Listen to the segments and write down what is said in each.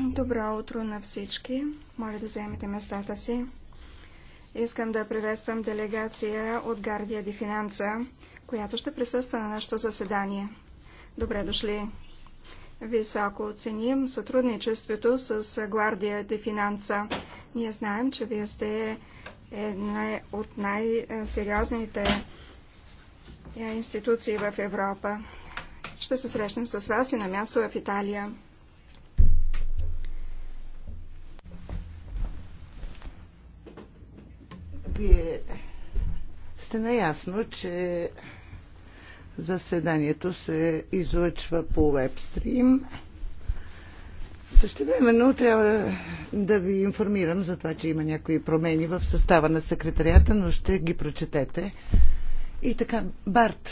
Добро утро на всички. Моля да вземете местата си. Искам да приветствам делегация от Гардия ди Финанса, която ще присъства на нашето заседание. Добре дошли. Високо оценим сътрудничеството с Гвардия де Финанса. Ние знаем, че вие сте една от най-сериозните е, институции в Европа. Ще се срещнем с вас и на място в Италия. Вие сте наясно, че заседанието се излъчва по вебстрим. Също Същевременно трябва да ви информирам за това, че има някои промени в състава на секретарията, но ще ги прочетете. И така, Барт,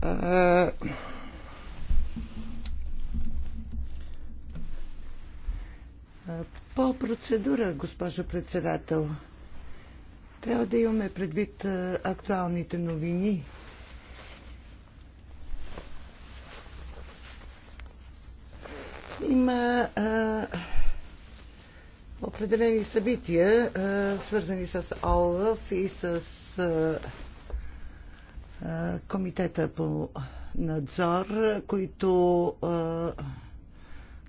по процедура, госпожо председател, трябва да имаме предвид актуалните новини. Има а, определени събития, а, свързани с ОЛАФ и с. А, комитета по надзор, които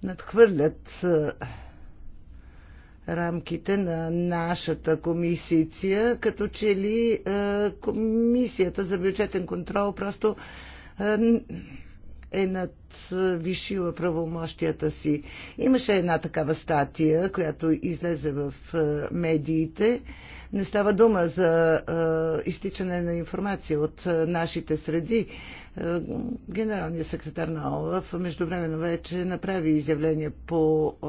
надхвърлят рамките на нашата комисиция, като че ли комисията за бюджетен контрол просто е надвишила е, правомощията си. Имаше една такава статия, която излезе в е, медиите. Не става дума за е, изтичане на информация от е, нашите среди. Е, генералният секретар на ОЛАФ междувременно вече направи изявление по е,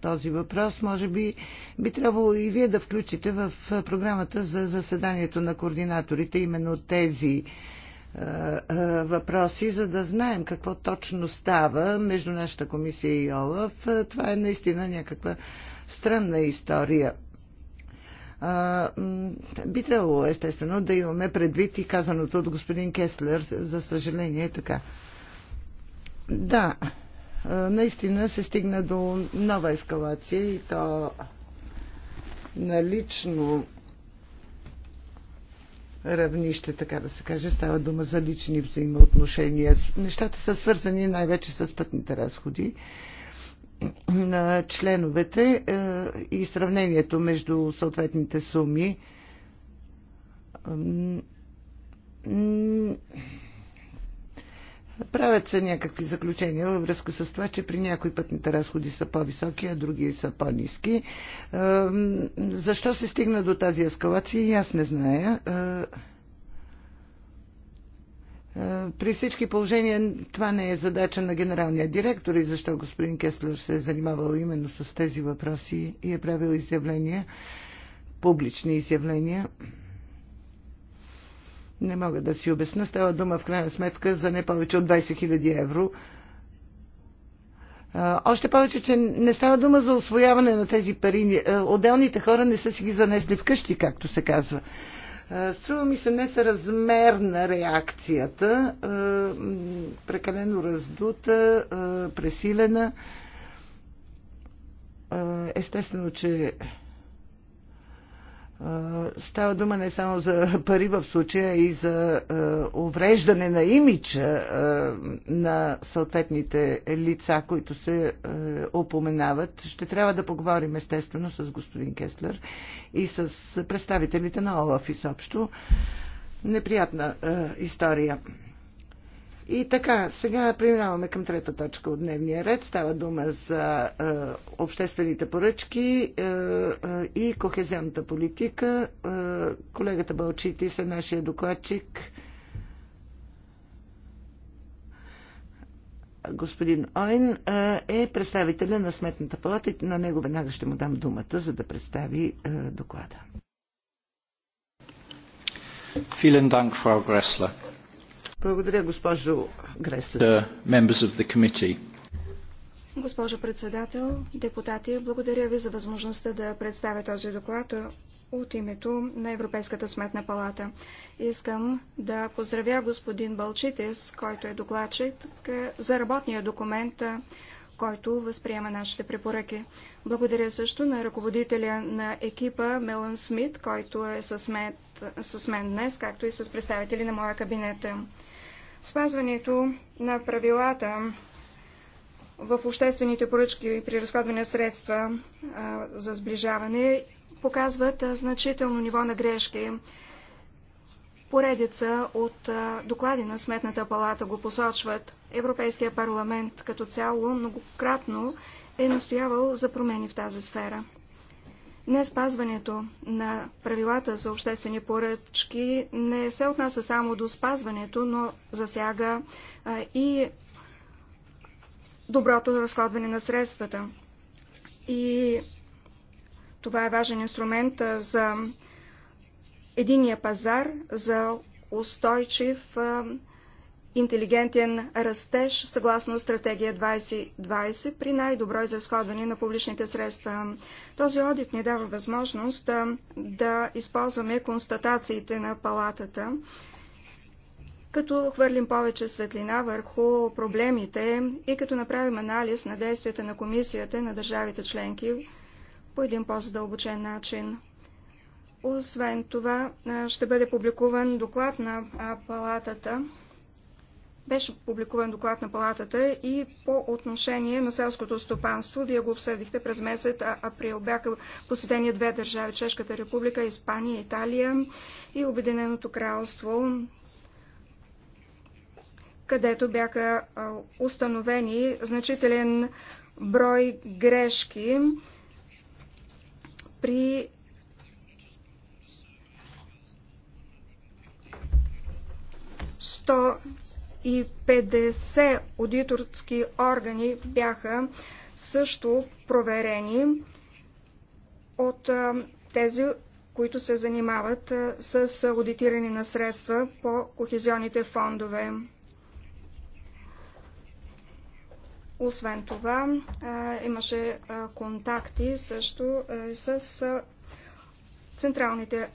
този въпрос. Може би би трябвало и вие да включите в е, програмата за заседанието на координаторите именно тези въпроси, за да знаем какво точно става между нашата комисия и ОЛАФ. Това е наистина някаква странна история. Би трябвало, естествено, да имаме предвид и казаното от господин Кеслер. За съжаление е така. Да, наистина се стигна до нова ескалация и то налично равнище, така да се каже. Става дума за лични взаимоотношения. Нещата са свързани най-вече с пътните разходи на членовете е, и сравнението между съответните суми Правят се някакви заключения във връзка с това, че при някои пътните разходи са по-високи, а други са по-низки. Защо се стигна до тази ескалация, и аз не зная. При всички положения това не е задача на генералния директор и защо господин Кеслер се е занимавал именно с тези въпроси и е правил изявления, публични изявления. Не мога да си обясна. Става дума в крайна сметка за не повече от 20 000 евро. Още повече, че не става дума за освояване на тези пари. Отделните хора не са си ги занесли вкъщи, както се казва. Струва ми се несъразмерна реакцията, прекалено раздута, пресилена. Естествено, че Става дума не само за пари в случая и за увреждане на имиджа на съответните лица, които се опоменават. Ще трябва да поговорим естествено с господин Кеслер и с представителите на ОЛАФ изобщо. Неприятна история. И така, сега преминаваме към трета точка от дневния ред. Става дума за е, обществените поръчки е, е, и кохезионната политика. Е, колегата Балчити е нашия докладчик. Господин Ойн е, е представителя на Сметната палата и на него веднага ще му дам думата, за да представи е, доклада. Vielen благодаря, госпожо Греслер. Госпожо председател, депутати, благодаря ви за възможността да представя този доклад от името на Европейската сметна палата. Искам да поздравя господин Балчитис, който е докладчик, за работния документ, който възприема нашите препоръки. Благодаря също на ръководителя на екипа Мелан Смит, който е с мен, с мен днес, както и с представители на моя кабинет. Спазването на правилата в обществените поръчки при разходване на средства за сближаване показват значително ниво на грешки. Поредица от доклади на Сметната палата го посочват. Европейския парламент като цяло многократно е настоявал за промени в тази сфера. Не спазването на правилата за обществени поръчки не се отнася само до спазването, но засяга и доброто разходване на средствата. И това е важен инструмент за единия пазар, за устойчив а, интелигентен растеж съгласно стратегия 2020 при най-добро изразходване на публичните средства. Този одит ни дава възможност да, да използваме констатациите на палатата, като хвърлим повече светлина върху проблемите и като направим анализ на действията на комисията на държавите членки по един по-задълбочен начин. Освен това, ще бъде публикуван доклад на палатата беше публикуван доклад на палатата и по отношение на селското стопанство. Вие го обсъдихте през месец април. Бяха посетени две държави Чешката република, Испания, Италия и Обединеното кралство където бяха установени значителен брой грешки при 100. И 50 аудиторски органи бяха също проверени от тези, които се занимават с аудитиране на средства по кохезионните фондове. Освен това, имаше контакти също с централните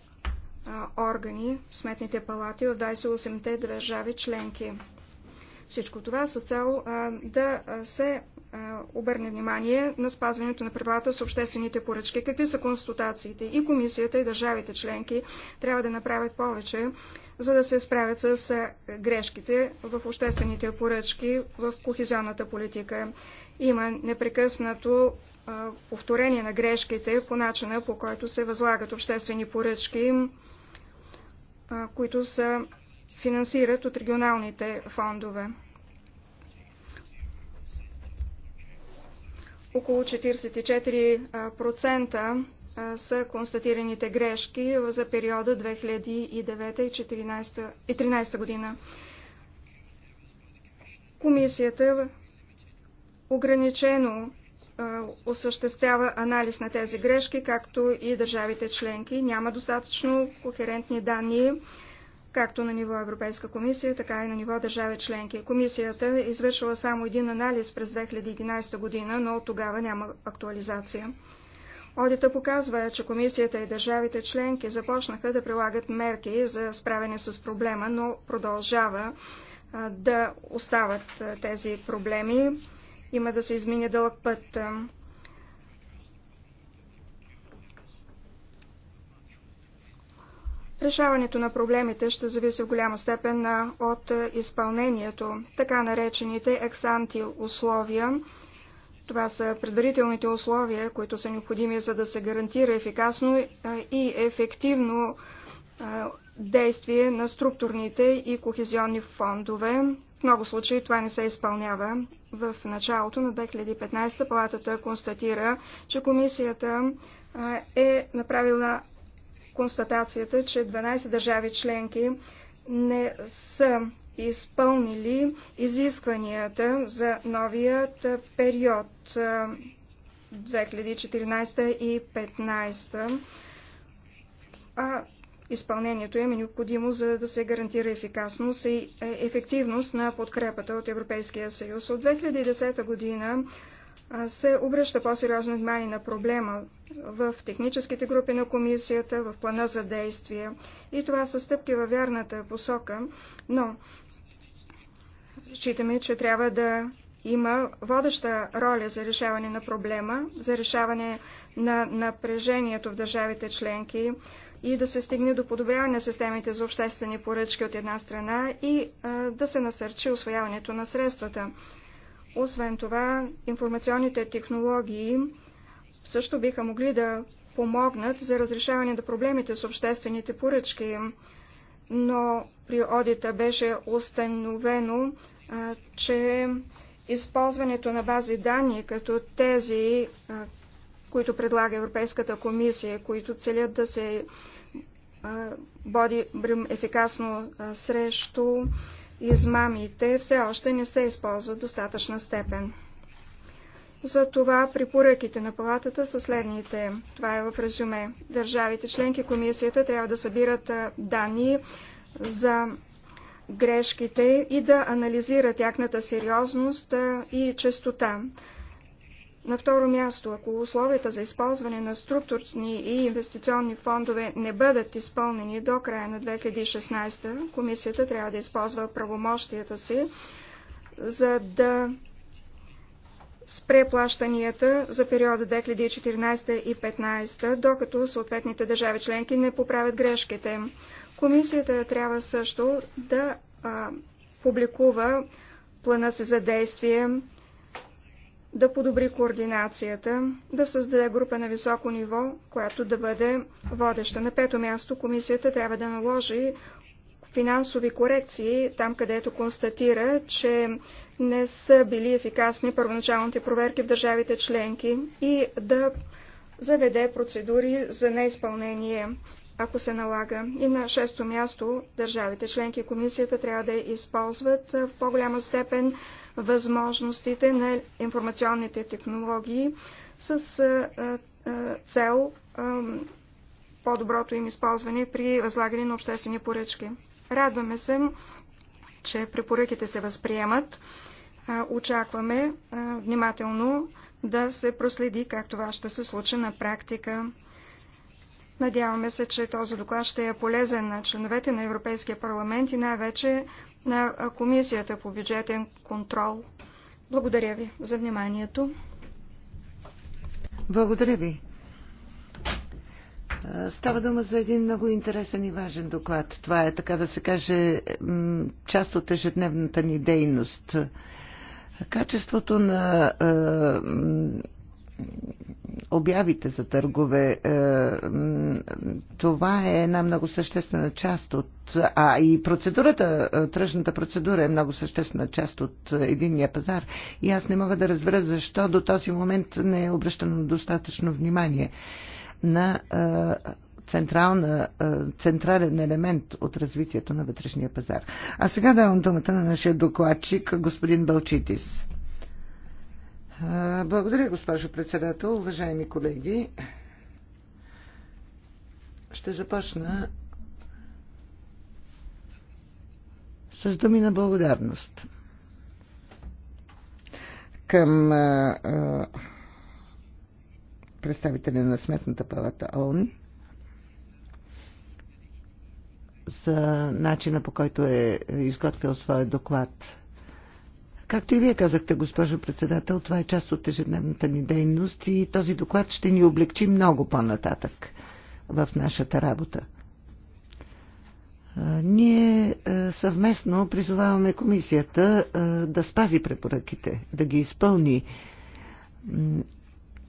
органи, сметните палати от 28-те държави членки. Всичко това с цел да се обърне внимание на спазването на правилата с обществените поръчки. Какви са консултациите? И комисията, и държавите членки трябва да направят повече, за да се справят с грешките в обществените поръчки в кохезионната политика. Има непрекъснато повторение на грешките по начина, по който се възлагат обществени поръчки, които са финансират от регионалните фондове. Около 44% са констатираните грешки за периода 2009-2013 година. Комисията ограничено осъществява анализ на тези грешки, както и държавите членки. Няма достатъчно кохерентни данни както на ниво Европейска комисия, така и на ниво държави членки. Комисията е извършила само един анализ през 2011 година, но от тогава няма актуализация. Одита показва, че комисията и държавите членки започнаха да прилагат мерки за справяне с проблема, но продължава да остават тези проблеми. Има да се измине дълъг път. Решаването на проблемите ще зависи в голяма степен от е, изпълнението. Така наречените ексанти условия, това са предварителните условия, които са необходими за да се гарантира ефикасно е, и ефективно е, действие на структурните и кохезионни фондове. В много случаи това не се изпълнява. В началото на 2015 палатата констатира, че комисията е направила констатацията, че 12 държави членки не са изпълнили изискванията за новият период 2014 и 2015, а изпълнението им е необходимо за да се гарантира ефикасност и е, ефективност на подкрепата от Европейския съюз. От 2010 година се обръща по-сериозно внимание на проблема в техническите групи на комисията, в плана за действие. И това са стъпки във вярната посока, но считаме, че трябва да има водеща роля за решаване на проблема, за решаване на напрежението в държавите членки и да се стигне до подобряване на системите за обществени поръчки от една страна и а, да се насърчи освояването на средствата. Освен това, информационните технологии също биха могли да помогнат за разрешаване на проблемите с обществените поръчки, но при одита беше установено, че използването на бази данни, като тези, които предлага Европейската комисия, които целят да се боди ефикасно срещу измамите все още не се използват достатъчна степен. Затова препоръките на палатата са следните. Това е в резюме. Държавите членки комисията трябва да събират данни за грешките и да анализира тяхната сериозност и честота. На второ място, ако условията за използване на структурни и инвестиционни фондове не бъдат изпълнени до края на 2016, комисията трябва да използва правомощията си, за да спре плащанията за периода 2014 и 2015, докато съответните държави членки не поправят грешките. Комисията трябва също да а, публикува плана си за действие да подобри координацията, да създаде група на високо ниво, която да бъде водеща. На пето място комисията трябва да наложи финансови корекции там, където констатира, че не са били ефикасни първоначалните проверки в държавите членки и да заведе процедури за неизпълнение, ако се налага. И на шесто място държавите членки и комисията трябва да използват в по-голяма степен възможностите на информационните технологии с цел по-доброто им използване при възлагане на обществени поръчки. Радваме се, че препоръките се възприемат. Очакваме внимателно да се проследи как това ще се случи на практика. Надяваме се, че този доклад ще е полезен на членовете на Европейския парламент и най-вече на Комисията по бюджетен контрол. Благодаря ви за вниманието. Благодаря ви. Става дума за един много интересен и важен доклад. Това е, така да се каже, част от ежедневната ни дейност. Качеството на обявите за търгове. Е, това е една много съществена част от. А и процедурата, е, тръжната процедура е много съществена част от единния пазар. И аз не мога да разбера защо до този момент не е обръщано достатъчно внимание на е, централна, централен елемент от развитието на вътрешния пазар. А сега давам думата на нашия докладчик, господин Бълчитис. Благодаря, госпожо председател. Уважаеми колеги, ще започна с думи на благодарност към представителя на Сметната палата ООН за начина по който е изготвил своя доклад – Както и вие казахте, госпожо председател, това е част от ежедневната ни дейност и този доклад ще ни облегчи много по-нататък в нашата работа. Ние съвместно призоваваме комисията да спази препоръките, да ги изпълни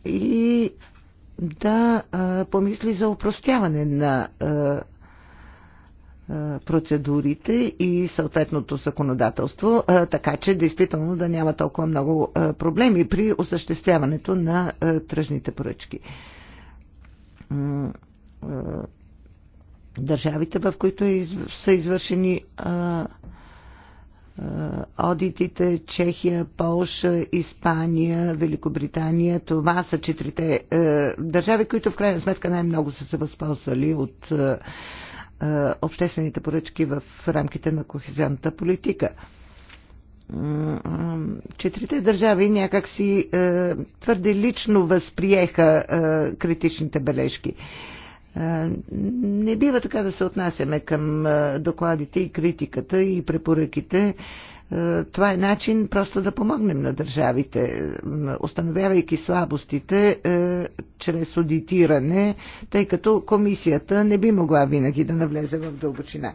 и да помисли за упростяване на процедурите и съответното законодателство, така че действително да няма толкова много проблеми при осъществяването на тръжните поръчки. Държавите, в които са извършени одитите Чехия, Полша, Испания, Великобритания. Това са четирите държави, които в крайна сметка най-много са се възползвали от е, обществените поръчки в рамките на кохезионната политика. Четирите държави някак си е, твърде лично възприеха е, критичните бележки. Не бива така да се отнасяме към докладите и критиката и препоръките е, това е начин просто да помогнем на държавите, е, установявайки слабостите е, чрез аудитиране, тъй като комисията не би могла винаги да навлезе в дълбочина.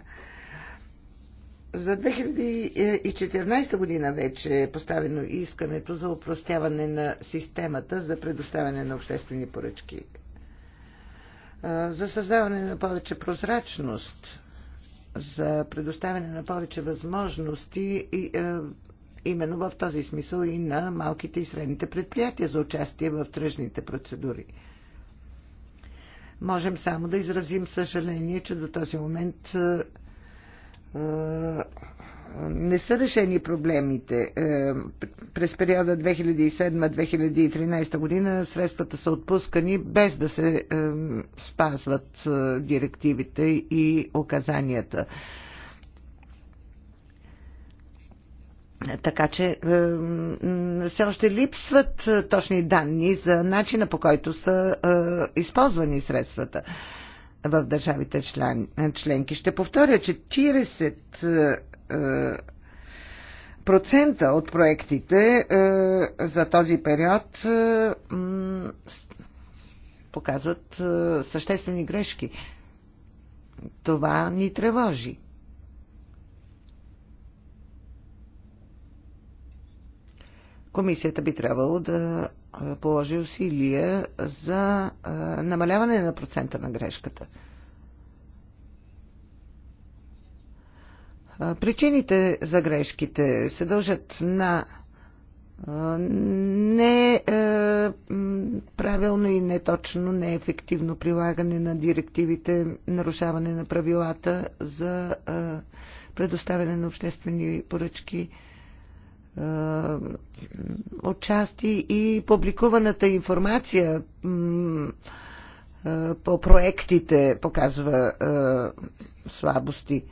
За 2014 година вече е поставено искането за упростяване на системата за предоставяне на обществени поръчки. За създаване на повече прозрачност за предоставяне на повече възможности и, е, именно в този смисъл и на малките и средните предприятия за участие в тръжните процедури. Можем само да изразим съжаление, че до този момент е, е, не са решени проблемите. Е, през периода 2007-2013 година средствата са отпускани без да се е, спазват е, директивите и указанията. Така че все още липсват точни данни за начина по който са използвани средствата в държавите член, членки. Ще повторя, че 40 е, процента от проектите е, за този период е, показват съществени грешки. Това ни тревожи. Комисията би трябвало да положи усилия за намаляване на процента на грешката. Причините за грешките се дължат на не правилно и неточно, неефективно прилагане на директивите, нарушаване на правилата за предоставяне на обществени поръчки, отчасти и публикуваната информация по проектите показва слабости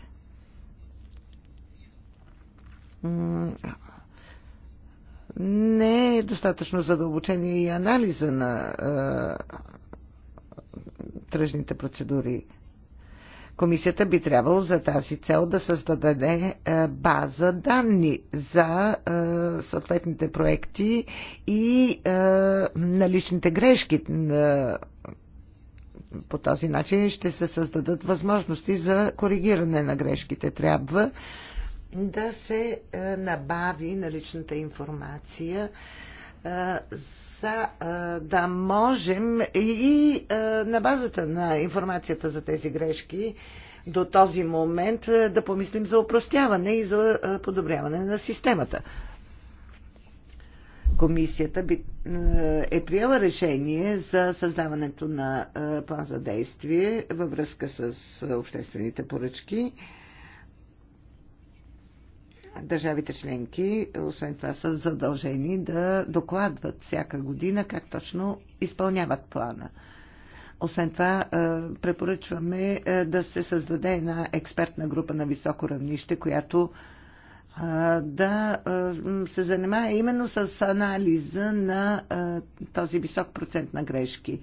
не е достатъчно задълбочение и анализа на тръжните процедури. Комисията би трябвало за тази цел да създаде база данни за съответните проекти и наличните грешки. По този начин ще се създадат възможности за коригиране на грешките. Трябва да се е, набави наличната информация е, за е, да можем и на базата на информацията за тези грешки до този момент да помислим за упростяване и за подобряване на системата. Комисията би, е приела решение за създаването на план за действие във връзка с обществените поръчки. Държавите членки, освен това, са задължени да докладват всяка година как точно изпълняват плана. Освен това, е, препоръчваме е, да се създаде една експертна група на високо равнище, която е, да се занимава именно с анализа на този висок процент на грешки.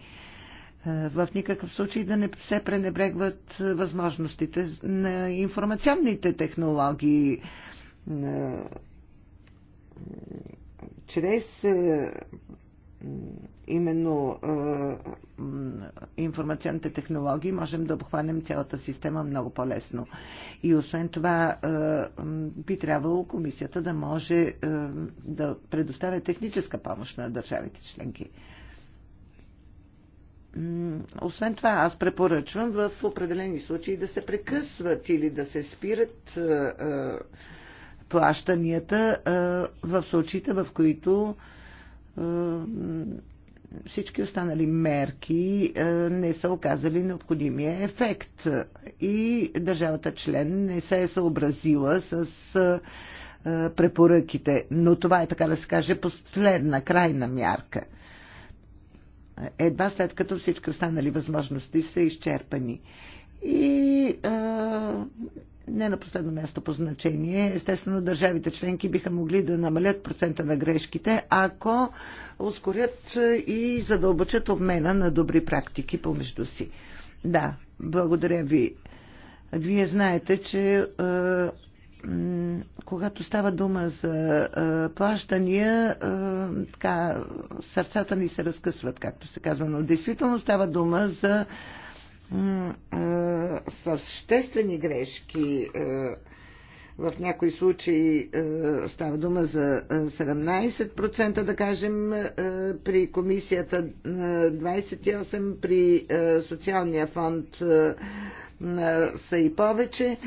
В никакъв случай да не се пренебрегват възможностите на информационните технологии, чрез е, именно е, информационните технологии можем да обхванем цялата система много по-лесно. И освен това е, би трябвало комисията да може да предоставя техническа помощ на държавите членки. Освен това, аз препоръчвам в определени случаи да се прекъсват или да се спират плащанията в случаите, в които всички останали мерки не са оказали необходимия ефект и държавата член не се е съобразила с препоръките. Но това е, така да се каже, последна, крайна мярка. Едва след като всички останали възможности са изчерпани. И а, не на последно място по значение, естествено държавите членки биха могли да намалят процента на грешките, ако ускорят и задълбочат обмена на добри практики помежду си. Да, благодаря ви. Вие знаете, че а, когато става дума за а, плащания, а, така, сърцата ни се разкъсват, както се казва, но действително става дума за а, съществени грешки. В някои случаи става дума за 17%, да кажем, при комисията 28%, при социалния фонд са и повече.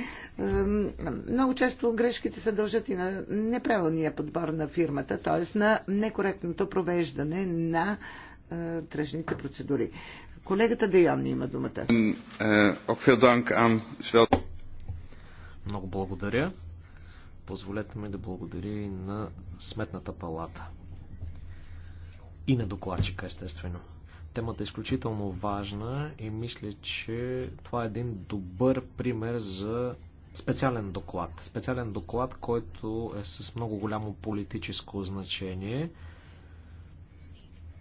Много често грешките се дължат и на неправилния подбор на фирмата, т.е. на некоректното провеждане на тръжните процедури. Колегата Деян има думата. Много благодаря. Позволете ми да благодаря и на Сметната палата. И на докладчика, естествено. Темата е изключително важна и мисля, че това е един добър пример за специален доклад. Специален доклад, който е с много голямо политическо значение.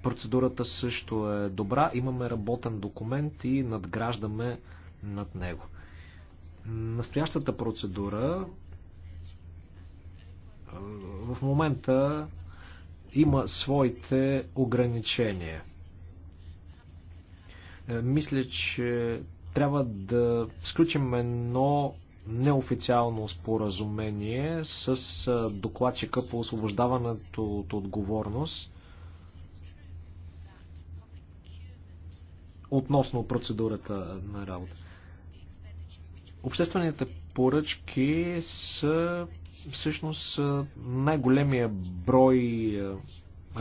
Процедурата също е добра. Имаме работен документ и надграждаме над него. Настоящата процедура в момента има своите ограничения. Е, мисля, че трябва да сключим едно неофициално споразумение с е, докладчика по освобождаването от отговорност относно процедурата на работа. Обществените поръчки са всъщност най-големия брой е,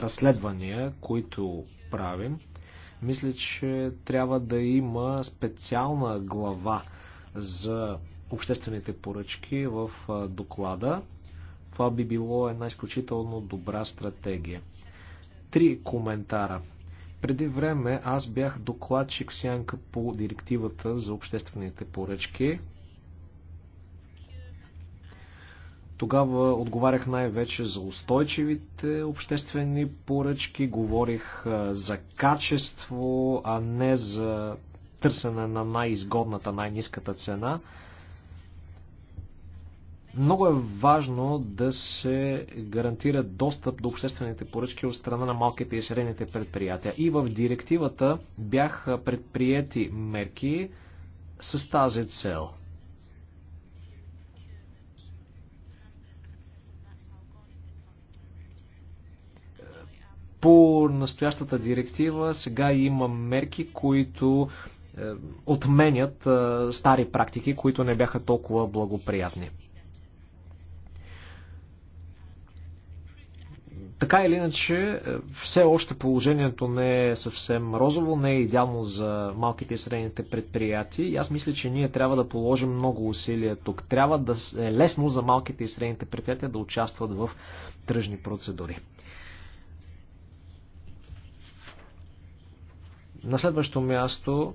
разследвания, които правим. Мисля, че трябва да има специална глава за обществените поръчки в е, доклада. Това би било една изключително добра стратегия. Три коментара преди време аз бях докладчик сянка по директивата за обществените поръчки. Тогава отговарях най-вече за устойчивите обществени поръчки, говорих за качество, а не за търсене на най-изгодната, най-низката цена. Много е важно да се гарантира достъп до обществените поръчки от страна на малките и средните предприятия. И в директивата бяха предприяти мерки с тази цел. По настоящата директива сега има мерки, които е, отменят е, стари практики, които не бяха толкова благоприятни. Така или иначе, е, все още положението не е съвсем розово, не е идеално за малките и средните предприятия. И аз мисля, че ние трябва да положим много усилия тук. Трябва да е лесно за малките и средните предприятия да участват в тръжни процедури. На следващо място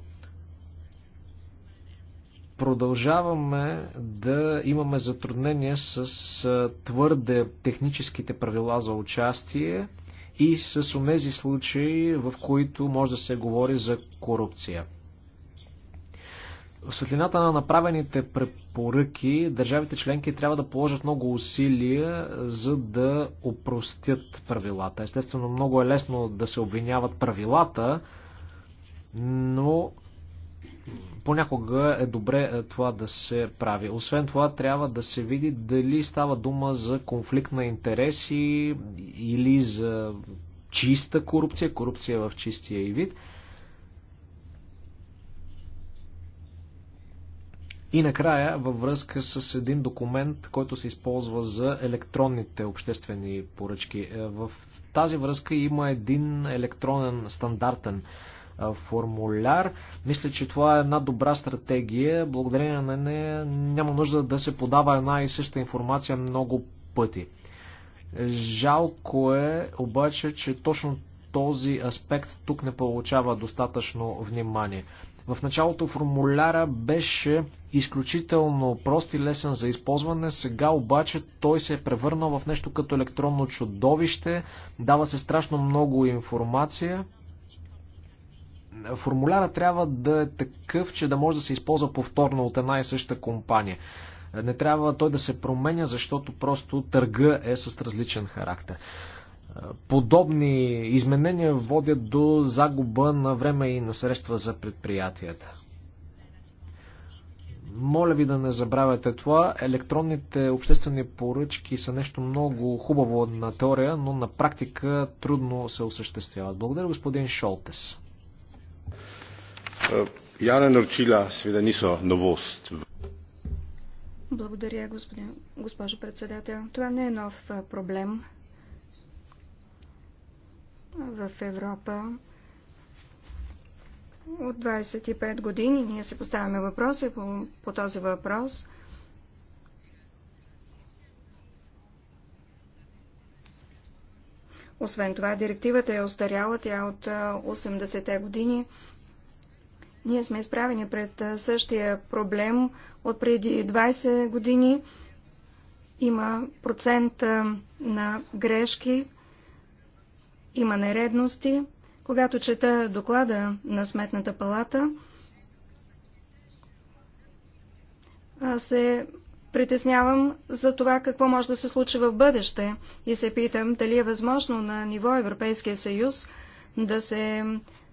продължаваме да имаме затруднения с твърде техническите правила за участие и с онези случаи, в които може да се говори за корупция. В светлината на направените препоръки, държавите членки трябва да положат много усилия, за да опростят правилата. Естествено, много е лесно да се обвиняват правилата, но понякога е добре е, това да се прави. Освен това, трябва да се види дали става дума за конфликт на интереси или за чиста корупция, корупция в чистия и вид. И накрая, във връзка с един документ, който се използва за електронните обществени поръчки. Е, в тази връзка има един електронен стандартен формуляр. Мисля, че това е една добра стратегия. Благодарение на нея няма нужда да се подава една и съща информация много пъти. Жалко е обаче, че точно този аспект тук не получава достатъчно внимание. В началото формуляра беше изключително прост и лесен за използване, сега обаче той се е превърнал в нещо като електронно чудовище, дава се страшно много информация формуляра трябва да е такъв, че да може да се използва повторно от една и съща компания. Не трябва той да се променя, защото просто търга е с различен характер. Подобни изменения водят до загуба на време и на средства за предприятията. Моля ви да не забравяте това. Електронните обществени поръчки са нещо много хубаво на теория, но на практика трудно се осъществяват. Благодаря господин Шолтес. Javna naročila seveda niso новост. Благодаря, господин, госпожо председател. Това не е нов проблем в Европа. От 25 години ние се поставяме въпроси по, по този въпрос. Освен това, директивата е остаряла, тя е от 80-те години. Ние сме изправени пред същия проблем от преди 20 години. Има процент на грешки, има нередности. Когато чета доклада на Сметната палата, се притеснявам за това какво може да се случи в бъдеще и се питам дали е възможно на ниво Европейския съюз да се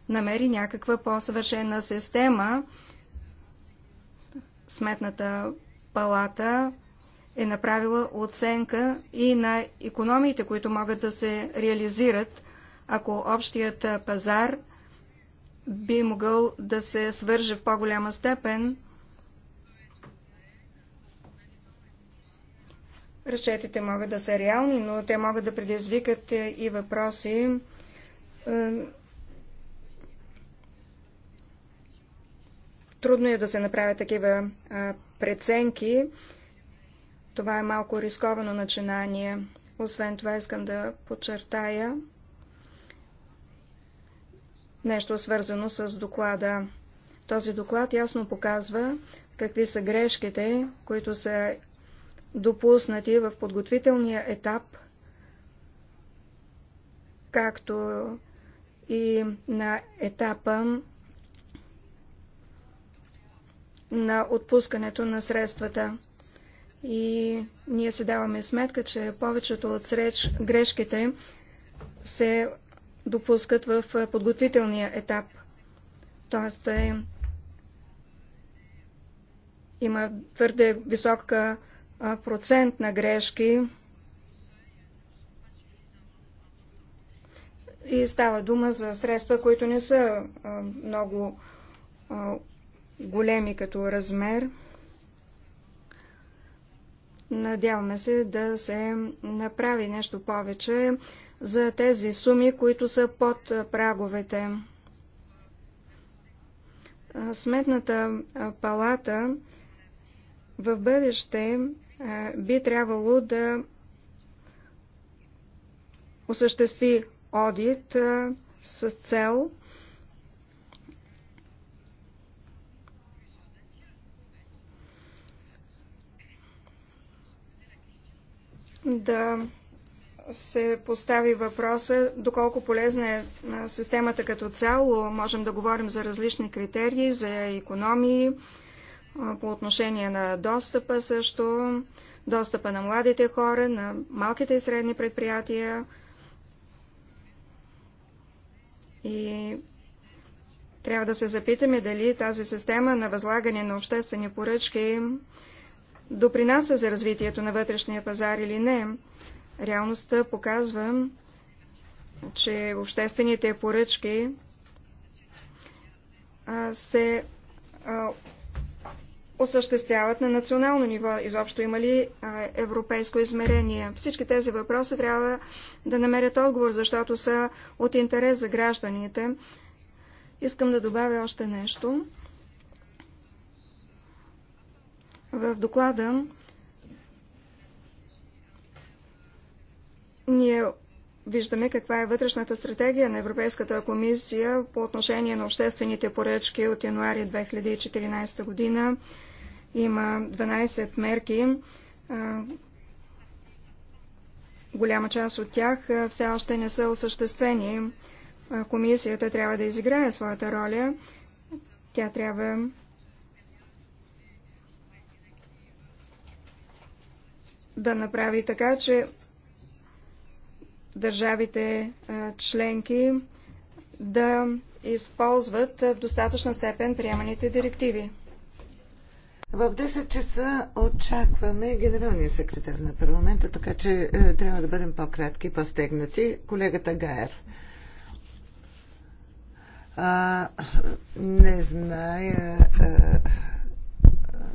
намери някаква по-съвършена система. Сметната палата е направила оценка и на економиите, които могат да се реализират, ако общият пазар би могъл да се свърже в по-голяма степен Ръчетите могат да са реални, но те могат да предизвикат и въпроси е, Трудно е да се направят такива а, преценки. Това е малко рисковано начинание. Освен това искам да подчертая нещо свързано с доклада. Този доклад ясно показва какви са грешките, които са допуснати в подготвителния етап, както и на етапа на отпускането на средствата. И ние се даваме сметка, че повечето от среч, грешките се допускат в подготвителния етап. Тоест е, има твърде висока процент на грешки и става дума за средства, които не са много големи като размер. Надяваме се да се направи нещо повече за тези суми, които са под праговете. Сметната палата в бъдеще би трябвало да осъществи одит с цел да се постави въпроса доколко полезна е системата като цяло. Можем да говорим за различни критерии, за економии, по отношение на достъпа също, достъпа на младите хора, на малките и средни предприятия. И трябва да се запитаме дали тази система на възлагане на обществени поръчки допринася за развитието на вътрешния пазар или не. Реалността показва, че обществените поръчки се осъществяват на национално ниво? Изобщо има ли европейско измерение? Всички тези въпроси трябва да намерят отговор, защото са от интерес за гражданите. Искам да добавя още нещо. В доклада ние виждаме каква е вътрешната стратегия на Европейската комисия по отношение на обществените поръчки от януари 2014 година. Има 12 мерки. Голяма част от тях все още не са осъществени. Комисията трябва да изиграе своята роля. Тя трябва да направи така, че държавите членки да използват в достатъчна степен приеманите директиви. В 10 часа очакваме генералния секретар на парламента, така че е, трябва да бъдем по-кратки, по-стегнати. Колегата Гаер. А, не зная. А,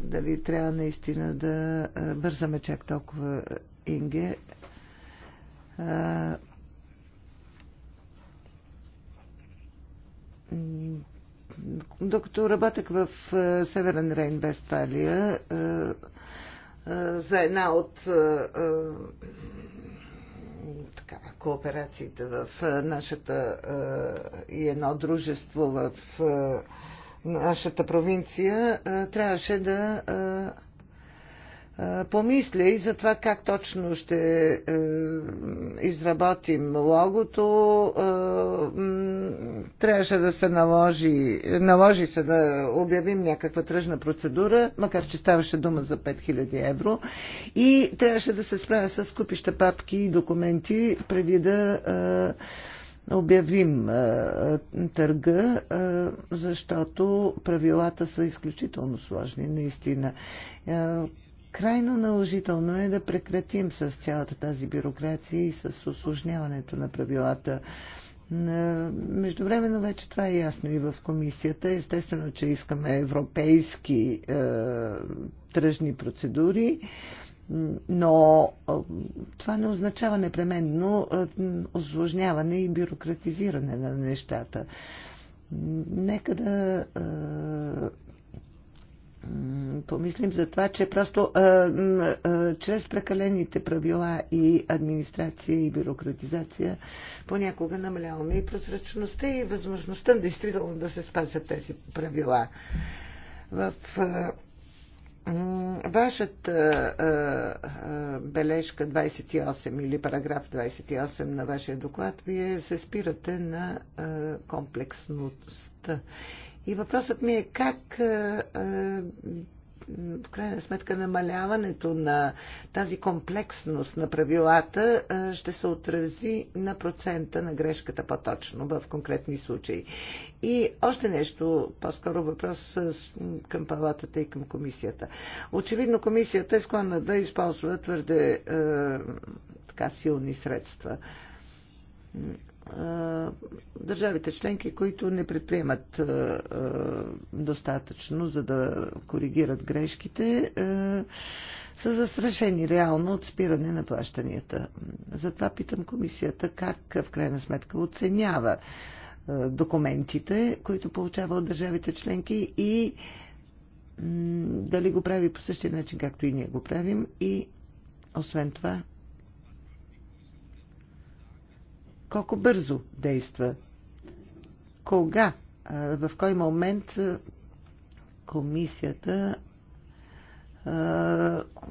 дали трябва наистина да бързаме чак толкова, Инге. Докато работех в Северен Рейн, Вестфалия, за една от така, кооперациите в нашата и едно дружество в нашата провинция, трябваше да помисля и за това как точно ще изработим логото. трябваше да се наложи, наложи се да обявим някаква тръжна процедура, макар че ставаше дума за 5000 евро. И трябваше да се справя с купища папки и документи преди да обявим е, е, търга, е, защото правилата са изключително сложни, наистина. Крайно наложително е да прекратим с цялата тази бюрокрация и с осложняването на правилата. Междувременно вече това е ясно и в комисията. Естествено, че искаме европейски е, тръжни процедури. Е, но това не означава непременно осложняване и бюрократизиране на нещата. Нека да помислим за това, че просто чрез прекалените правила и администрация и бюрократизация понякога намаляваме и прозрачността и възможността действително да се спазят тези правила. В Вашата бележка 28 или параграф 28 на вашия доклад, вие се спирате на комплексността. И въпросът ми е как в крайна сметка намаляването на тази комплексност на правилата ще се отрази на процента на грешката по-точно в конкретни случаи. И още нещо, по-скоро въпрос към палатата и към комисията. Очевидно комисията е склонна да използва твърде е, така силни средства държавите членки, които не предприемат достатъчно, за да коригират грешките, са застрашени реално от спиране на плащанията. Затова питам комисията как в крайна сметка оценява документите, които получава от държавите членки и дали го прави по същия начин, както и ние го правим и освен това колко бързо действа, кога, в кой момент комисията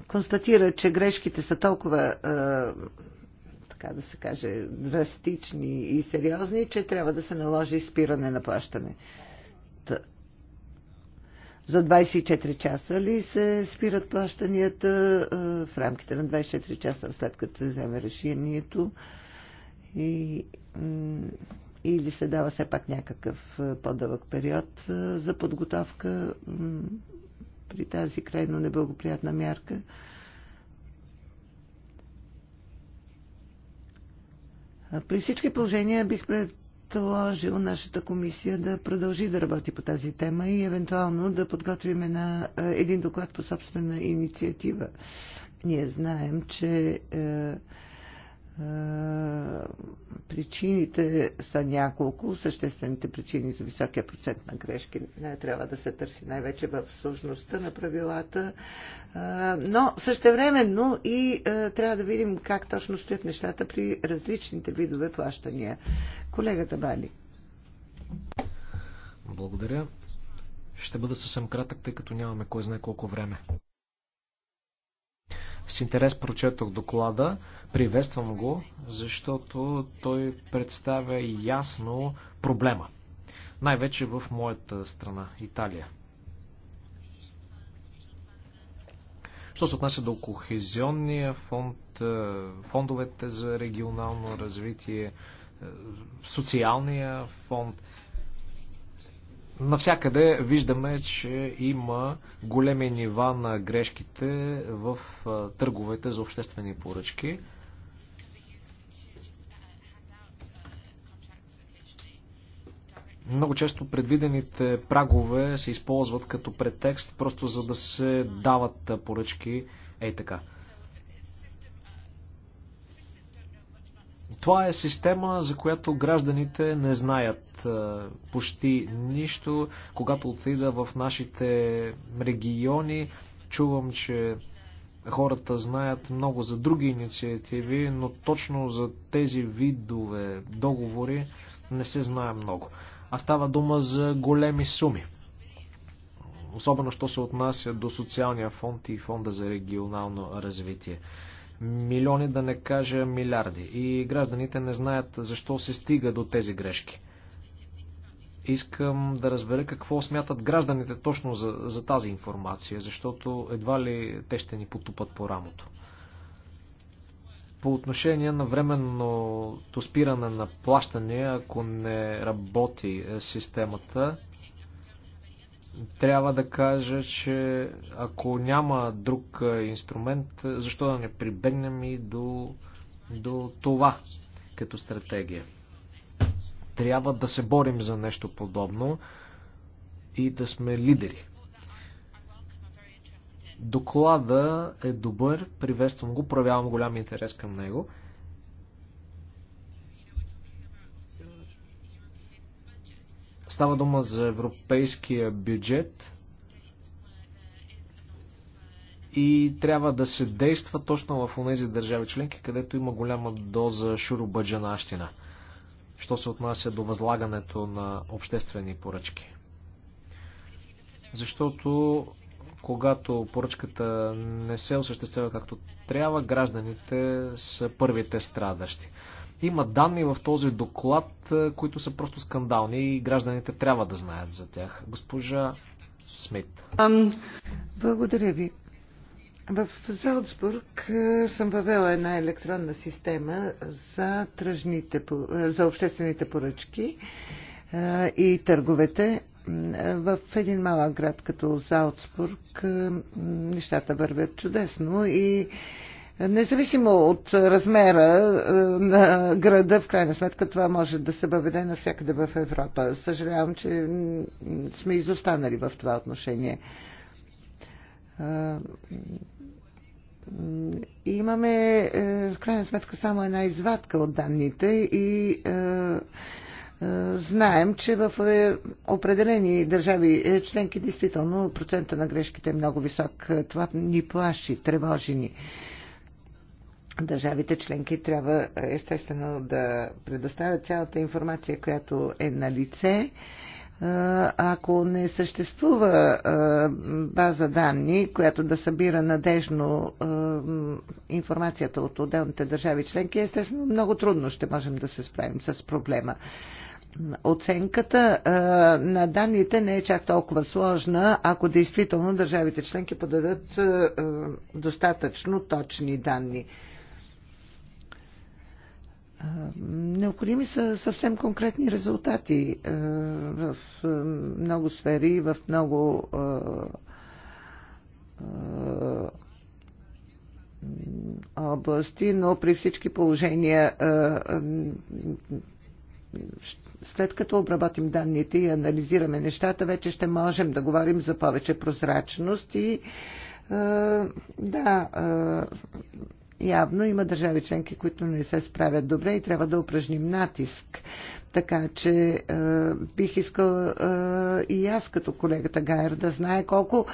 констатира, че грешките са толкова, така да се каже, драстични и сериозни, че трябва да се наложи спиране на плащане. За 24 часа ли се спират плащанията в рамките на 24 часа след като се вземе решението? и, или се дава все пак някакъв по-дълъг период за подготовка при тази крайно неблагоприятна мярка. При всички положения бих предложил нашата комисия да продължи да работи по тази тема и евентуално да подготвим една, един доклад по собствена инициатива. Ние знаем, че е, е, причините са няколко. Съществените причини за високия процент на грешки не трябва да се търси най-вече в сложността на правилата, е, но същевременно и е, трябва да видим как точно стоят нещата при различните видове плащания. Колегата Бали. Благодаря. Ще бъда съвсем кратък, тъй като нямаме кой знае колко време. С интерес прочетох доклада, приветствам го, защото той представя ясно проблема. Най-вече в моята страна, Италия. Що се отнася до кохезионния фонд, е, фондовете за регионално развитие, е, социалния фонд, Навсякъде виждаме, че има големи нива на грешките в търговете за обществени поръчки. Много често предвидените прагове се използват като претекст, просто за да се дават поръчки. Ей така. Това е система, за която гражданите не знаят е, почти нищо. Когато отида в нашите региони, чувам, че хората знаят много за други инициативи, но точно за тези видове договори не се знае много. А става дума за големи суми. Особено, що се отнася до социалния фонд и фонда за регионално развитие милиони, да не кажа милиарди. И гражданите не знаят защо се стига до тези грешки. Искам да разбера какво смятат гражданите точно за, за тази информация, защото едва ли те ще ни потупат по рамото. По отношение на временното спиране на плащане, ако не работи е, системата, трябва да кажа, че ако няма друг инструмент, защо да не прибегнем и до, до това като стратегия? Трябва да се борим за нещо подобно и да сме лидери. Доклада е добър, приветствам го, проявявам голям интерес към него. Става дума за европейския бюджет и трябва да се действа точно в тези държави членки, където има голяма доза шурубаджанащина, що се отнася до възлагането на обществени поръчки. Защото когато поръчката не се осъществява както трябва, гражданите са първите страдащи. Има данни в този доклад, е, които са просто скандални и гражданите трябва да знаят за тях. Госпожа Смит. Благодаря ви. В Залцбург е, съм въвела една електронна система за, тръжните, е, за обществените поръчки и търговете. В един малък град като Залцбург нещата вървят чудесно и Независимо от размера е, на града, в крайна сметка това може да се въведе навсякъде в Европа. Съжалявам, че сме изостанали в това отношение. Е, имаме е, в крайна сметка само една извадка от данните и знаем, че в определени държави членки действително процента на грешките е много висок. Това ни плаши, тревожи ни. Държавите членки трябва естествено да предоставят цялата информация, която е на лице. Ако не съществува база данни, която да събира надежно информацията от отделните държави членки, естествено много трудно ще можем да се справим с проблема. Оценката на данните не е чак толкова сложна, ако действително държавите членки подадат достатъчно точни данни. Е, необходими са съвсем конкретни резултати е, в е, много сфери, в много области, но при всички положения след като обработим данните и анализираме нещата, вече ще можем да говорим за повече прозрачност и да, явно има държави членки, които не се справят добре и трябва да упражним натиск. Така че е, бих искал е, и аз като колегата Гайер да знае колко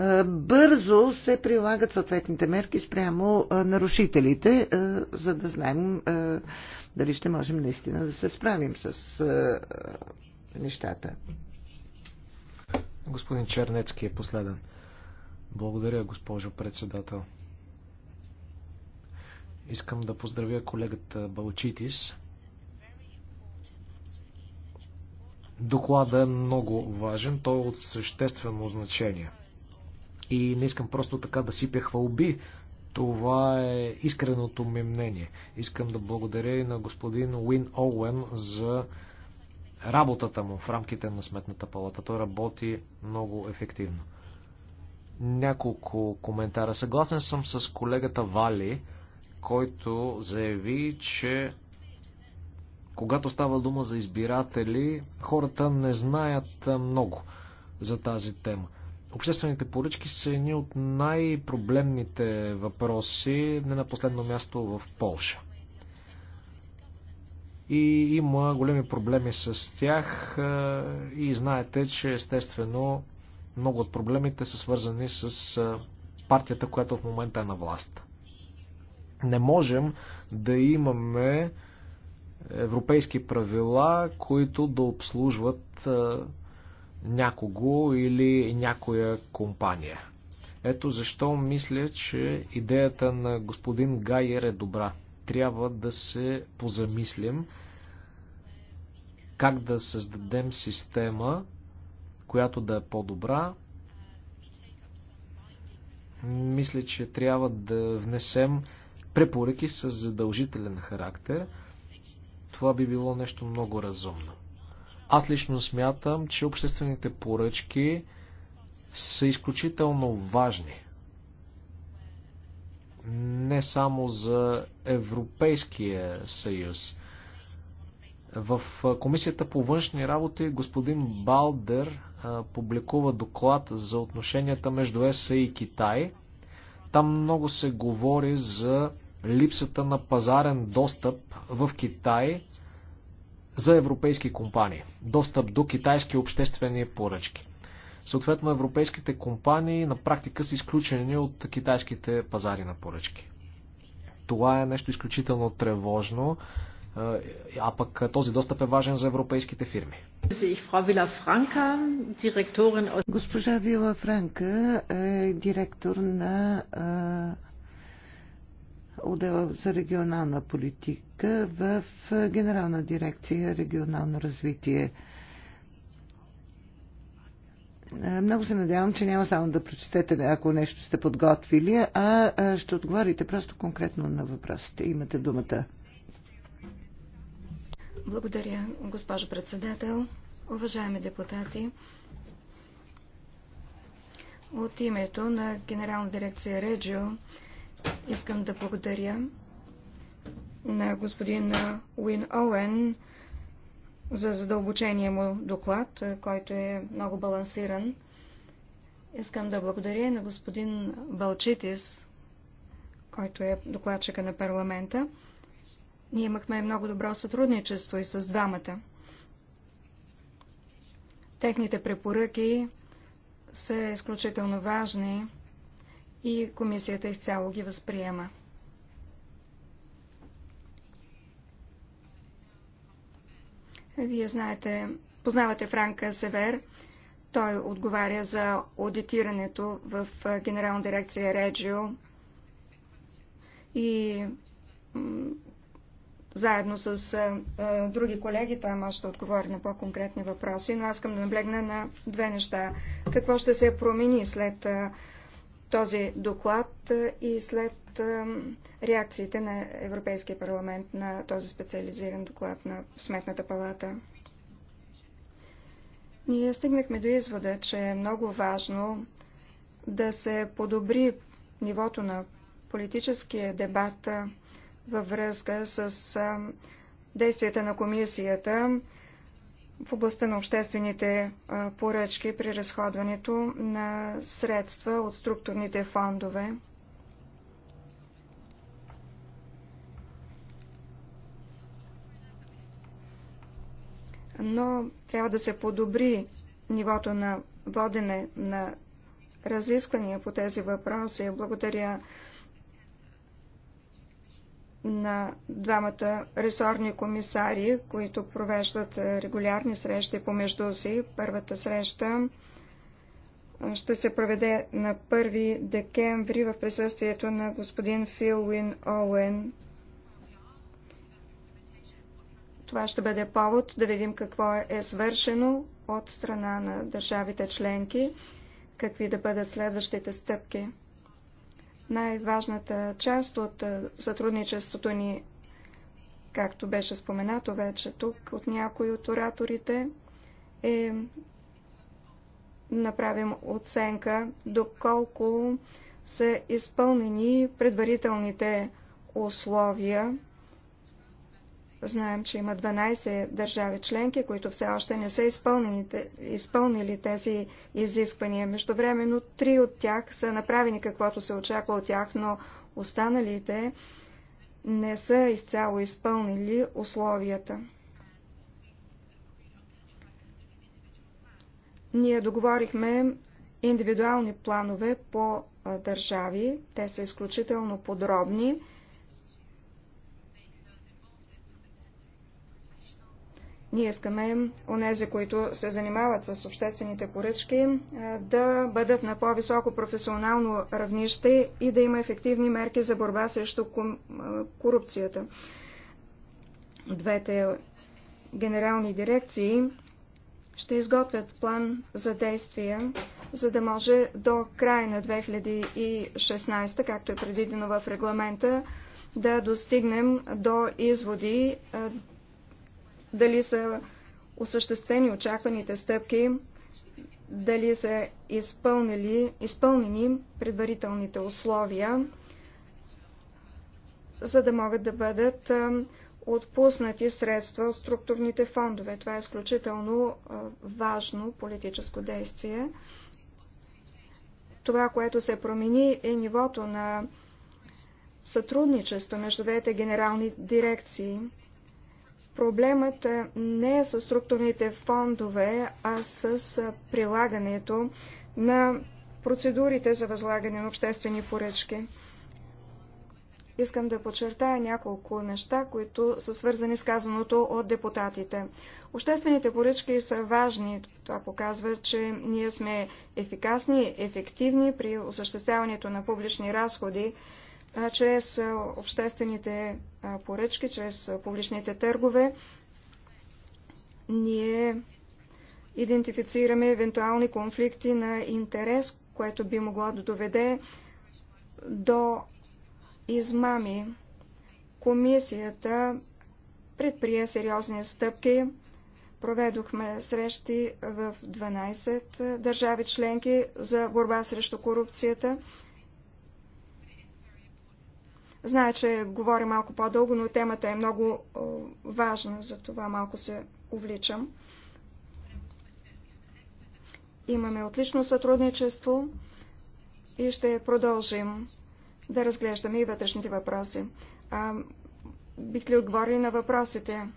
е, бързо се прилагат съответните мерки спрямо е, нарушителите, е, за да знаем е, дали ще можем наистина да се справим с е, е, нещата. Господин Чернецки е последен. Благодаря, госпожо председател. Искам да поздравя колегата Балчитис. Доклада е много важен, той е от съществено значение. И не искам просто така да сипя хвалби, това е искреното ми мнение. Искам да благодаря и на господин Уин Оуен за работата му в рамките на Сметната палата. Той работи много ефективно. Няколко коментара. Съгласен съм с колегата Вали, който заяви, че когато става дума за избиратели, хората не знаят много за тази тема. Обществените поръчки са едни от най-проблемните въпроси, не на последно място в Полша. И има големи проблеми с тях и знаете, че естествено много от проблемите са свързани с партията, която в момента е на власт. Не можем да имаме европейски правила, които да обслужват някого или някоя компания. Ето защо мисля, че идеята на господин Гайер е добра. Трябва да се позамислим как да създадем система, която да е по-добра. Мисля, че трябва да внесем препоръки с задължителен характер, това би било нещо много разумно. Аз лично смятам, че обществените поръчки са изключително важни. Не само за Европейския съюз. В Комисията по външни работи господин Балдер публикува доклад за отношенията между ЕСА и Китай. Там много се говори за липсата на пазарен достъп в Китай за европейски компании. Достъп до китайски обществени поръчки. Съответно, европейските компании на практика са изключени от китайските пазари на поръчки. Това е нещо изключително тревожно а пък този достъп е важен за европейските фирми. Госпожа Вила Франка е директор на отдела за регионална политика в Генерална дирекция регионално развитие. Много се надявам, че няма само да прочетете, ако нещо сте подготвили, а ще отговорите просто конкретно на въпросите. Имате думата. Благодаря, госпожо председател. Уважаеми депутати, от името на Генерална дирекция Реджио искам да благодаря на господин Уин Оуен за задълбочения му доклад, който е много балансиран. Искам да благодаря на господин Балчитис, който е докладчика на парламента. Ние имахме много добро сътрудничество и с двамата. Техните препоръки са изключително важни и комисията изцяло ги възприема. Вие знаете, познавате Франка Север. Той отговаря за аудитирането в Генерална дирекция Реджио и заедно с а, а, други колеги, той може да отговори на по-конкретни въпроси, но аз искам да наблегна на две неща. Какво ще се промени след а, този доклад а, и след а, реакциите на Европейския парламент на този специализиран доклад на Сметната палата? Ние стигнахме до извода, че е много важно да се подобри нивото на политическия дебат във връзка с действията на комисията в областта на обществените поръчки при разходването на средства от структурните фондове. Но трябва да се подобри нивото на водене на разисквания по тези въпроси. Благодаря на двамата ресорни комисари, които провеждат е, регулярни срещи помежду си. Първата среща е, ще се проведе на 1 декември в присъствието на господин Фил Уин Оуен. Това ще бъде повод да видим какво е свършено от страна на държавите членки, какви да бъдат следващите стъпки най-важната част от сътрудничеството ни, както беше споменато вече тук от някои от ораторите, е направим оценка доколко са изпълнени предварителните условия Знаем, че има 12 държави членки, които все още не са изпълнили тези изисквания. Междувременно три от тях са направени каквото се очаква от тях, но останалите не са изцяло изпълнили условията. Ние договорихме индивидуални планове по държави. Те са изключително подробни Ние искаме онези, които се занимават с обществените поръчки, да бъдат на по-високо професионално равнище и да има ефективни мерки за борба срещу корупцията. Двете генерални дирекции ще изготвят план за действия, за да може до края на 2016, както е предвидено в регламента, да достигнем до изводи дали са осъществени очакваните стъпки, дали са изпълнили, изпълнени предварителните условия, за да могат да бъдат отпуснати средства от структурните фондове. Това е изключително важно политическо действие. Това, което се промени е нивото на сътрудничество между двете генерални дирекции. Проблемът е, не е с структурните фондове, а с е, прилагането на процедурите за възлагане на обществени поръчки. Искам да подчертая няколко неща, които са свързани с казаното от депутатите. Обществените поръчки са важни. Това показва, че ние сме ефикасни, ефективни при осъществяването на публични разходи чрез обществените поръчки, чрез публичните търгове. Ние идентифицираме евентуални конфликти на интерес, което би могло да доведе до измами. Комисията предприе сериозни стъпки. Проведохме срещи в 12 държави членки за борба срещу корупцията. Зная, че говоря малко по-дълго, но темата е много е, важна, за това малко се увличам. Имаме отлично сътрудничество и ще продължим да разглеждаме и вътрешните въпроси. А, бих ли отговорили на въпросите?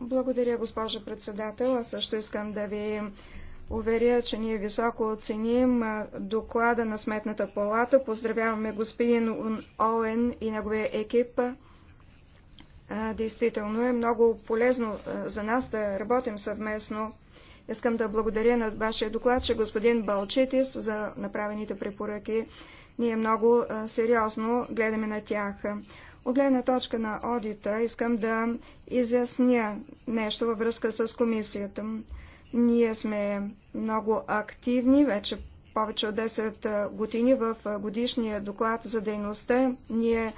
Благодаря, госпожа председател. Аз също искам да ви уверя, че ние високо оценим доклада на Сметната палата. Поздравяваме господин Оен и неговия екип. Действително е много полезно за нас да работим съвместно. Искам да благодаря на вашия доклад, че господин Балчитис за направените препоръки. Ние много сериозно гледаме на тях. От гледна точка на одита искам да изясня нещо във връзка с комисията. Ние сме много активни, вече повече от 10 години в годишния доклад за дейността. Ние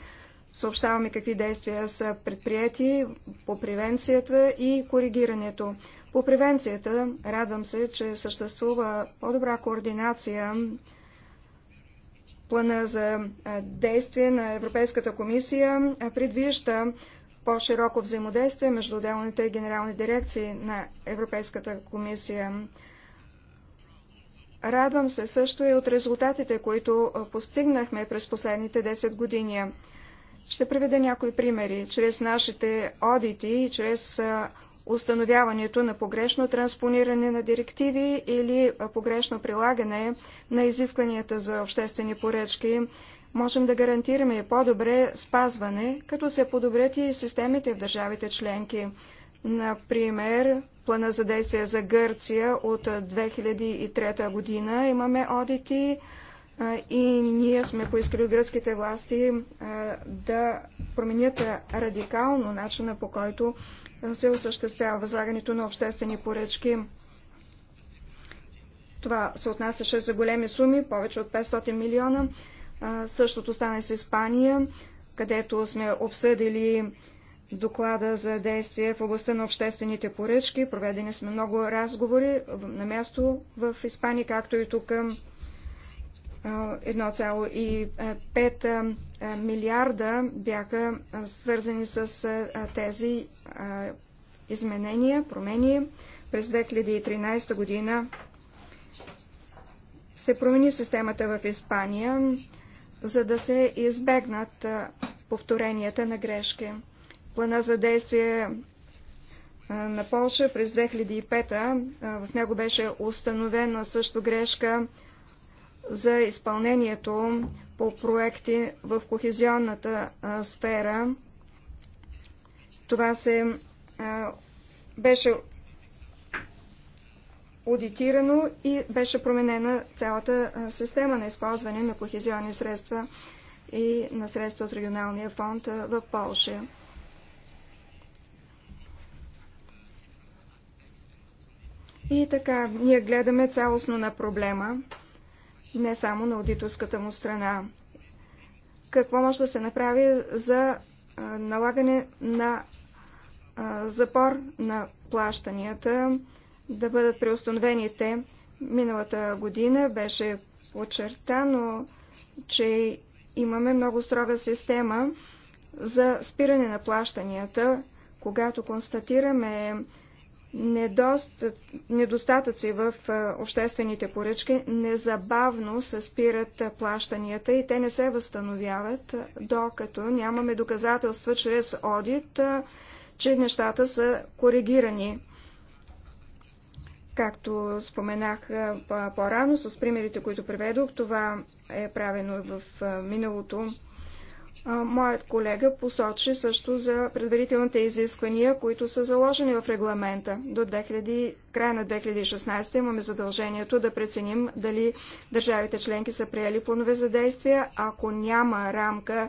съобщаваме какви действия са предприяти по превенцията и коригирането. По превенцията радвам се, че съществува по-добра координация плана за действие на Европейската комисия предвижда по-широко взаимодействие между отделните генерални дирекции на Европейската комисия. Радвам се също и от резултатите, които постигнахме през последните 10 години. Ще приведа някои примери. Чрез нашите одити и чрез установяването на погрешно транспониране на директиви или погрешно прилагане на изискванията за обществени поръчки, можем да гарантираме по-добре спазване, като се подобрят и системите в държавите членки. Например, плана за действие за Гърция от 2003 година имаме одити и ние сме поискали от гръцките власти да променят радикално начина по който се осъществява възлагането на обществени поръчки. Това се отнасяше за големи суми, повече от 500 милиона. Същото стане с Испания, където сме обсъдили доклада за действие в областта на обществените поръчки. Проведени сме много разговори на място в Испания, както и тук 1,5 милиарда бяха свързани с тези изменения, промени. През 2013 година се промени системата в Испания за да се избегнат повторенията на грешки. Плана за действие на Польша през 2005 в него беше установена също грешка за изпълнението по проекти в кохезионната сфера. Това се беше аудитирано и беше променена цялата система на използване на кохезионни средства и на средства от регионалния фонд в Полша. И така, ние гледаме цялостно на проблема, не само на аудиторската му страна. Какво може да се направи за налагане на запор на плащанията, да бъдат преустановени те. Миналата година беше очертано, че имаме много строга система за спиране на плащанията, когато констатираме недостатъци в обществените поръчки, незабавно се спират плащанията и те не се възстановяват, докато нямаме доказателства чрез одит, че нещата са коригирани. Както споменах по-рано с примерите, които приведох, това е правено и в миналото. Моят колега посочи също за предварителните изисквания, които са заложени в регламента. До 2000, края на 2016 имаме задължението да преценим дали държавите членки са приели планове за действия. Ако няма рамка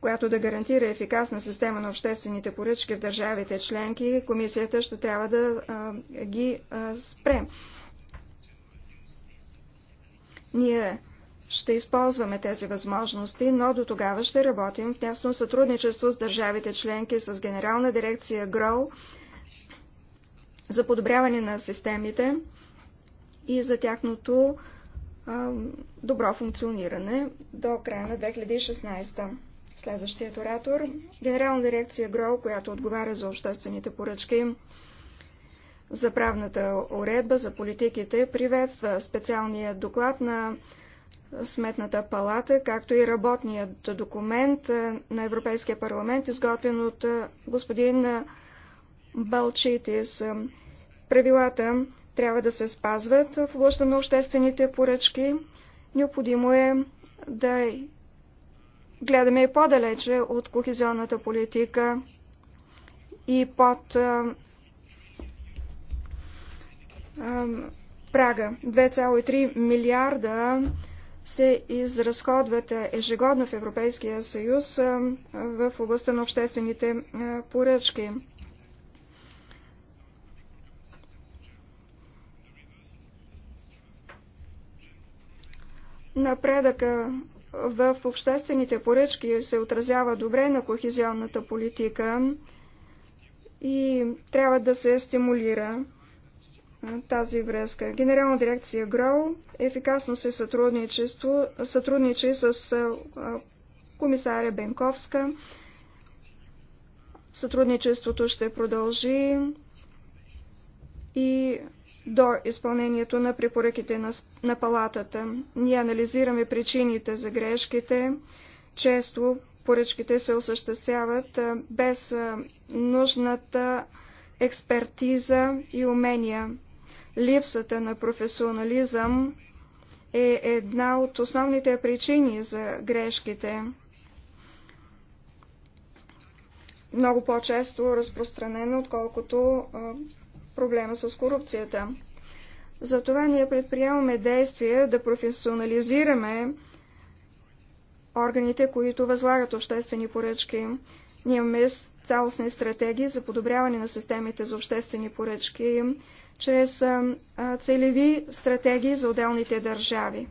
която да гарантира ефикасна система на обществените поръчки в държавите членки, комисията ще трябва да а, ги а, спре. Ние ще използваме тези възможности, но до тогава ще работим в тясно сътрудничество с държавите членки, с Генерална дирекция ГРОУ за подобряване на системите и за тяхното а, добро функциониране до края на 2016. Следващият оратор – Генерална дирекция ГРО, която отговаря за обществените поръчки за правната уредба, за политиките, приветства специалния доклад на Сметната палата, както и работният документ е, на Европейския парламент, изготвен от е, господин е, Балчитис. Правилата трябва да се спазват в областта на обществените поръчки. Необходимо е да гледаме и по-далече от кохезионната политика и под а, а, прага. 2,3 милиарда се изразходват ежегодно в Европейския съюз а, в областта на обществените а, поръчки. Напредъка в обществените поръчки се отразява добре на кохезионната политика и трябва да се стимулира тази връзка. Генерална дирекция ГРОУ ефикасно се сътрудничи с комисаря Бенковска. Сътрудничеството ще продължи и до изпълнението на препоръките на, на палатата. Ние анализираме причините за грешките. Често поръчките се осъществяват без нужната експертиза и умения. Липсата на професионализъм е една от основните причини за грешките. Много по-често разпространена, отколкото проблема с корупцията. Затова ние предприемаме действия да професионализираме органите, които възлагат обществени поръчки. Ние имаме цялостни стратегии за подобряване на системите за обществени поръчки чрез целеви стратегии за отделните държави.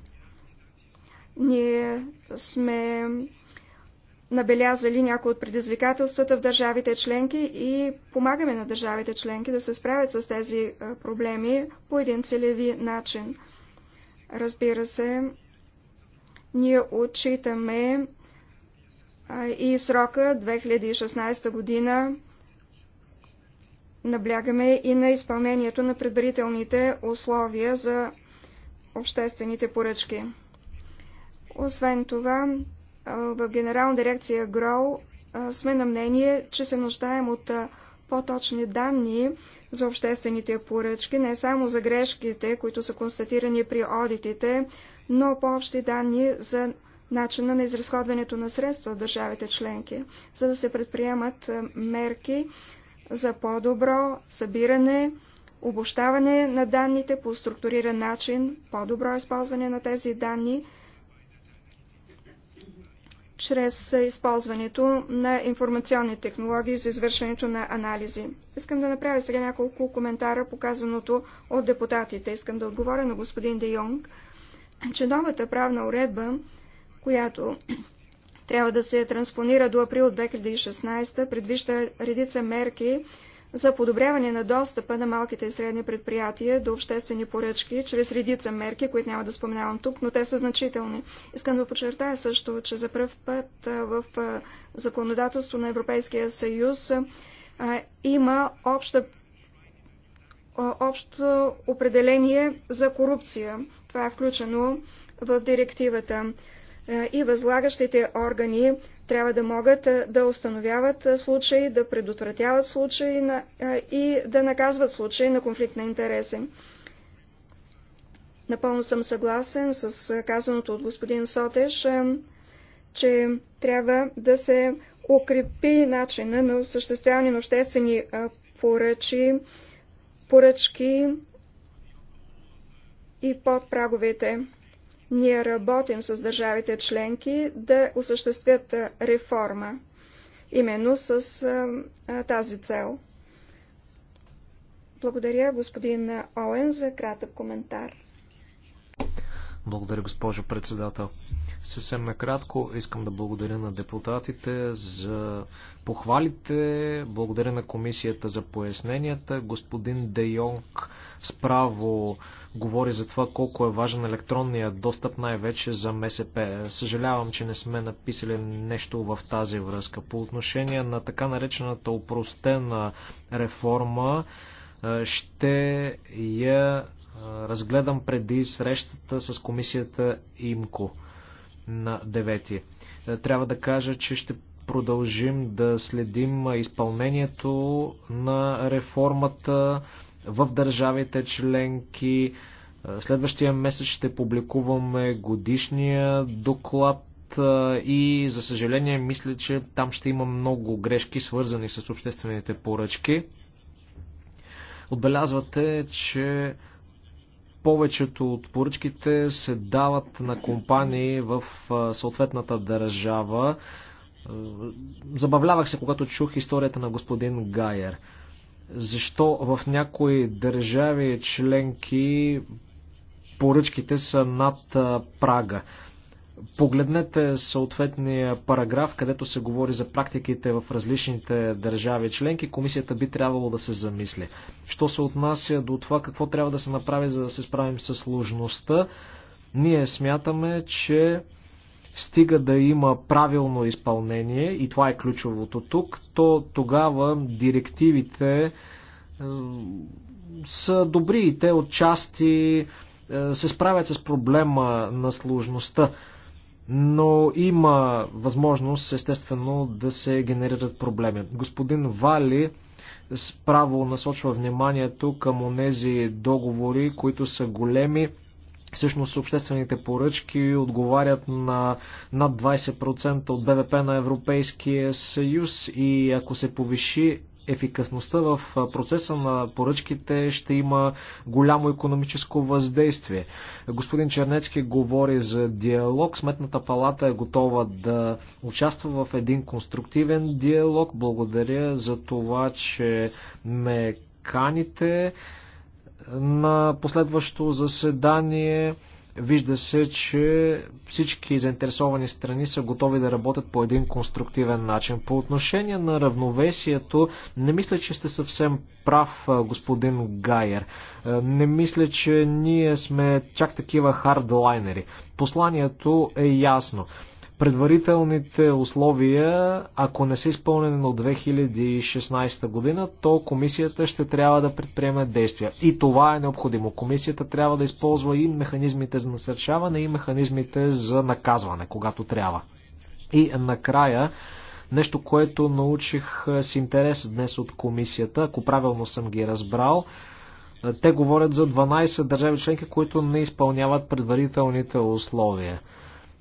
Ние сме набелязали някои от предизвикателствата в държавите членки и помагаме на държавите членки да се справят с тези е, проблеми по един целеви начин. Разбира се, ние отчитаме е, и срока 2016 година. Наблягаме и на изпълнението на предварителните условия за обществените поръчки. Освен това, в Генерална дирекция ГРОУ сме на мнение, че се нуждаем от по-точни данни за обществените поръчки, не само за грешките, които са констатирани при одитите, но по-общи данни за начина на изразходването на средства в държавите членки, за да се предприемат мерки за по-добро събиране, обощаване на данните по структуриран начин, по-добро използване на тези данни, чрез използването на информационни технологии за извършването на анализи. Искам да направя сега няколко коментара показаното от депутатите. Искам да отговоря на господин Де Йонг, че новата правна уредба, която трябва да се транспонира до април 2016, предвижда редица мерки за подобряване на достъпа на малките и средни предприятия до обществени поръчки чрез редица мерки, които няма да споменавам тук, но те са значителни. Искам да подчертая също, че за първ път в законодателство на Европейския съюз има обща общо определение за корупция. Това е включено в директивата. Е, и възлагащите органи трябва да могат е, да установяват е, случаи, да предотвратяват случаи на, и да наказват случаи на конфликт на интереси. Напълно съм съгласен с казаното от господин Сотеш, че трябва да се укрепи начина на осъществяване на обществени поръчи, поръчки и праговете. Ние работим с държавите членки да осъществят реформа именно с а, тази цел. Благодаря господин Оен за кратък коментар. Благодаря, госпожо председател. Съвсем накратко искам да благодаря на депутатите за похвалите, благодаря на комисията за поясненията. Господин Де Йонг справо говори за това колко е важен електронния достъп най-вече за МСП. Съжалявам, че не сме написали нещо в тази връзка. По отношение на така наречената упростена реформа, е, ще я е, разгледам преди срещата с комисията ИМКО на 9. Е, трябва да кажа, че ще продължим да следим изпълнението на реформата в държавите членки. Е, следващия месец ще публикуваме годишния доклад е, и за съжаление мисля, че там ще има много грешки, свързани с обществените поръчки. Отбелязвате, че повечето от поръчките се дават на компании в съответната държава. Забавлявах се, когато чух историята на господин Гайер. Защо в някои държави членки поръчките са над прага? Погледнете съответния параграф, където се говори за практиките в различните държави членки. Комисията би трябвало да се замисли. Що се отнася до това какво трябва да се направи, за да се справим с сложността, ние смятаме, че стига да има правилно изпълнение, и това е ключовото тук, то тогава директивите е, са добри и те отчасти е, се справят с проблема на сложността но има възможност, естествено, да се генерират проблеми. Господин Вали справо насочва вниманието към онези договори, които са големи Всъщност обществените поръчки отговарят на над 20% от БВП на Европейския съюз и ако се повиши ефикасността в процеса на поръчките, ще има голямо економическо въздействие. Господин Чернецки говори за диалог. Сметната палата е готова да участва в един конструктивен диалог. Благодаря за това, че ме каните на последващо заседание. Вижда се, че всички заинтересовани страни са готови да работят по един конструктивен начин. По отношение на равновесието, не мисля, че сте съвсем прав, господин Гайер. Не мисля, че ние сме чак такива хардлайнери. Посланието е ясно предварителните условия, ако не са изпълнени от 2016 година, то комисията ще трябва да предприеме действия. И това е необходимо. Комисията трябва да използва и механизмите за насърчаване, и механизмите за наказване, когато трябва. И накрая, нещо, което научих с интерес днес от комисията, ако правилно съм ги разбрал, те говорят за 12 държави членки, които не изпълняват предварителните условия.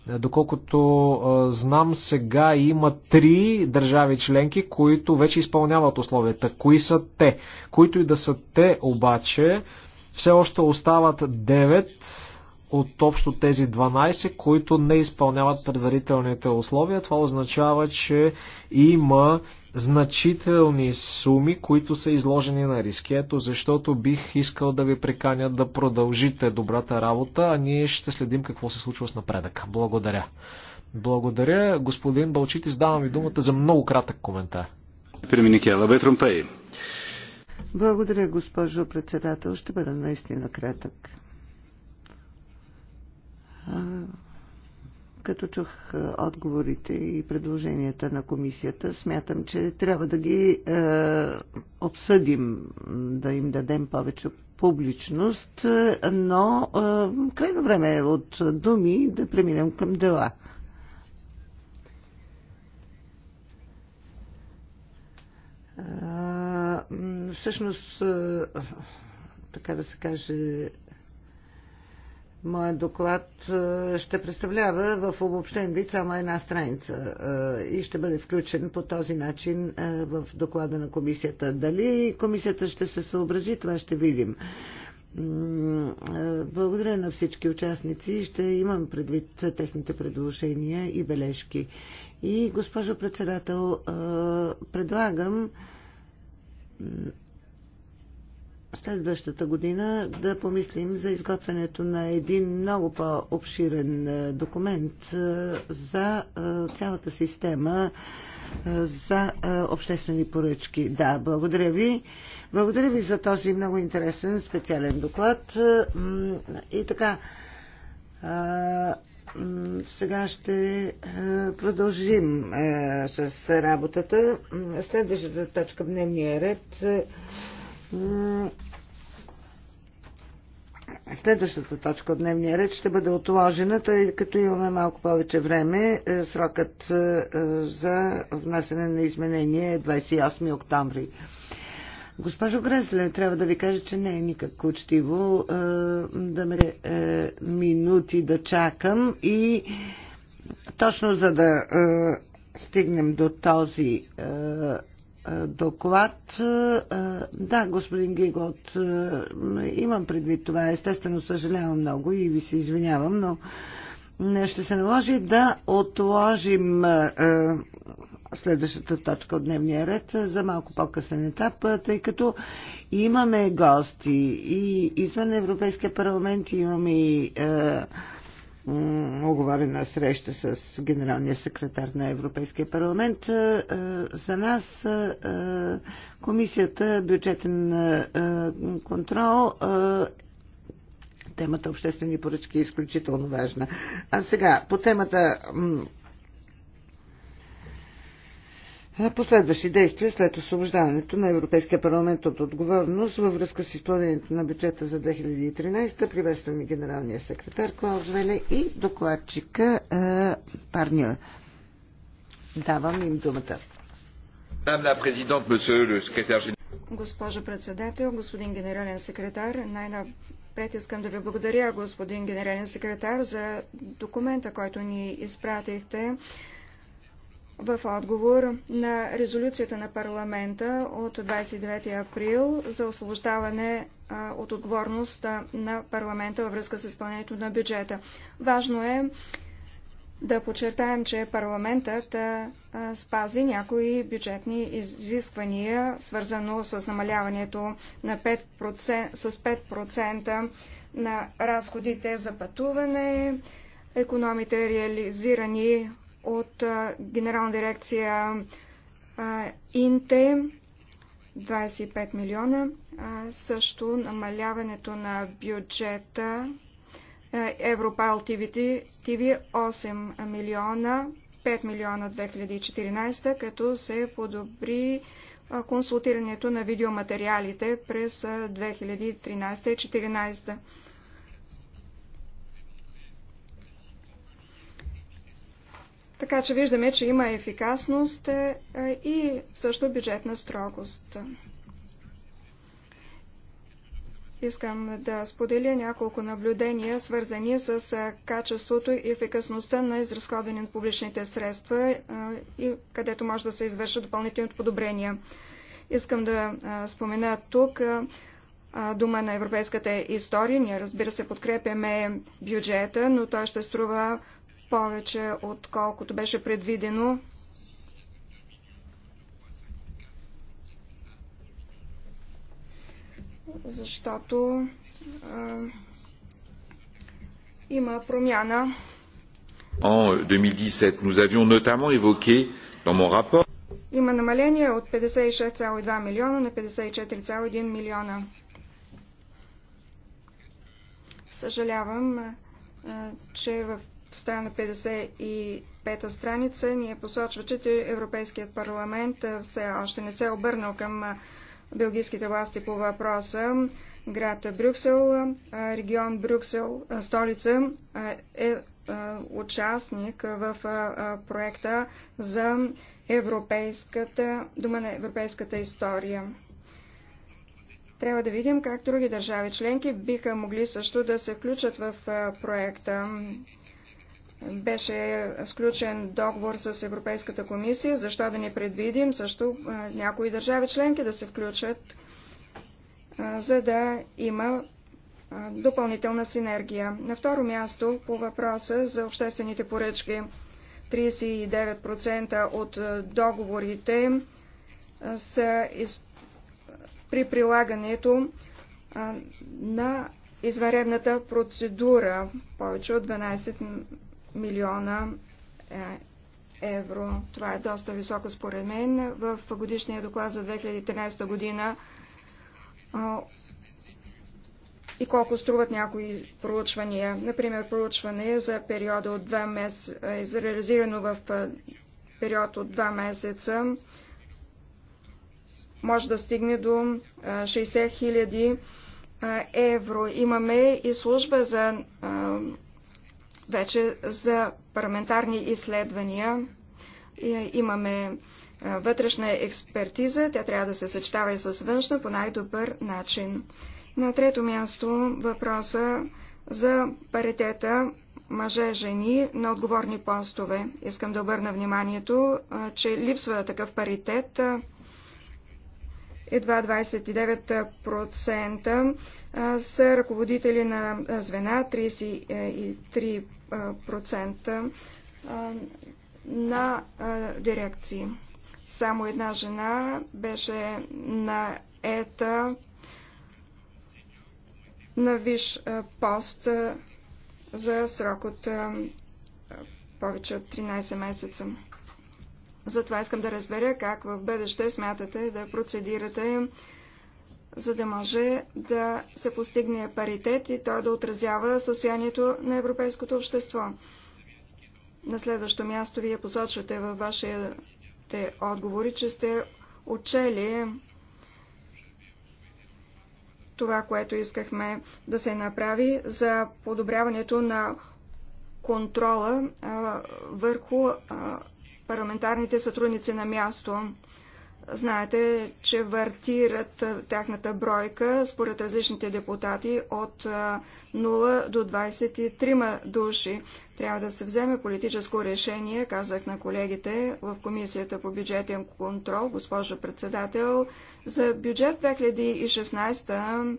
Доколкото знам, сега има три държави членки, които вече изпълняват условията. Кои са те? Които и да са те обаче, все още остават 9 от общо тези 12, които не изпълняват предварителните условия. Това означава, че има значителни суми, които са изложени на риски. Ето защото бих искал да ви приканя да продължите добрата работа, а ние ще следим какво се случва с напредък. Благодаря. Благодаря, господин Балчитис. издавам ви думата за много кратък коментар. Благодаря, госпожо председател. Ще бъда наистина кратък като чух отговорите и предложенията на комисията, смятам, че трябва да ги е, обсъдим, да им дадем повече публичност, но е, крайно време е от думи да преминем към дела. Е, всъщност, е, така да се каже, Моят доклад е, ще представлява в обобщен вид само една страница е, и ще бъде включен по този начин е, в доклада на комисията. Дали комисията ще се съобрази, това ще видим. Благодаря на всички участници и ще имам предвид техните предложения и бележки. И, госпожо председател, предлагам следващата година да помислим за изготвянето на един много по-обширен е, документ е, за е, цялата система за обществени поръчки. Да, благодаря ви. Благодаря ви за този много интересен специален доклад. И така, сега ще продължим с работата. Следващата точка в дневния ред Следващата точка от дневния ред ще бъде отложена, тъй като имаме малко повече време. Е, срокът е, е, за внасяне на изменение е 28 октомври. Госпожо Гресле, трябва да ви кажа, че не е никак учтиво да ме е, минути да чакам и точно за да е, стигнем до този е, доклад. Да, господин Гигот, имам предвид това. Естествено, съжалявам много и ви се извинявам, но ще се наложи да отложим следващата точка от дневния ред за малко по-късен етап, тъй като имаме гости и извън Европейския парламент имаме и оговорена среща с генералния секретар на Европейския парламент. Е, е, за нас е, комисията бюджетен контрол темата обществени поръчки е изключително важна. А сега по темата последващи действия след освобождаването на Европейския парламент от отговорност във връзка с изпълнението на бюджета за 2013. Приветствам и генералния секретар Клаус Веле и докладчика Парньо. Давам им думата. Госпожо председател, господин генерален секретар, най-напред искам да ви благодаря, господин генерален секретар, за документа, който ни изпратихте в отговор на резолюцията на парламента от 29 април за освобождаване от отговорност на парламента във връзка с изпълнението на бюджета. Важно е да подчертаем, че парламентът спази някои бюджетни изисквания, свързано с намаляването на 5%, с 5% на разходите за пътуване, економите реализирани от Генерална дирекция Инте 25 милиона. Също намаляването на бюджета Европал ТВ 8 милиона, 5 милиона 2014, като се подобри консултирането на видеоматериалите през 2013 и 2014. Така че виждаме, че има ефикасност е, е, и също бюджетна строгост. Искам да споделя няколко наблюдения, свързани с е, качеството и ефикасността на изразходване на публичните средства, и където може да се извършат допълнителни подобрения. Искам да спомена тук дума на европейската история. Ние, разбира се, подкрепяме бюджета, но той ще струва повече, отколкото беше предвидено. Защото а, има промяна. En 2017, nous avions notamment évoqué dans mon rapport има намаление от 56,2 милиона на 54,1 милиона. Съжалявам, че в стая на 55-та страница ние посочва, че Европейският парламент все още не се е обърнал към белгийските власти по въпроса. Град Брюксел, регион Брюксел, столица е участник в проекта за европейската, дума на европейската история. Трябва да видим как други държави членки биха могли също да се включат в проекта беше сключен договор с Европейската комисия, защо да не предвидим също някои държави членки да се включат, за да има допълнителна синергия. На второ място по въпроса за обществените поръчки. 39% от договорите са из... при прилагането на извънредната процедура повече от 12 милиона е, евро. Това е доста високо според мен. В годишния доклад за 2013 година и колко струват някои проучвания. Например, проучване за периода от 2 месеца, за реализирано в период от 2 месеца, може да стигне до 60 000 евро. Имаме и служба за вече за парламентарни изследвания. Е, имаме е, вътрешна експертиза, тя трябва да се съчетава и с външна по най-добър начин. На трето място въпроса за паритета мъже-жени на отговорни постове. Искам да обърна вниманието, е, че липсва такъв паритет. Едва 29% са ръководители на звена 33% на дирекции. Само една жена беше на ета на виш пост за срок от повече от 13 месеца. Затова искам да разбера как в бъдеще смятате да процедирате за да може да се постигне паритет и той да отразява състоянието на европейското общество. На следващо място вие посочвате във вашите отговори, че сте учели това, което искахме да се направи за подобряването на контрола а, върху а, парламентарните сътрудници на място. Знаете, че вартират тяхната бройка според различните депутати от 0 до 23 души. Трябва да се вземе политическо решение, казах на колегите в Комисията по бюджетен контрол, госпожо председател, за бюджет 2016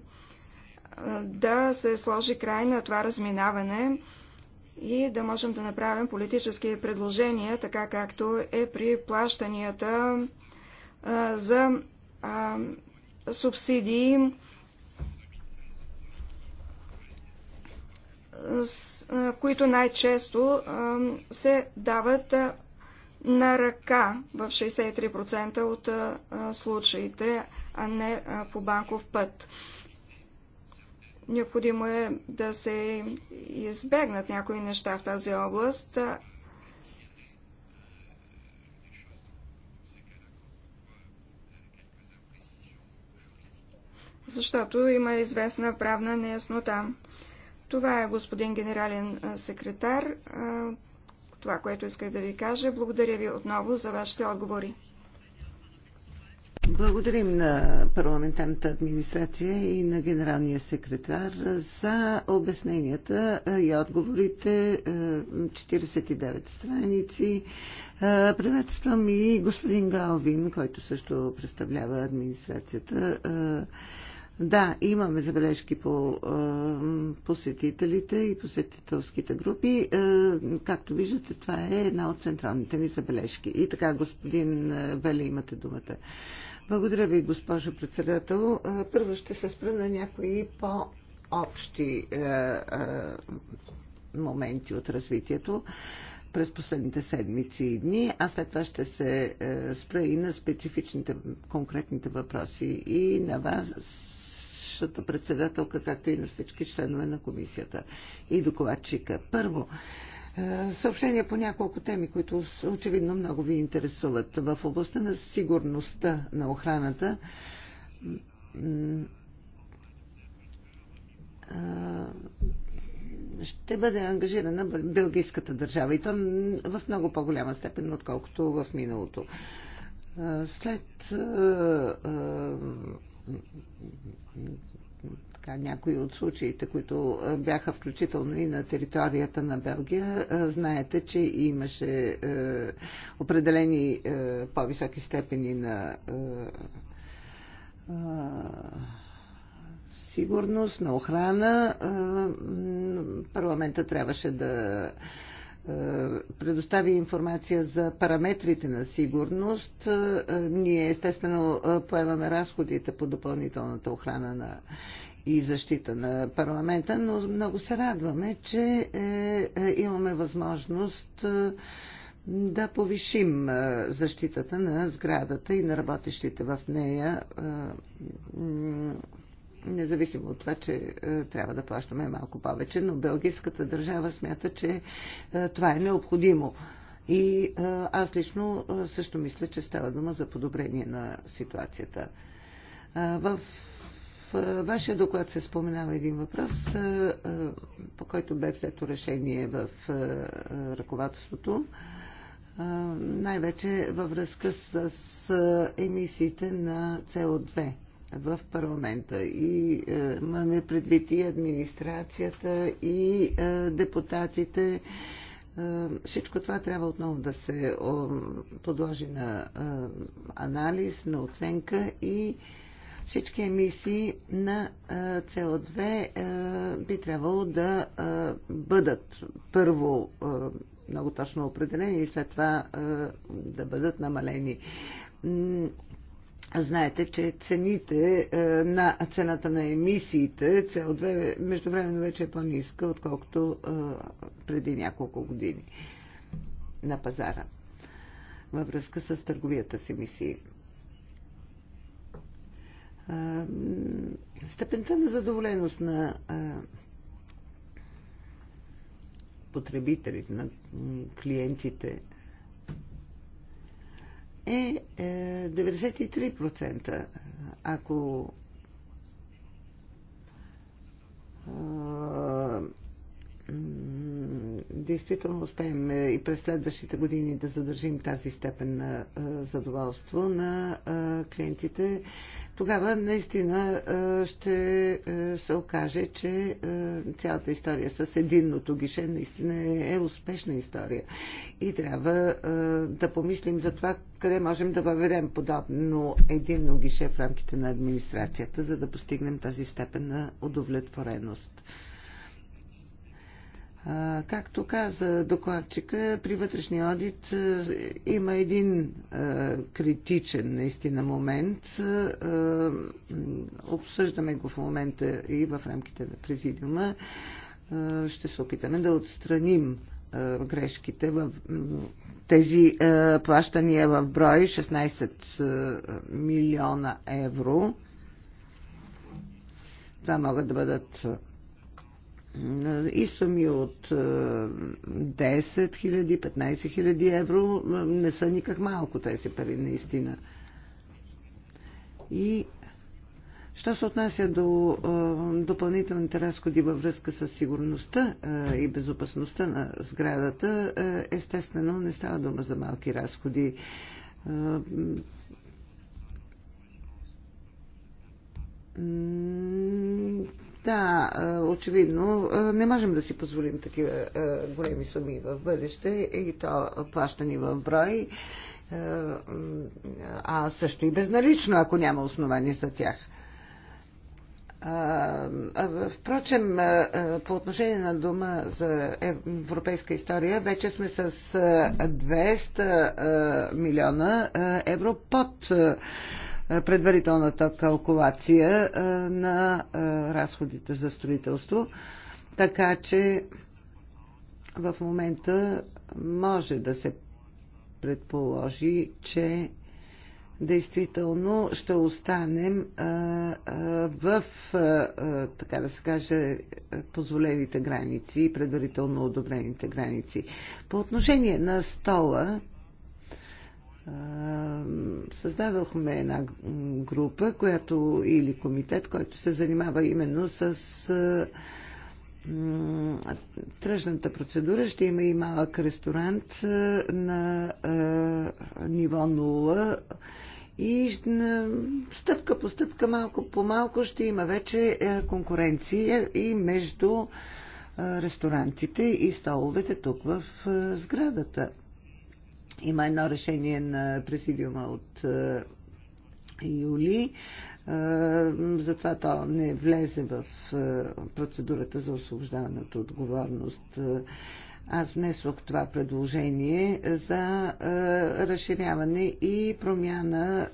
да се сложи край на това разминаване и да можем да направим политически предложения, така както е при плащанията за субсидии които най-често се дават на ръка в 63% от случаите, а не по банков път. Необходимо е да се избегнат някои неща в тази област, защото има известна правна неяснота. Това е господин генерален секретар. Това, което исках да ви кажа. Благодаря ви отново за вашите отговори. Благодарим на парламентарната администрация и на генералния секретар за обясненията и отговорите. 49 страници. Приветствам и господин Галвин, който също представлява администрацията. Да, имаме забележки по посетителите и посетителските групи. Е, както виждате, това е една от централните ни забележки. И така, господин е, Вели, имате думата. Благодаря ви, госпожо председател. Е, първо ще се спра на някои по-общи моменти от развитието през последните седмици и дни, а след това ще се спра и на специфичните, конкретните въпроси и на вас бившата председателка, както и на всички членове на комисията и докладчика. Първо, е, съобщения по няколко теми, които очевидно много ви интересуват. В областта на сигурността на охраната е, ще бъде ангажирана белгийската държава и то в много по-голяма степен, отколкото в миналото. Е, след така, някои от случаите, които бяха включително и на територията на Белгия, знаете, че имаше определени по-високи степени на сигурност, на охрана. парламента трябваше да е, предостави информация за параметрите на сигурност. Е, ние естествено е, поемаме разходите по допълнителната охрана на и защита на парламента, но много се радваме, че имаме възможност да повишим защитата на сградата и на работещите в нея независимо от това, че е, трябва да плащаме малко повече, но белгийската държава смята, че е, това е необходимо. И е, аз лично също мисля, че става дума за подобрение на ситуацията. В вашия доклад се споменава един въпрос, по който бе взето решение в ръководството най-вече във връзка с емисиите на CO2 в парламента. И е, имаме предвид и администрацията, и е, депутатите. Е, всичко това трябва отново да се о, подложи на е, анализ, на оценка и всички емисии на CO2 е, е, би трябвало да е, бъдат първо много точно определени и след това да бъдат намалени. Знаете, че цените е, на цената на емисиите CO2 междувременно вече е по-ниска, отколкото е, преди няколко години на пазара във връзка с търговията с емисии. Е, степента на задоволеност на потребителите, на клиентите – е 93%. Е, Ако действително успеем е, и през следващите години да задържим тази степен на задоволство на клиентите, тогава наистина ще се окаже, че цялата история с единното гише наистина е, е успешна история. И трябва да помислим за това, къде можем да въведем подобно единно гише в рамките на администрацията, за да постигнем тази степен на удовлетвореност. Както каза докладчика, при вътрешния одит има един критичен наистина момент. Обсъждаме го в момента и в рамките на президиума. Ще се опитаме да отстраним грешките в тези плащания в брой 16 милиона евро. Това могат да бъдат и суми от 10 000, 15 000 евро не са никак малко тези пари, наистина. И що се отнася до е, допълнителните разходи във връзка с сигурността е, и безопасността на сградата, е, естествено не става дума за малки разходи. М- да, е, очевидно е, не можем да си позволим такива е, големи суми в бъдеще и то плащани в брой, а също и безналично, ако няма основания за тях. Впрочем, по отношение на дума за европейска история, вече сме с 200 милиона евро под е, предварителната калкулация е, на е, разходите за строителство. Така че в момента може да се предположи, че действително ще останем в, така да се каже, позволените граници и предварително одобрените граници. По отношение на стола, създадохме една група, която или комитет, който се занимава именно с тръжната процедура. Ще има и малък ресторант на ниво 0 и стъпка по стъпка, малко по малко ще има вече е, конкуренция и между ресторантите и столовете тук в сградата. Има едно решение на пресидиума от е, юли. Е, затова то не влезе в е, процедурата за освобождаване от отговорност. Аз внесох това предложение за разширяване и промяна,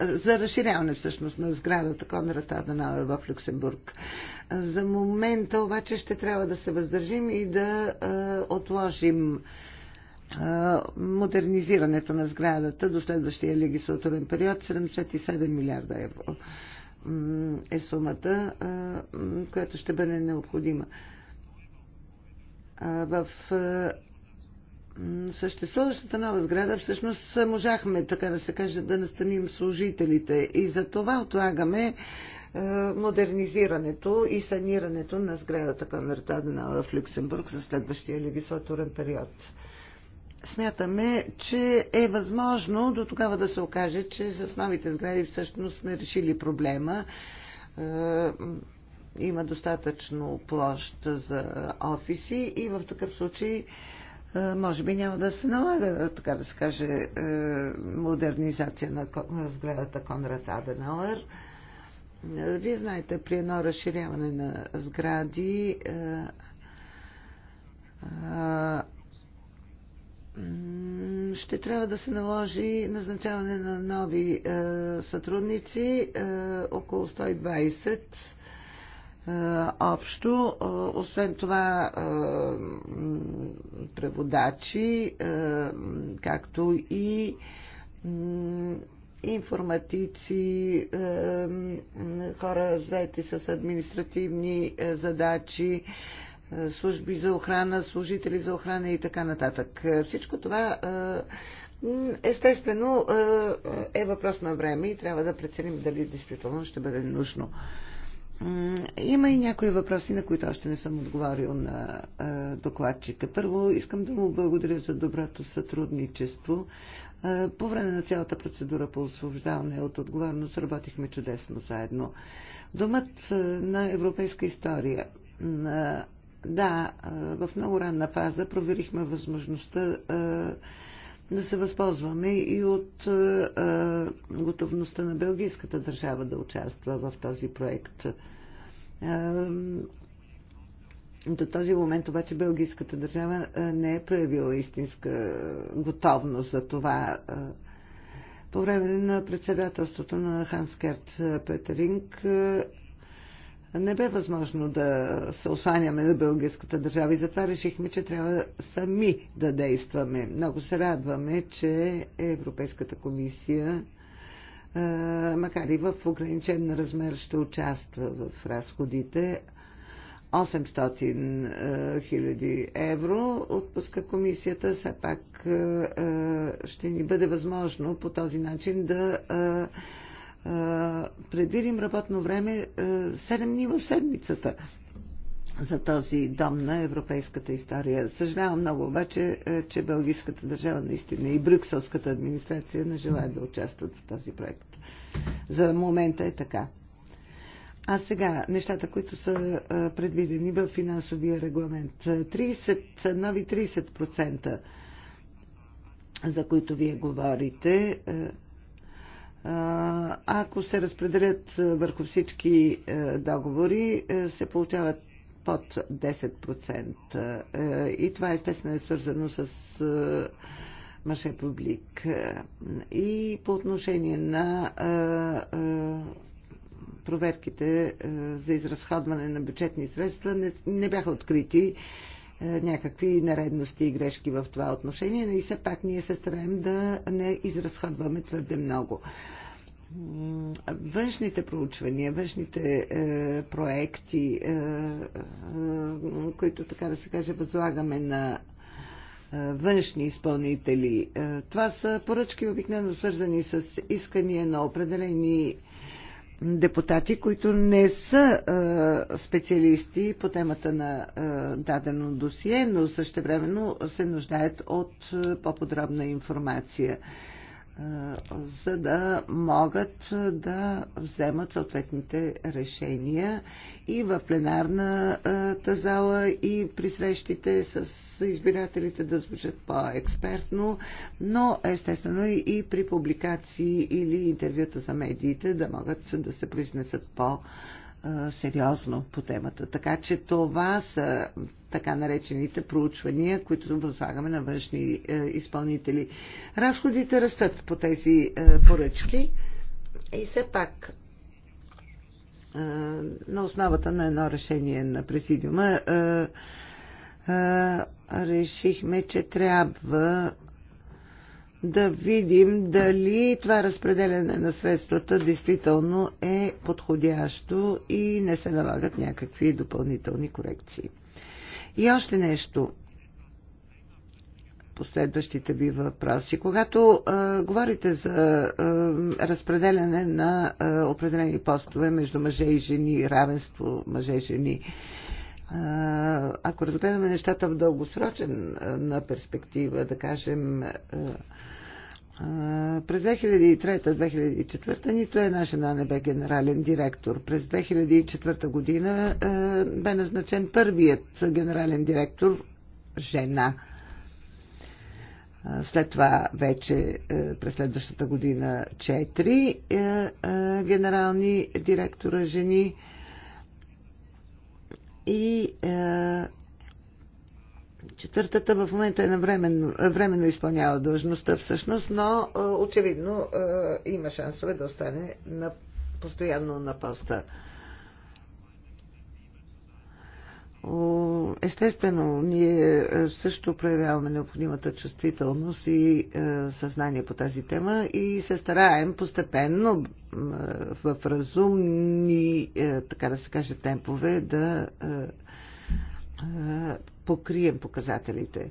за разширяване всъщност на сградата Конрад Аданауе в Люксембург. За момента обаче ще трябва да се въздържим и да отложим модернизирането на сградата до следващия легислатурен период 77 милиарда евро е сумата, която ще бъде необходима. В съществуващата нова сграда всъщност можахме, така да се каже, да настаним служителите и за това отлагаме модернизирането и санирането на сградата към Ртадена в Люксембург за следващия легислатурен период смятаме, че е възможно до тогава да се окаже, че с новите сгради всъщност сме решили проблема. Е, има достатъчно площ за офиси и в такъв случай е, може би няма да се налага, така да се каже, е, модернизация на сградата Конрад Аденауер. Вие знаете, при едно разширяване на сгради ще трябва да се наложи назначаване на нови е, сътрудници, е, около 120 е, общо. Е, освен това, е, преводачи, е, както и е, информатици, е, хора заети с административни е, задачи. Е, е, служби за охрана, служители за охрана и така нататък. Е, всичко това е, естествено е въпрос на време и трябва да преценим дали действително ще бъде нужно. Има и някои въпроси, на които още не съм отговорил на докладчика. Първо искам да му благодаря за доброто сътрудничество. По време на цялата процедура по освобождаване от отговорност работихме чудесно заедно. Домът на европейска история да, в много ранна фаза проверихме възможността да се възползваме и от готовността на белгийската държава да участва в този проект. До този момент обаче белгийската държава не е проявила истинска готовност за това. По време на председателството на Керт Петеринг не бе възможно да се осланяме на българската държава и затова решихме, че трябва сами да действаме. Много се радваме, че Европейската комисия, макар и в ограничен размер, ще участва в разходите. 800 хиляди евро отпуска комисията, все пак ще ни бъде възможно по този начин да предвидим работно време 7 дни в седмицата за този дом на европейската история. Съжалявам много обаче, че бългийската държава наистина и брюкселската администрация не желаят да участват в този проект. За момента е така. А сега, нещата, които са предвидени в финансовия регламент. 30, нови 30%, за които вие говорите, ако се разпределят върху всички е, договори, е, се получават под 10%. Е, и това естествено е свързано с Маше Публик. И по отношение на проверките за изразходване на бюджетни средства не, не бяха открити е, някакви наредности и грешки в това отношение, но и все пак ние се стараем да не изразходваме твърде много. Външните проучвания, външните е, проекти, е, е, които така да се каже възлагаме на е, външни изпълнители. Е, това са поръчки обикновено свързани с искания на определени депутати, които не са а, специалисти по темата на а, дадено досие, но същевременно се нуждаят от а, по-подробна информация за да могат да вземат съответните решения и в пленарната зала и при срещите с избирателите да звучат по-експертно, но естествено и при публикации или интервюта за медиите да могат да се произнесат по-експертно сериозно по темата. Така че това са така наречените проучвания, които възлагаме на външни е, изпълнители. Разходите растат по тези е, поръчки и все пак е, на основата на едно решение на президиума решихме, че трябва да видим дали това разпределяне на средствата действително е подходящо и не се налагат някакви допълнителни корекции. И още нещо последващите ви въпроси. Когато а, говорите за а, разпределяне на а, определени постове между мъже и жени, равенство мъже и жени, а, ако разгледаме нещата в дългосрочен а, на перспектива, да кажем а, през 2003-2004 нито една жена не бе генерален директор. През 2004 година бе назначен първият генерален директор жена. След това вече през следващата година 4 генерални директора жени и Четвъртата в момента е на е временно изпълнява длъжността всъщност, но е, очевидно е, има шансове да остане на, постоянно на поста. Естествено, ние също проявяваме необходимата чувствителност и съзнание по тази тема и се стараем постепенно в разумни, така да се каже, темпове да е, покрием показателите.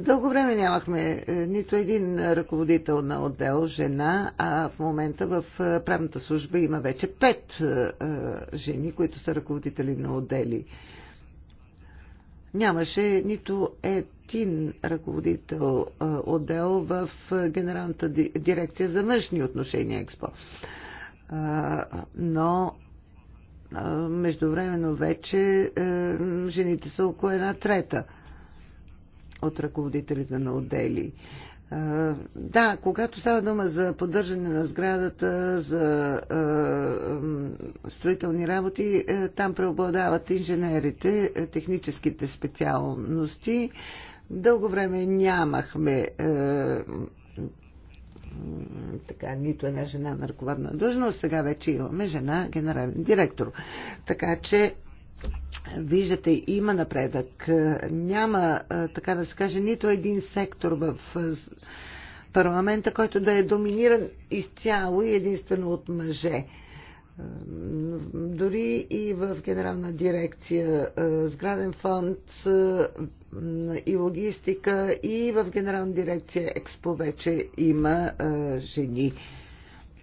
Дълго време нямахме е, нито един ръководител на отдел жена, а в момента в е, правната служба има вече пет жени, които са ръководители на отдели. Нямаше нито един ръководител отдел в Генералната дирекция за външни отношения Експо. Но Междувременно вече е, жените са около една трета от ръководителите на отдели. Е, да, когато става дума за поддържане на сградата, за е, строителни работи, там преобладават инженерите, техническите специалности. Дълго време нямахме така, нито една жена на ръководна длъжност, сега вече имаме жена генерален директор. Така че Виждате, има напредък. Няма, така да се каже, нито един сектор в парламента, който да е доминиран изцяло и единствено от мъже. Дори и в Генерална дирекция е, Сграден фонд е, и логистика, и в Генерална дирекция Експо вече има е, жени.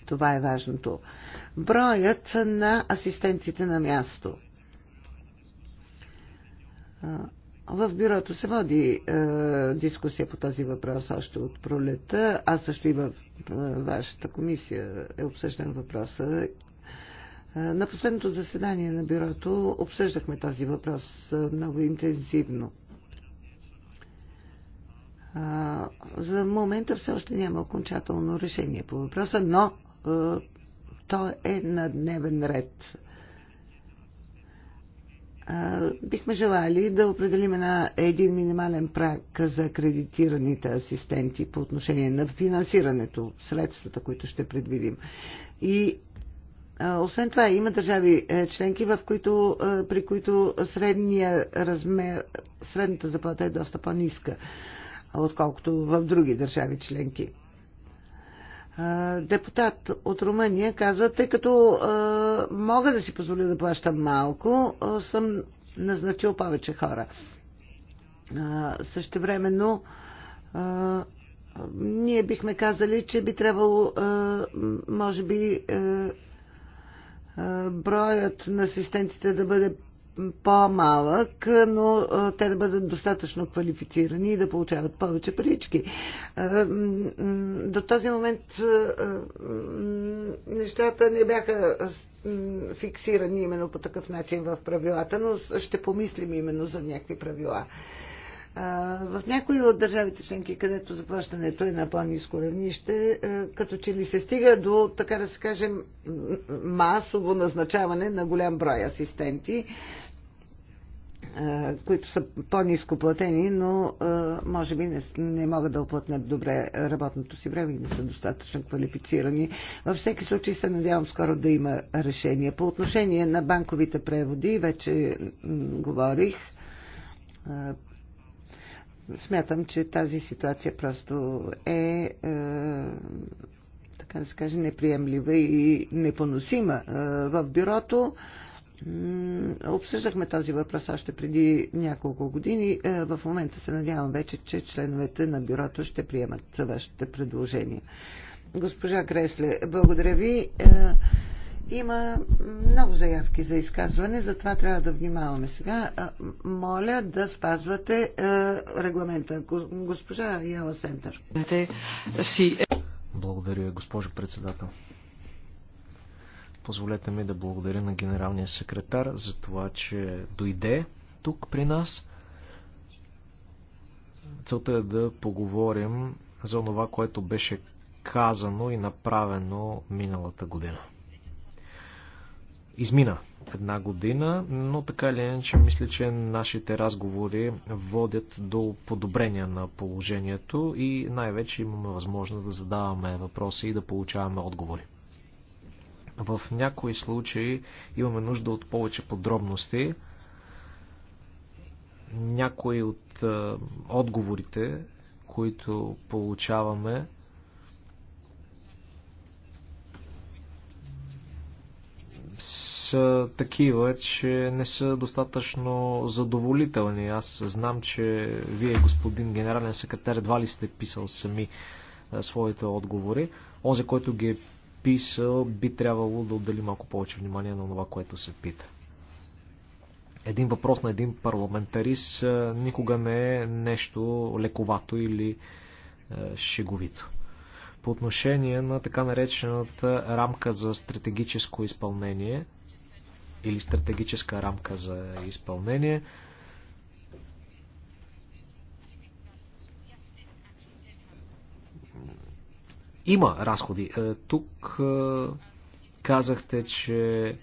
Това е важното. Броят на асистентите на място. В бюрото се води е, дискусия по този въпрос още от пролета, а също и в е, вашата комисия е обсъждан въпроса на последното заседание на бюрото обсъждахме този въпрос много интензивно. За момента все още няма окончателно решение по въпроса, но то е на дневен ред. Бихме желали да определим на един минимален прак за кредитираните асистенти по отношение на финансирането, средствата, които ще предвидим. И освен това, има държави е, членки, в които, е, при които средния размер, средната заплата е доста по-ниска, отколкото в други държави членки. Депутат от Румъния казва, тъй като мога да си позволя да плащам малко, съм назначил повече хора. времено ние бихме казали, че би трябвало, може би, броят на асистентите да бъде по-малък, но те да бъдат достатъчно квалифицирани и да получават повече парички. До този момент нещата не бяха фиксирани именно по такъв начин в правилата, но ще помислим именно за някакви правила. В някои от държавите членки, където заплащането е на по-низко равнище, като че ли се стига до, така да се кажем, масово назначаване на голям брой асистенти, които са по-низко платени, но може би не, не могат да оплътнат добре работното си време и не са достатъчно квалифицирани. Във всеки случай се надявам скоро да има решение. По отношение на банковите преводи, вече говорих Смятам, че тази ситуация просто е, е така да се каже, неприемлива и непоносима. Е, в бюрото обсъждахме този въпрос още преди няколко години. Е, в момента се надявам вече, че членовете на бюрото ще приемат вашите предложения. Госпожа Кресле, благодаря ви. Е, има много заявки за изказване, затова трябва да внимаваме сега. Моля да спазвате е, регламента. Госпожа Яла Сентър. Благодаря, госпожо председател. Позволете ми да благодаря на генералния секретар за това, че дойде тук при нас. Целта е да поговорим за това, което беше казано и направено миналата година. Измина една година, но така или иначе мисля, че нашите разговори водят до подобрение на положението и най-вече имаме възможност да задаваме въпроси и да получаваме отговори. В някои случаи имаме нужда от повече подробности. Някои от отговорите, които получаваме, са такива, че не са достатъчно задоволителни. Аз знам, че вие, господин генерален секретар, едва ли сте писал сами своите отговори. Онзи, който ги е писал, би трябвало да отдели малко повече внимание на това, което се пита. Един въпрос на един парламентарист никога не е нещо лековато или шеговито по отношение на така наречената рамка за стратегическо изпълнение или стратегическа рамка за изпълнение. Има разходи. Е, тук е, казахте, че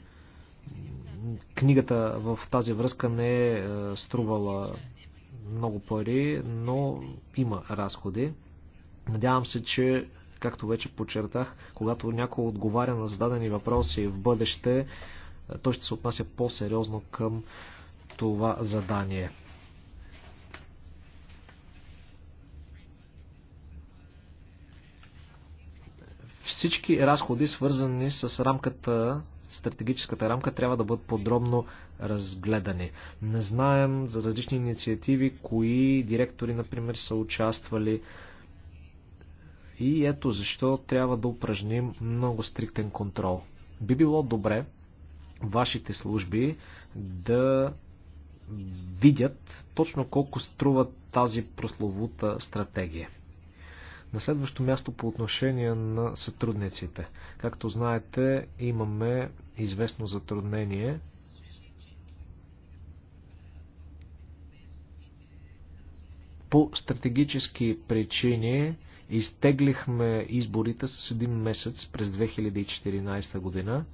книгата в тази връзка не е, е струвала много пари, но има разходи. Надявам се, че Както вече подчертах, когато някой отговаря на зададени въпроси в бъдеще, той ще се отнася по-сериозно към това задание. Всички разходи, свързани с рамката стратегическата рамка трябва да бъдат подробно разгледани. Не знаем за различни инициативи, кои директори, например, са участвали. И ето защо трябва да упражним много стриктен контрол. Би било добре вашите служби да видят точно колко струва тази прословута стратегия. На следващо място по отношение на сътрудниците. Както знаете, имаме известно затруднение. По стратегически причини Изтеглихме изборите с един месец през 2014 година.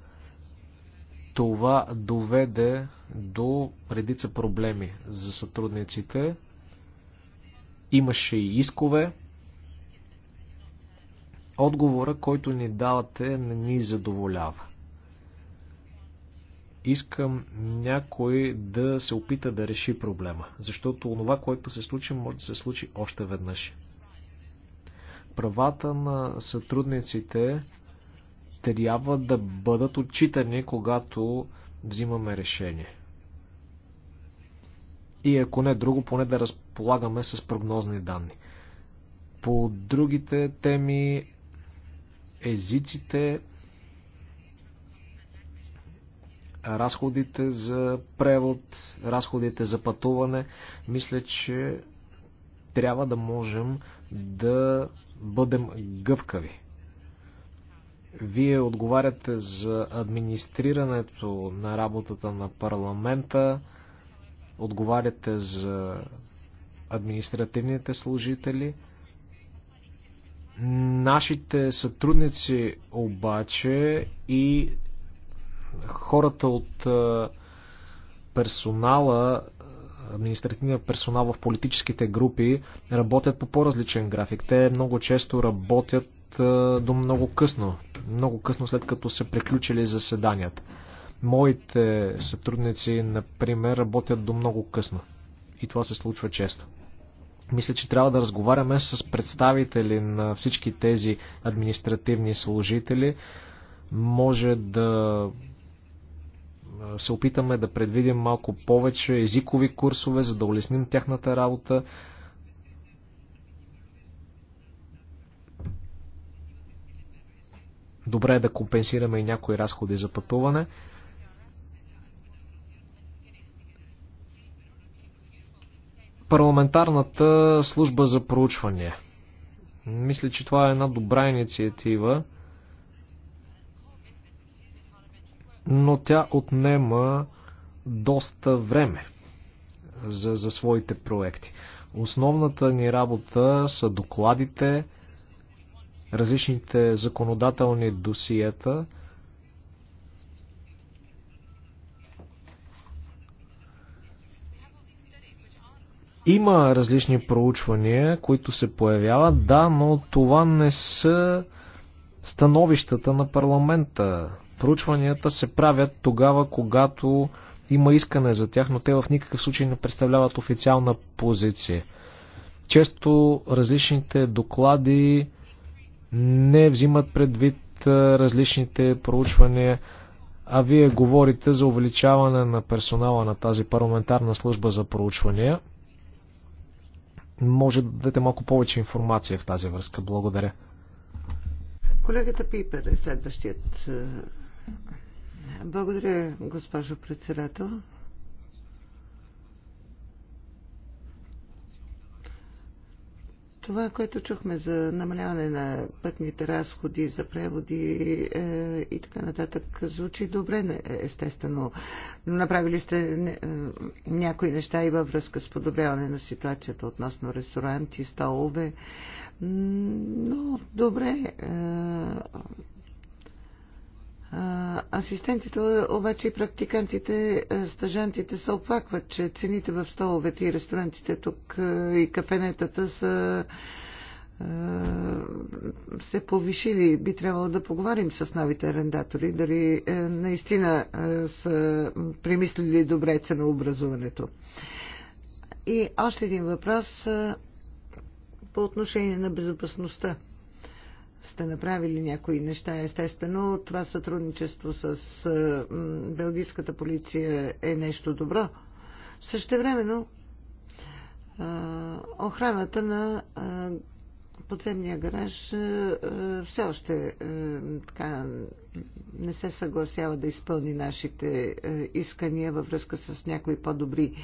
Това доведе до редица проблеми за сътрудниците. Имаше и искове. Отговора, който ни давате, не ни задоволява искам някой да се опита да реши проблема, защото онова, което се случи, може да се случи още веднъж правата на сътрудниците трябва да бъдат отчитани, когато взимаме решение. И ако не друго, поне да разполагаме с прогнозни данни. По другите теми, езиците, разходите за превод, разходите за пътуване, мисля, че трябва да можем да бъдем гъвкави. Вие отговаряте за администрирането на работата на парламента, отговаряте за административните служители. Нашите сътрудници обаче и хората от персонала административния персонал в политическите групи работят по по-различен график. Те много често работят до много късно, много късно след като са приключили заседанията. Моите сътрудници, например, работят до много късно. И това се случва често. Мисля, че трябва да разговаряме с представители на всички тези административни служители. Може да се опитаме да предвидим малко повече езикови курсове, за да улесним тяхната работа. Добре е да компенсираме и някои разходи за пътуване. Парламентарната служба за проучване. Мисля, че това е една добра инициатива. но тя отнема доста време за, за своите проекти. Основната ни работа са докладите, различните законодателни досиета. Има различни проучвания, които се появяват, да, но това не са становищата на парламента. Проучванията се правят тогава, когато има искане за тях, но те в никакъв случай не представляват официална позиция. Често различните доклади не взимат предвид различните проучвания, а вие говорите за увеличаване на персонала на тази парламентарна служба за проучвания. Може да дадете малко повече информация в тази връзка. Благодаря. Колегата Пипер е следващият. Благодаря, госпожо председател. Това, което чухме за намаляване на пътните разходи, за преводи е, и така нататък, звучи добре, естествено. Направили сте е, някои неща и във връзка с подобряване на ситуацията относно ресторанти, столове. Но добре, е, Асистентите, обаче и практикантите, стажантите се оплакват, че цените в столовете и ресторантите тук и кафенетата са се повишили. Би трябвало да поговорим с новите арендатори, дали наистина са примислили добре ценообразуването. И още един въпрос по отношение на безопасността сте направили някои неща. Естествено, това сътрудничество с е, белгийската полиция е нещо добро. Същевременно, е, охраната на е, подземния гараж все още така, не се съгласява да изпълни нашите искания във връзка с някои по-добри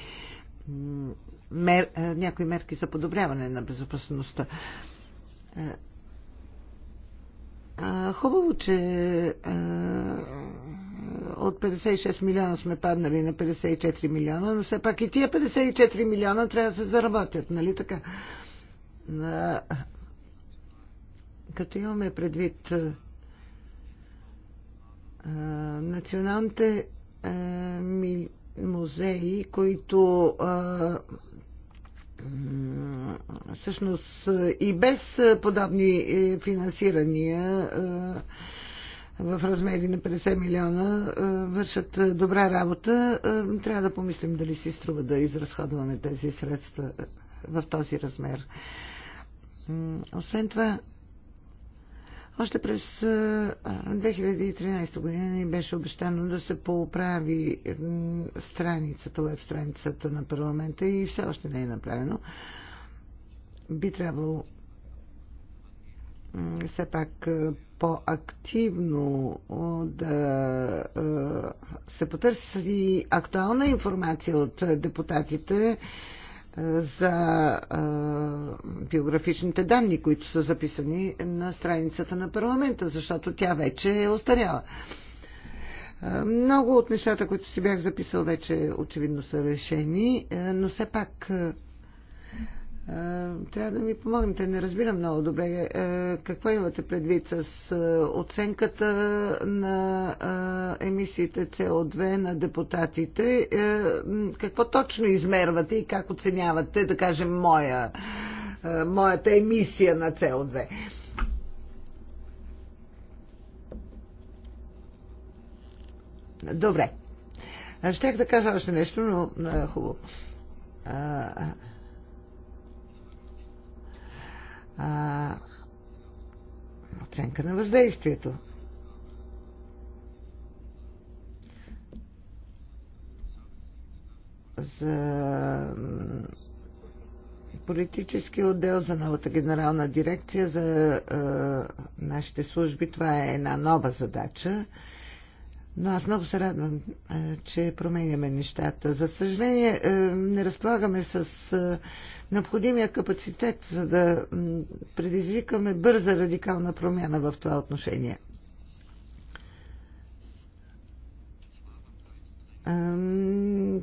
мер, някои мерки за подобряване на безопасността. Хубаво, че от 56 милиона сме паднали на 54 милиона, но все пак и тия 54 милиона трябва да се заработят, нали така? Като имаме предвид националните музеи, които всъщност и без подобни е, финансирания е, в размери на 50 милиона е, вършат добра работа. Трябва да помислим дали си струва да изразходваме тези средства в този размер. Освен това, още през 2013 година ни беше обещано да се поправи страницата, веб страницата на парламента и все още не е направено. Би трябвало все пак по-активно да се потърси актуална информация от депутатите за биографичните данни, които са записани на страницата на парламента, защото тя вече е остаряла. Много от нещата, които си бях записал, вече очевидно са решени, но все пак е, трябва да ми помогнете. Не разбирам много добре е, какво имате предвид с е, оценката на емисиите CO2 на депутатите. Какво точно измервате и как оценявате, да кажем, моя, моята емисия на CO2? Добре. Щях да кажа още нещо, но хубаво. а, оценка на въздействието. За политически отдел, за новата генерална дирекция, за а, нашите служби това е една нова задача. А, но аз много се радвам, че променяме нещата. За съжаление, не разполагаме с необходимия капацитет, за да предизвикаме бърза радикална промяна в това отношение.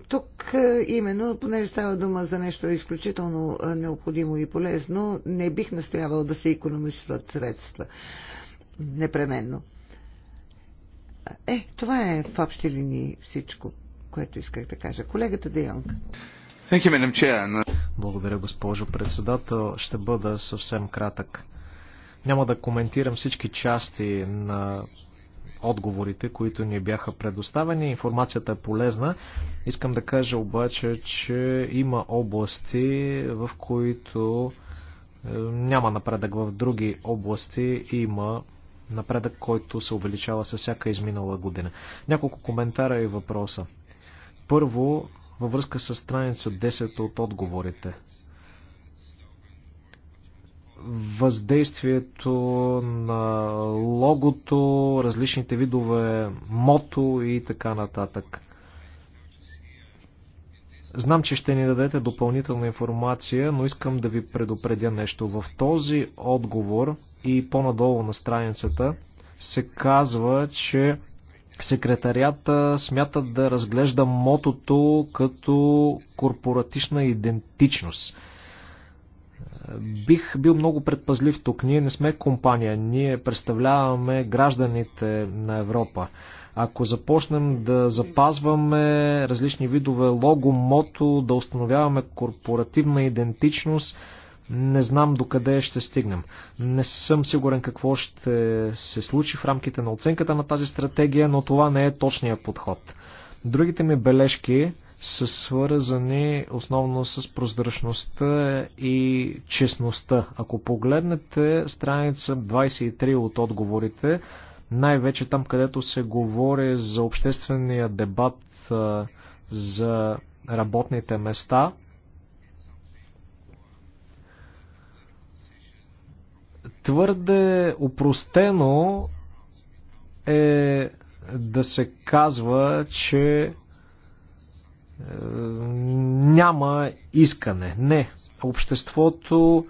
Тук именно, понеже става дума за нещо изключително необходимо и полезно, не бих настоявал да се економисват средства. Непременно. Е, това е в общи линии всичко, което исках да кажа. Колегата Де Йонг. Благодаря, госпожо председател. Ще бъда съвсем кратък. Няма да коментирам всички части на отговорите, които ни бяха предоставени. Информацията е полезна. Искам да кажа обаче, че има области, в които е, няма напредък. В други области има напредък, който се увеличава със всяка изминала година. Няколко коментара и въпроса. Първо, във връзка с страница 10 от отговорите. Въздействието на логото, различните видове мото и така нататък. Знам, че ще ни дадете допълнителна информация, но искам да ви предупредя нещо. В този отговор и по-надолу на страницата се казва, че секретарията смята да разглежда мотото като корпоратична идентичност. Бих бил много предпазлив тук. Ние не сме компания, ние представляваме гражданите на Европа. Ако започнем да запазваме различни видове лого, мото, да установяваме корпоративна идентичност, не знам докъде ще стигнем. Не съм сигурен какво ще се случи в рамките на оценката на тази стратегия, но това не е точния подход. Другите ми бележки са свързани основно с прозрачността и честността. Ако погледнете страница 23 от отговорите, най-вече там, където се говори за обществения дебат за работните места. Твърде упростено е да се казва, че е, няма искане. Не. Обществото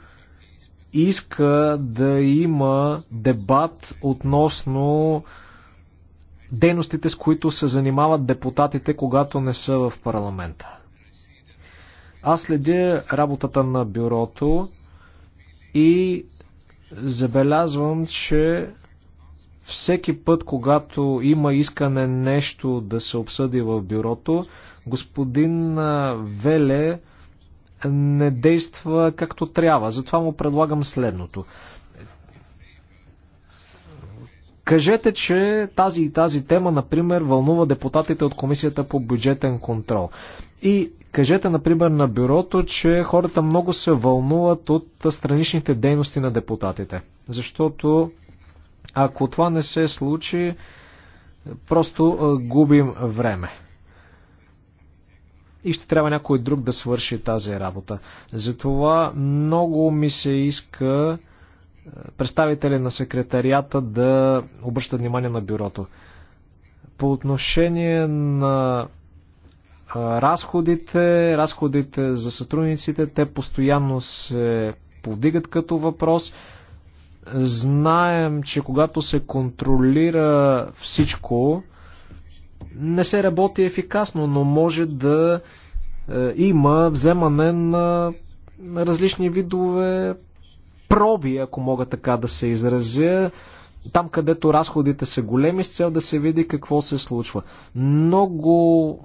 иска да има дебат относно дейностите, с които се занимават депутатите, когато не са в парламента. Аз следя работата на бюрото и забелязвам, че всеки път, когато има искане нещо да се обсъди в бюрото, господин Веле не действа както трябва. Затова му предлагам следното. Кажете, че тази и тази тема, например, вълнува депутатите от Комисията по бюджетен контрол. И кажете, например, на бюрото, че хората много се вълнуват от страничните дейности на депутатите. Защото ако това не се случи, просто губим време и ще трябва някой друг да свърши тази работа. Затова много ми се иска е, представители на секретарията да обръщат внимание на бюрото. По отношение на е, разходите, разходите за сътрудниците, те постоянно се повдигат като въпрос. Знаем, че когато се контролира всичко, не се работи ефикасно, но може да е, има вземане на различни видове проби, ако мога така да се изразя, там където разходите са големи, с цел да се види какво се случва. Много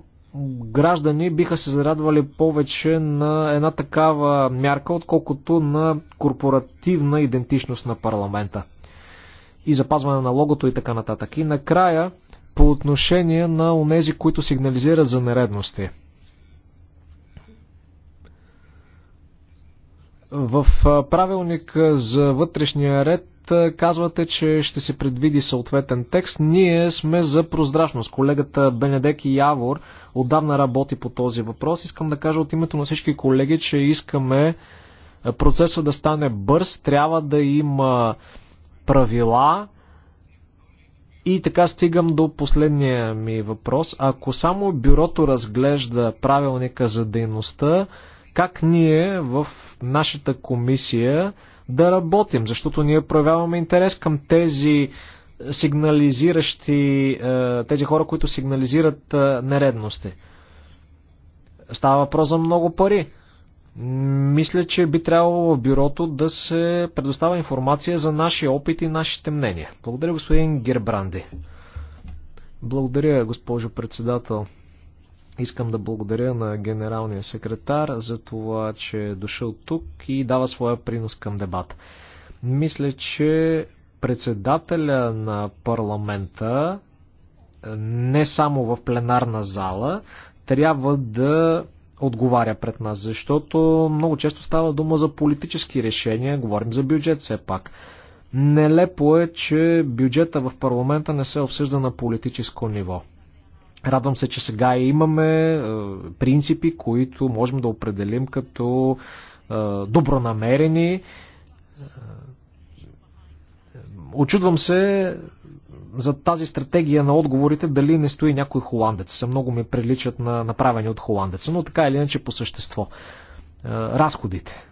граждани биха се зарадвали повече на една такава мярка, отколкото на корпоративна идентичност на парламента и запазване на логото и така нататък. И накрая по отношение на онези, които сигнализират за нередности. В правилник за вътрешния ред казвате, че ще се предвиди съответен текст. Ние сме за прозрачност. Колегата Бенедек и Явор отдавна работи по този въпрос. Искам да кажа от името на всички колеги, че искаме процеса да стане бърз. Трябва да има правила, и така стигам до последния ми въпрос. Ако само бюрото разглежда правилника за дейността, как ние в нашата комисия да работим? Защото ние проявяваме интерес към тези сигнализиращи, е, тези хора, които сигнализират е, нередности. Става въпрос за много пари. Мисля, че би трябвало в бюрото да се предоставя информация за нашия опит и нашите мнения. Благодаря, господин Гербранди. Благодаря, госпожо председател. Искам да благодаря на генералния секретар за това, че е дошъл тук и дава своя принос към дебат. Мисля, че председателя на парламента, не само в пленарна зала, трябва да отговаря пред нас, защото много често става дума за политически решения, говорим за бюджет все пак. Нелепо е, че бюджета в парламента не се обсъжда на политическо ниво. Радвам се, че сега имаме е, принципи, които можем да определим като е, добронамерени. Е, очудвам се за тази стратегия на отговорите дали не стои някой холандец. Много ми приличат на направени от холандеца, но така или иначе по същество. Е, разходите.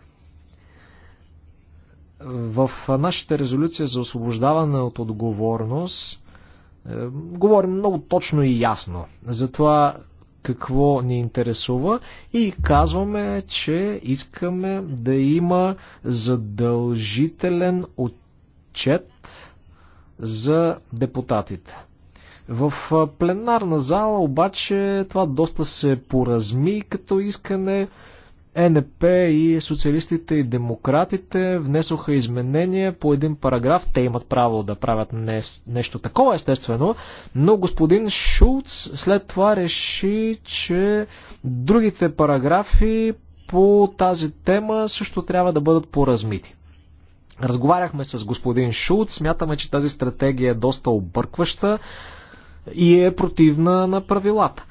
В нашата резолюция за освобождаване от отговорност е, говорим много точно и ясно за това какво ни интересува и казваме, че искаме да има задължителен отчет за депутатите. В пленарна зала обаче това доста се поразми като искане. НП и социалистите и демократите внесоха изменения по един параграф. Те имат право да правят не, нещо такова, естествено, но господин Шулц след това реши, че другите параграфи по тази тема също трябва да бъдат поразмити. Разговаряхме с господин Шулц, смятаме, че тази стратегия е доста объркваща и е противна на правилата.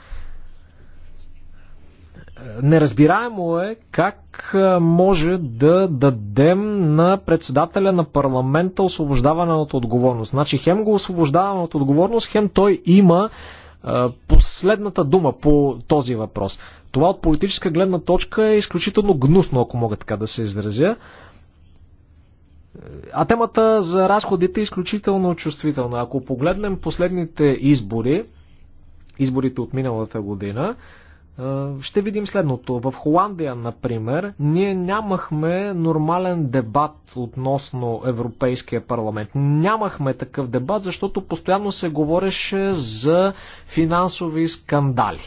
Неразбираемо е как може да дадем на председателя на парламента освобождаване от отговорност. Значи хем го освобождаваме от отговорност, хем той има последната дума по този въпрос. Това от политическа гледна точка е изключително гнусно, ако мога така да се изразя. А темата за разходите е изключително чувствителна. Ако погледнем последните избори, изборите от миналата година, ще видим следното. В Холандия, например, ние нямахме нормален дебат относно Европейския парламент. Нямахме такъв дебат, защото постоянно се говореше за финансови скандали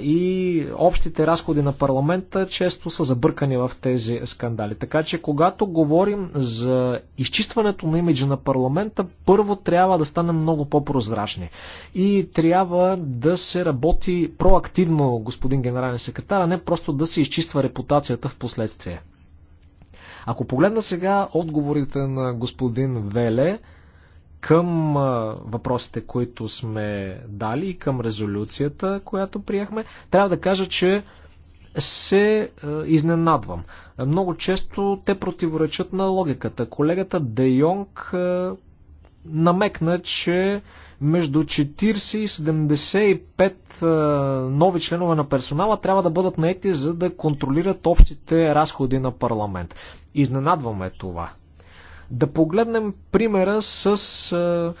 и общите разходи на парламента често са забъркани в тези скандали. Така че когато говорим за изчистването на имиджа на парламента, първо трябва да стане много по-прозрачни. И трябва да се работи проактивно, господин генерален секретар, а не просто да се изчиства репутацията в последствие. Ако погледна сега отговорите на господин Веле, към въпросите, които сме дали и към резолюцията, която приехме, трябва да кажа, че се изненадвам. Много често те противоречат на логиката. Колегата Де Йонг намекна, че между 40 и 75 нови членове на персонала трябва да бъдат наети, за да контролират общите разходи на парламент. Изненадваме това. Да погледнем примера с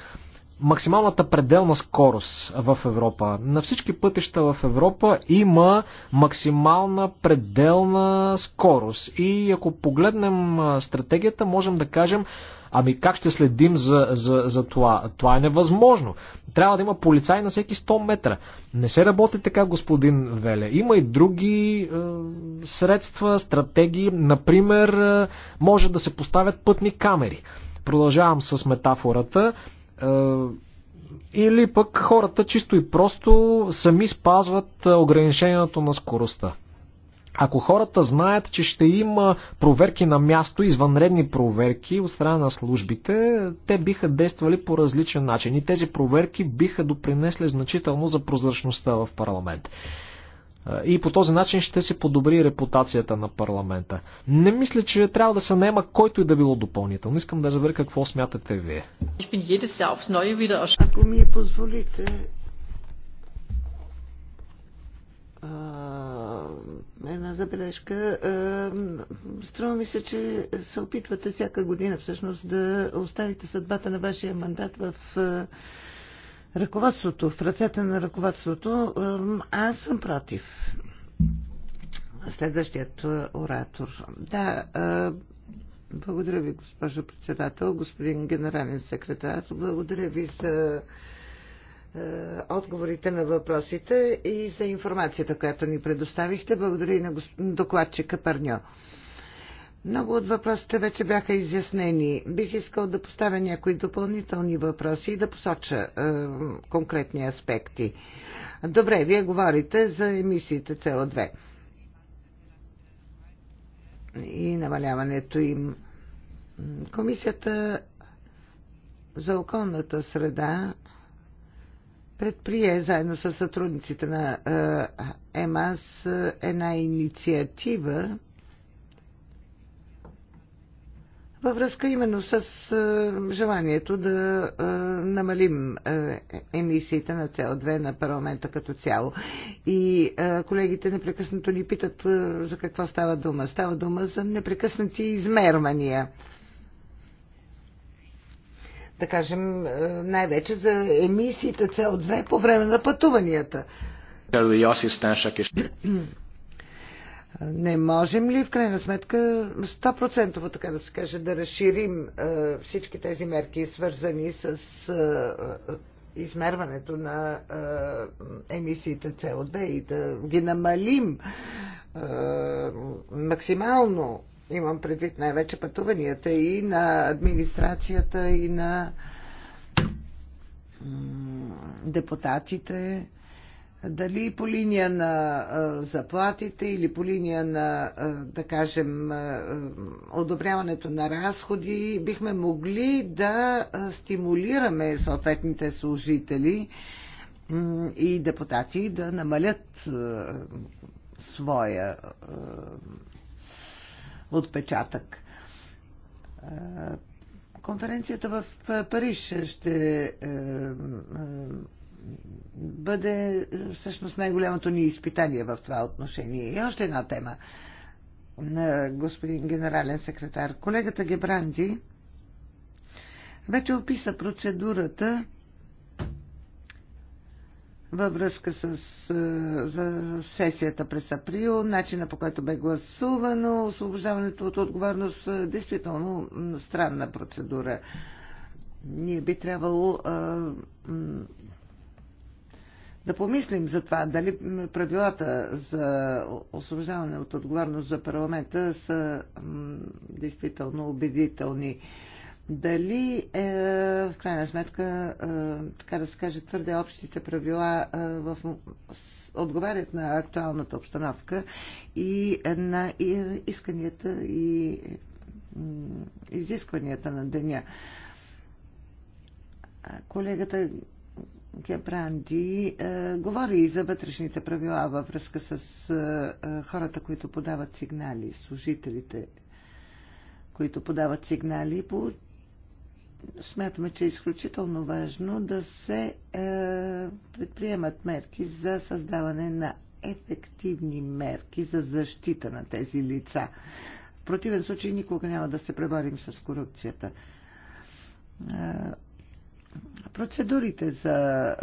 максималната пределна скорост в Европа. На всички пътища в Европа има максимална пределна скорост. И ако погледнем стратегията, можем да кажем, ами как ще следим за, за, за това? Това е невъзможно. Трябва да има полицай на всеки 100 метра. Не се работи така, господин Веле. Има и други е, средства, стратегии. Например, е, може да се поставят пътни камери. Продължавам с метафората. Е, или пък хората чисто и просто сами спазват е, ограничението на скоростта. Ако хората знаят, че ще има проверки на място, извънредни проверки от страна на службите, те биха действали по различен начин и тези проверки биха допринесли значително за прозрачността в парламент. И по този начин ще се подобри репутацията на парламента. Не мисля, че трябва да се наема който и да било допълнително. Искам да разбера какво смятате вие. Ако ми позволите, една забележка. Струва ми се, че се опитвате всяка година всъщност да оставите съдбата на вашия мандат в ръководството, в ръцете на ръководството. Аз съм против. Следващият оратор. Да, благодаря ви, госпожо председател, господин генерален секретар. Благодаря ви за е, отговорите на въпросите и за информацията, която ни предоставихте. Благодаря и на докладчика Парньо. Много от въпросите вече бяха изяснени. Бих искал да поставя някои допълнителни въпроси и да посоча е, конкретни аспекти. Добре, вие говорите за емисиите CO2 и намаляването им. Комисията за околната среда предприе заедно с сътрудниците на е, ЕМАС е, една инициатива във връзка именно с е, желанието да намалим емисиите на CO2 на парламента като цяло. И колегите непрекъснато ни питат за какво става дума. Става дума за непрекъснати измервания да кажем, е, най-вече за емисиите CO2 по време на пътуванията. Не можем ли в крайна сметка 100% така да се каже да разширим е, всички тези мерки, свързани с е, измерването на е, емисиите CO2 и да ги намалим е, максимално Имам предвид най-вече пътуванията и на администрацията, и на депутатите. Дали по линия на заплатите или по линия на, да кажем, одобряването на разходи, бихме могли да стимулираме съответните служители и депутати да намалят своя отпечатък. Е, конференцията в е, Париж ще е, бъде всъщност най-голямото ни изпитание в това отношение. И още една тема на господин генерален секретар. Колегата Гебранди вече описа процедурата във връзка с за сесията през април, начина по който бе гласувано, освобождаването от отговорност, действително странна процедура. Ние би трябвало да помислим за това, дали правилата за освобождаване от отговорност за парламента са действително убедителни дали е, в крайна сметка, е, така да се каже, твърде общите правила е, в, отговарят на актуалната обстановка и на и, исканията и изискванията на деня. Колегата Гебранди е, говори и за вътрешните правила във връзка с е, е хората, които подават сигнали, служителите, които подават сигнали. По смятаме, че е изключително важно да се е, предприемат мерки за създаване на ефективни мерки за защита на тези лица. В противен случай никога няма да се преборим с корупцията. Е, процедурите за е,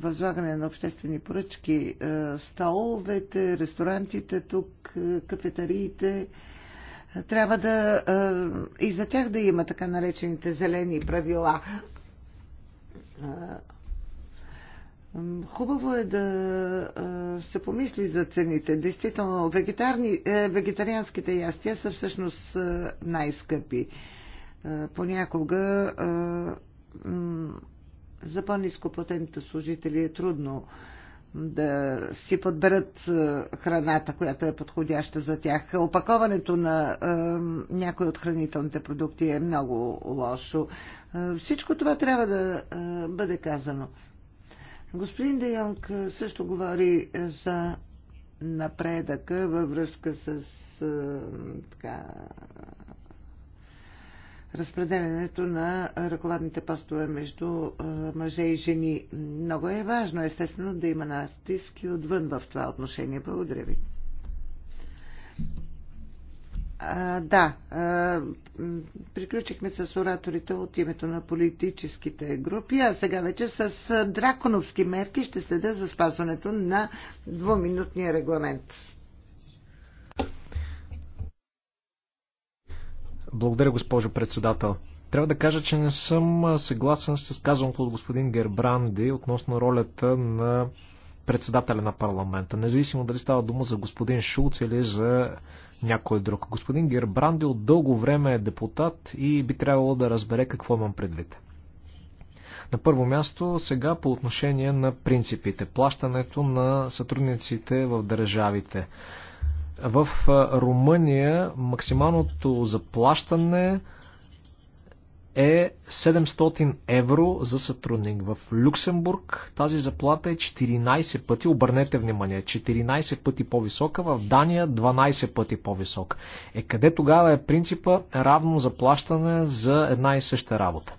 възлагане на обществени поръчки, е, столовете, ресторантите тук, е, кафетариите, трябва да и за тях да има така наречените зелени правила. Хубаво е да се помисли за цените. Действително, вегетарни, е, вегетарианските ястия са всъщност най-скъпи. Понякога за по-низко служители е трудно да си подберат е, храната, която е подходяща за тях. Опаковането на е, някои от хранителните продукти е много лошо. Е, всичко това трябва да е, бъде казано. Господин Де Йонг е, също говори за напредъка във връзка с е, така, разпределянето на ръководните постове между мъже и жени. Много е важно, естествено, да има настиски отвън в това отношение. Благодаря ви. А, да, а, приключихме с ораторите от името на политическите групи, а сега вече с драконовски мерки ще следа за спазването на двуминутния регламент. Благодаря, госпожо председател. Трябва да кажа, че не съм съгласен с казаното от господин Гербранди относно ролята на председателя на парламента, независимо дали става дума за господин Шулц или за някой друг. Господин Гербранди от дълго време е депутат и би трябвало да разбере какво имам предвид. На първо място, сега по отношение на принципите, плащането на сътрудниците в държавите. В Румъния максималното заплащане е 700 евро за сътрудник. В Люксембург тази заплата е 14 пъти, обърнете внимание, 14 пъти по-висока, в Дания 12 пъти по-висока. Е къде тогава е принципа равно заплащане за една и съща работа?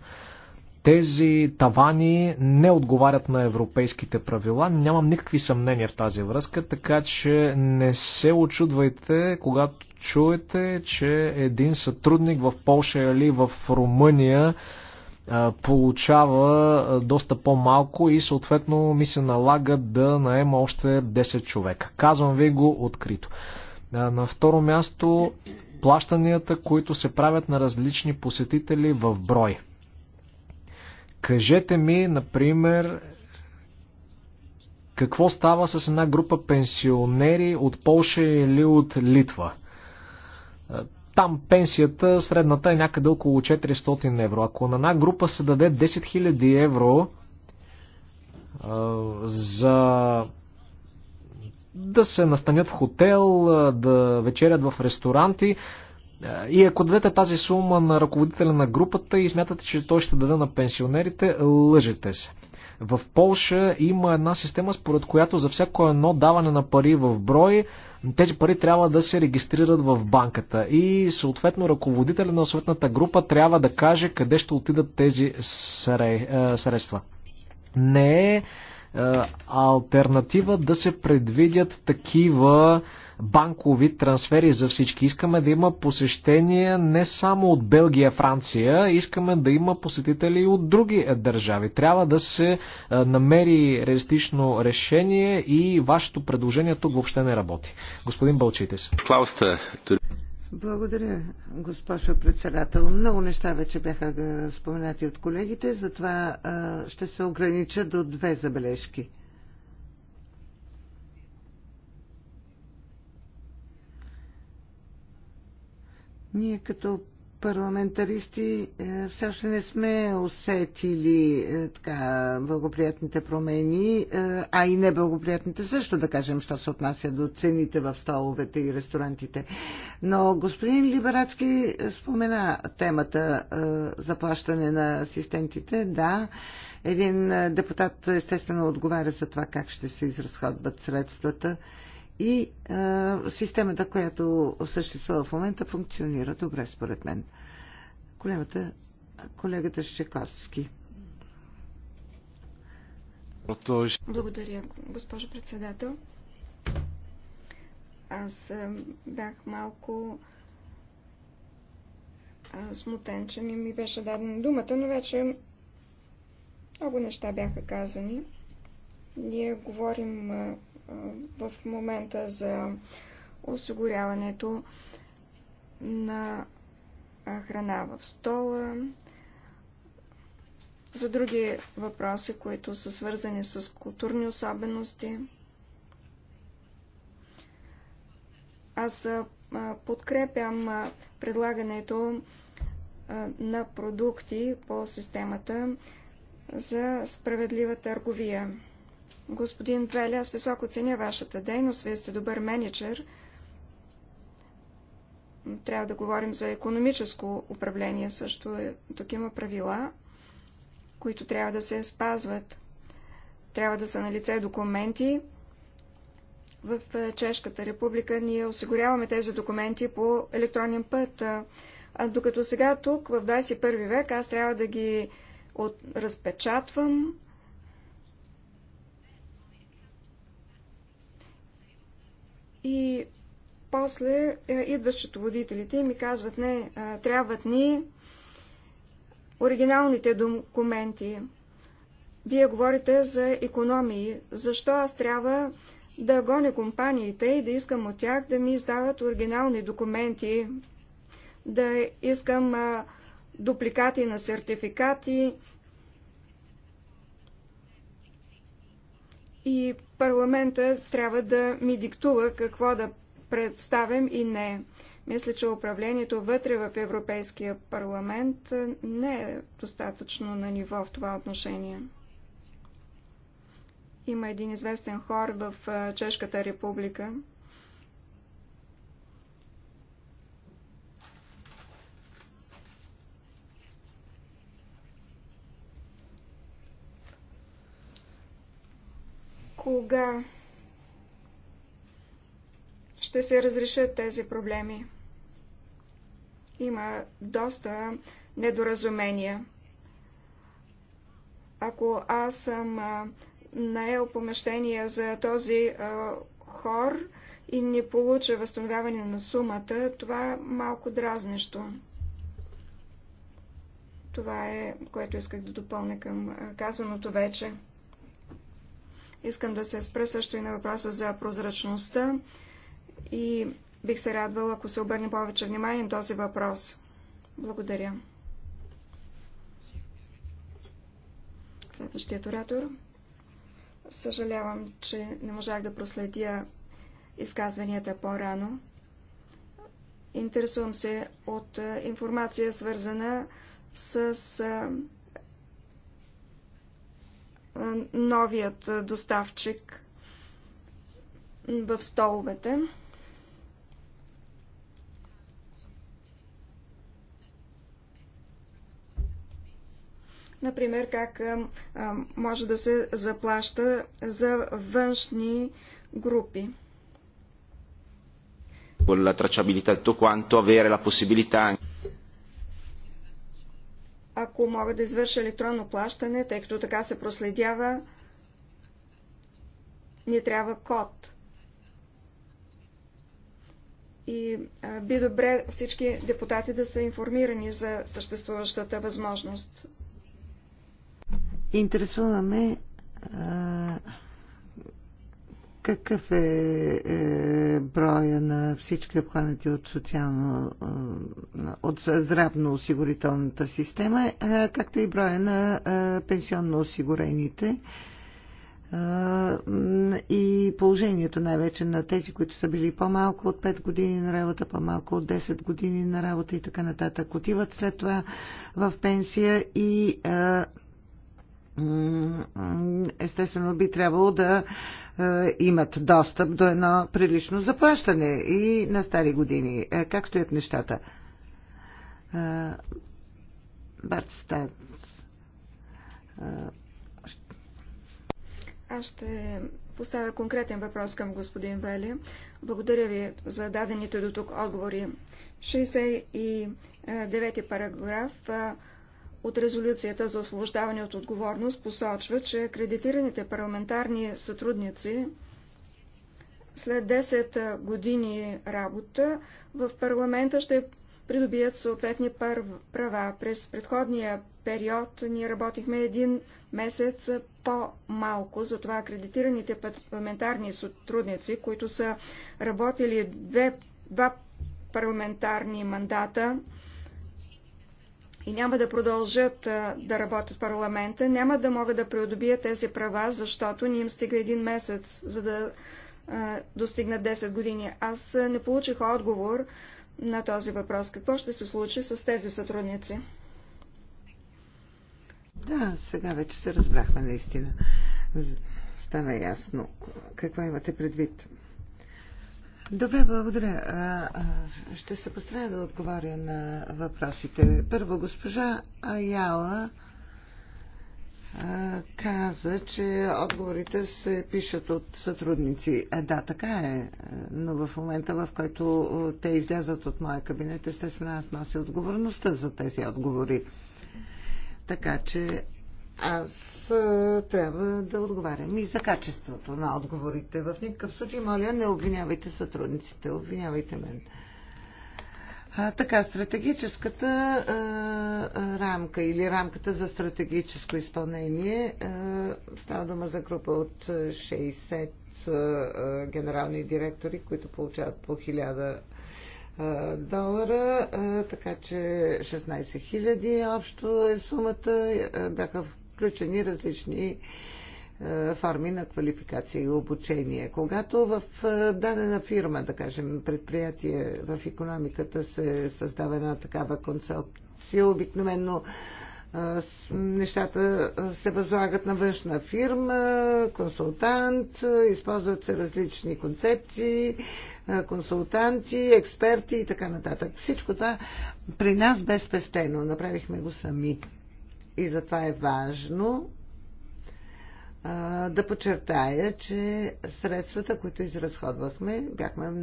Тези тавани не отговарят на европейските правила. Нямам никакви съмнения в тази връзка, така че не се очудвайте, когато чуете, че един сътрудник в Польша или в Румъния получава доста по-малко и съответно ми се налага да наема още 10 човека. Казвам ви го открито. На второ място плащанията, които се правят на различни посетители в брой. Кажете ми, например, какво става с една група пенсионери от Полша или от Литва? Там пенсията средната е някъде около 400 евро. Ако на една група се даде 10 000 евро а, за да се настанят в хотел, да вечерят в ресторанти, е, и ако дадете тази сума на ръководителя на групата и смятате, че той ще даде на пенсионерите, лъжете се. В Полша има една система, според която за всяко едно даване на пари в брой, тези пари трябва да се регистрират в банката и съответно ръководителя на съответната група трябва да каже къде ще отидат тези е, средства. Не е, е альтернатива да се предвидят такива банкови трансфери за всички. Искаме да има посещения не само от Белгия, Франция, искаме да има посетители и от други е, държави. Трябва да се е, намери реалистично решение и вашето предложение тук въобще не работи. Господин Балчитис. Благодаря, госпожо председател. Много неща вече бяха е, споменати от колегите, затова ще се огранича до две забележки. Ние като парламентаристи е, все още не сме усетили е, така благоприятните промени, е, а и неблагоприятните също, да кажем, що се отнася до цените в столовете и ресторантите. Но господин Либерацки спомена темата заплащане на асистентите. Да, един депутат естествено отговаря за това как ще се изразходват средствата и а, системата, която съществува в момента, функционира добре, според мен. Колегата, колегата Щековски. Благодаря, госпожо председател. Аз бях малко смутен, че не ми беше дадена думата, но вече много неща бяха казани. Ние говорим в момента за осигуряването на храна в стола, за други въпроси, които са свързани с културни особености. Аз подкрепям предлагането на продукти по системата за справедлива търговия. Господин Веля, аз високо ценя вашата дейност. Вие сте добър менеджер. Трябва да говорим за економическо управление също. Тук има правила, които трябва да се спазват. Трябва да са на лице документи. В е, Чешката република ние осигуряваме тези документи по електронен път. А докато сега тук, в 21 век, аз трябва да ги от... разпечатвам, И после е, идват счетоводителите и ми казват, не, е, трябват ни оригиналните документи. Вие говорите за економии. Защо аз трябва да гоня компаниите и да искам от тях да ми издават оригинални документи, да искам а, е, дупликати на сертификати и парламента трябва да ми диктува какво да представим и не. Мисля, че управлението вътре в Европейския парламент не е достатъчно на ниво в това отношение. Има един известен хор в Чешката република, Кога ще се разрешат тези проблеми? Има доста недоразумения. Ако аз съм наел помещение за този хор и не получа възстановяване на сумата, това е малко дразнещо. Това е, което исках да допълня към казаното вече. Искам да се спра също и на въпроса за прозрачността и бих се радвала, ако се обърне повече внимание на този въпрос. Благодаря. Следващият оратор. Съжалявам, че не можах да проследя изказванията по-рано. Интересувам се от информация, свързана с новият доставчик в столовете. Например, как може да се заплаща за външни групи con la tracciabilità e tutto quanto, avere la possibilità anche ако мога да извърша електронно плащане, тъй като така се проследява, ни трябва код. И а, би добре всички депутати да са информирани за съществуващата възможност. Интересуваме а какъв е, е броя на всички обхванати от социално, е, от здравно-осигурителната система, е, както и броя на е, пенсионно осигурените и положението най-вече на тези, които са били по-малко от 5 години на работа, по-малко от 10 години на работа и така нататък, отиват след това в пенсия и естествено би трябвало да е, имат достъп до едно прилично заплащане и на стари години. Е, как стоят нещата? Е, Барт Стац. Аз ще поставя конкретен въпрос към господин Вели. Благодаря ви за дадените до тук отговори. 69 параграф от резолюцията за освобождаване от отговорност посочва, че акредитираните парламентарни сътрудници след 10 години работа в парламента ще придобият съответни права. През предходния период ние работихме един месец по-малко, затова акредитираните парламентарни сътрудници, които са работили две, два парламентарни мандата, и няма да продължат да работят в парламента, няма да могат да преодобият тези права, защото не им стига един месец, за да достигнат 10 години. Аз не получих отговор на този въпрос. Какво ще се случи с тези сътрудници? Да, сега вече се разбрахме наистина. Стана ясно. Какво имате предвид? Добре, благодаря. Ще се постарая да отговаря на въпросите. Първо, госпожа Аяла каза, че отговорите се пишат от сътрудници. Е, да, така е, но в момента, в който те излязат от моя кабинет, естествено аз нося отговорността за тези отговори. Така че аз трябва да отговарям и за качеството на отговорите. В никакъв случай, моля, не обвинявайте сътрудниците, обвинявайте мен. А, така, стратегическата а, а, рамка или рамката за стратегическо изпълнение а, става дума за група от 60 а, а, генерални директори, които получават по 1000 а, долара, а, така че 16 000 общо е сумата. Бяха в включени различни е, форми на квалификация и обучение. Когато в е, дадена фирма, да кажем, предприятие в економиката се създава една такава концепция, обикновено е, нещата се възлагат на външна фирма, консултант, използват се различни концепции, консултанти, експерти и така нататък. Всичко това при нас безпестено. Направихме го сами и затова е важно да подчертая, че средствата, които изразходвахме, бяхме,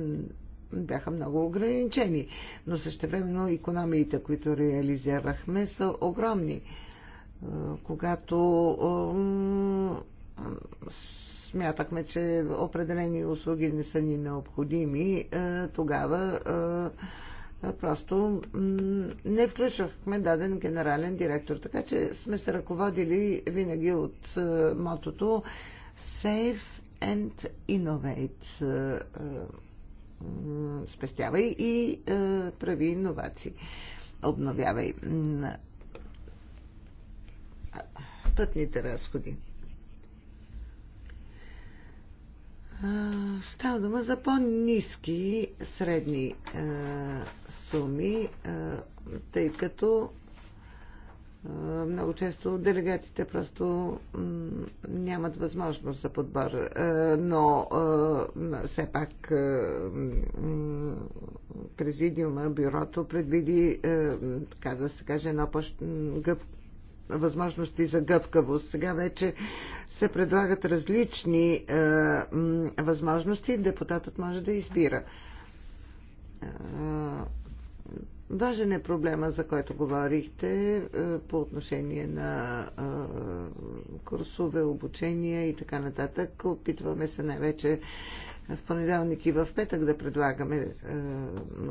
бяха много ограничени, но същевременно економиите, които реализирахме, са огромни. Когато смятахме, че определени услуги не са ни необходими, тогава просто не включвахме даден генерален директор. Така че сме се ръководили винаги от мотото Save and Innovate. Спестявай и прави иновации. Обновявай пътните разходи. Става дума за по-низки средни а, суми, а, тъй като а, много често делегатите просто нямат възможност за подбор. А, но а, все пак а, президиума, бюрото предвиди, а, така да се каже, едно по-гъвко възможности за гъвкавост. Сега вече се предлагат различни е, възможности депутатът може да избира. Е, важен е проблема, за който говорихте е, по отношение на е, курсове, обучения и така нататък. Опитваме се най-вече в понеделник и в петък да предлагаме е,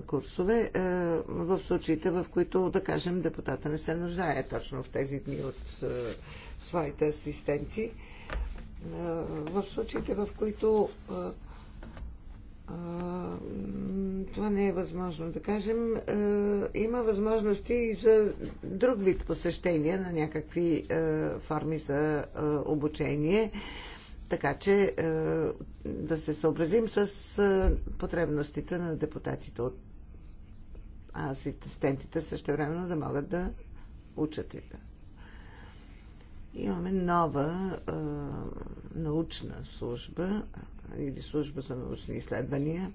курсове е, в случаите, в които, да кажем, депутата не се нуждае точно в тези дни от е, своите асистенти. Е, в случаите, в които е, е това не е възможно. Да кажем, е, има възможности и за друг вид посещения на някакви е, форми за обучение така че е, да се съобразим с е, потребностите на депутатите от асистентите също време да могат да учат и да. Имаме нова е, научна служба или служба за научни изследвания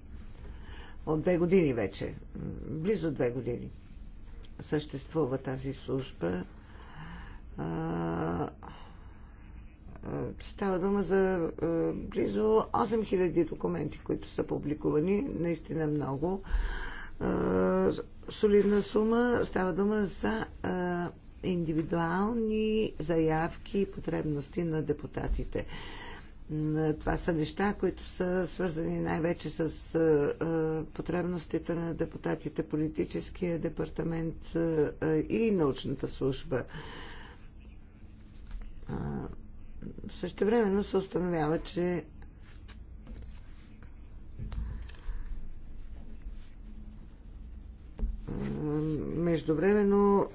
от две години вече, близо две години съществува тази служба. А, е, Става дума за е, близо 8000 документи, които са публикувани. Наистина много. Е, солидна сума. Става дума за е, индивидуални заявки и потребности на депутатите. Това са неща, които са свързани най-вече с потребностите на депутатите, политическия департамент и научната служба също се установява, че междувременно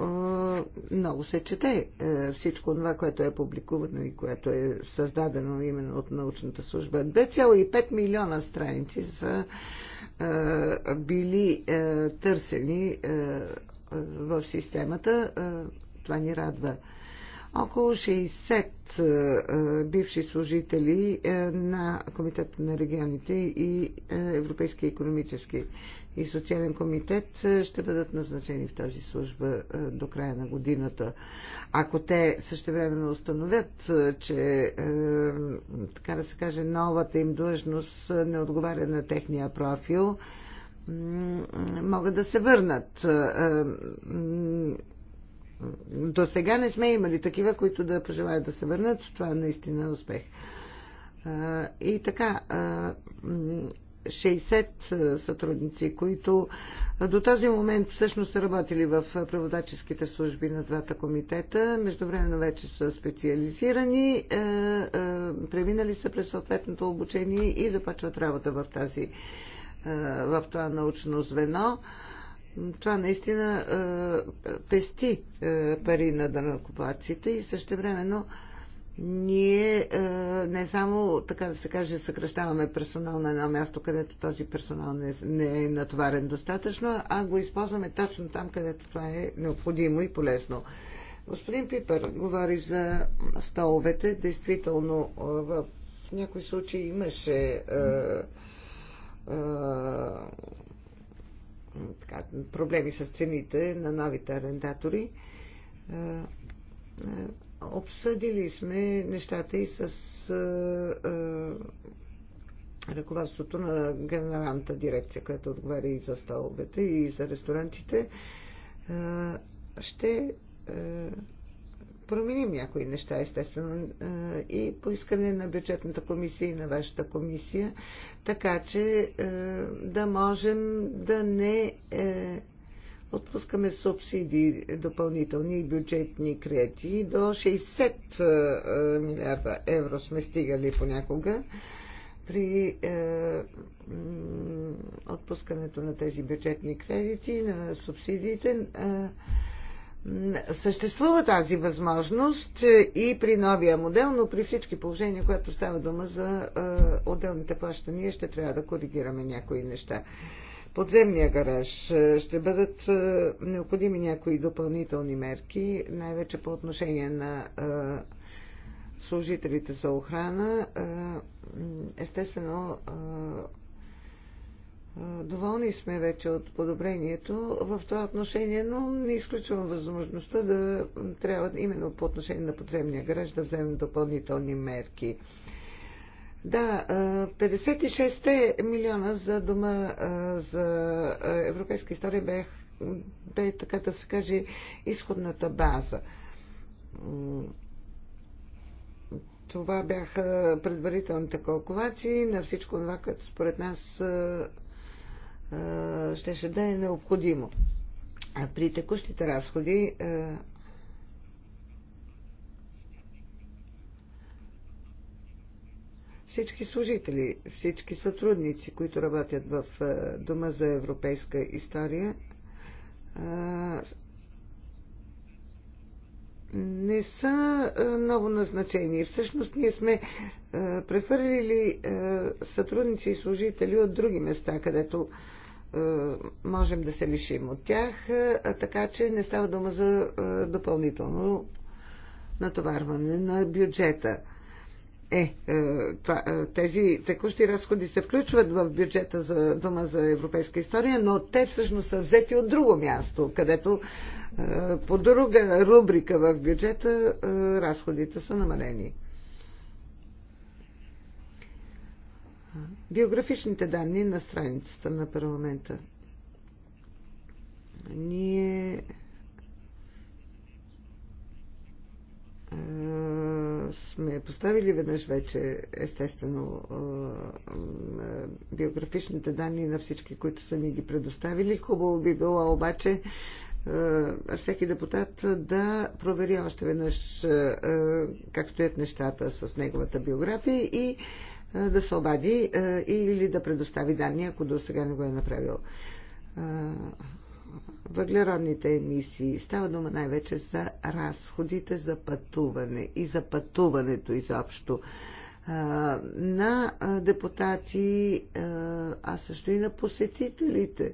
много се чете всичко това, което е публикувано и което е създадено именно от научната служба. 2,5 милиона страници са били търсени в системата. Това ни радва. Около 60 е, е, бивши служители е, на Комитета на регионите и Европейския економически и социален комитет ще бъдат назначени в тази служба до края на годината. Ако те същевременно установят, че така да се каже, новата им длъжност не отговаря на техния профил, могат да се върнат. До сега не сме имали такива, които да пожелаят да се върнат. Това е наистина успех. И така, 60 сътрудници, които до този момент всъщност са работили в преводаческите служби на двата комитета. Междувременно вече са специализирани, преминали са през съответното обучение и започват работа в тази в това научно звено. Това наистина е, пести е, пари на данокопаците и същевременно ние е, не само, така да се каже, съкръщаваме персонал на едно място, където този персонал не, не е натоварен достатъчно, а го използваме точно там, където това е необходимо и полезно. Господин Пипер говори за столовете. Действително, в някои случаи имаше е, е, така, проблеми с цените на новите арендатори. Обсъдили сме нещата и с ръководството на генералната дирекция, която отговаря и за столовете, и за ресторантите. Ще променим някои неща, естествено, и по искане на бюджетната комисия и на вашата комисия, така че да можем да не е, отпускаме субсидии, допълнителни бюджетни кредити. До 60 милиарда евро сме стигали понякога при е, отпускането на тези бюджетни кредити, на субсидиите. Е, Съществува тази възможност е, и при новия модел, но при всички положения, което става дума за е, отделните плащания, ще трябва да коригираме някои неща. Подземния гараж е, ще бъдат необходими някои допълнителни мерки, най-вече по отношение на служителите за охрана. Естествено, Доволни сме вече от подобрението в това отношение, но не изключвам възможността да трябва именно по отношение на подземния гараж да вземем допълнителни мерки. Да, 56 милиона за дома за европейска история бе, бе така да се каже изходната база. Това бяха предварителните калкулации на всичко това, което според нас щеше да е необходимо. При текущите разходи всички служители, всички сътрудници, които работят в Дома за европейска история, не са много е, назначени. Всъщност ние сме е, прехвърлили е, сътрудници и служители от други места, където можем да се лишим от тях, така че не става дума за допълнително натоварване на бюджета. Е, е, е, тези текущи разходи се включват в бюджета за Дома за европейска история, но те всъщност са взети от друго място, където е, по друга рубрика в бюджета разходите са намалени. Биографичните данни на страницата на парламента. Ние сме поставили веднъж вече, естествено, биографичните данни на всички, които са ни ги предоставили. Хубаво би било обаче всеки депутат да провери още веднъж как стоят нещата с неговата биография и да се обади или да предостави данни, ако до сега не го е направил въглеродните емисии. Става дума най-вече за разходите за пътуване и за пътуването изобщо на депутати, а също и на посетителите.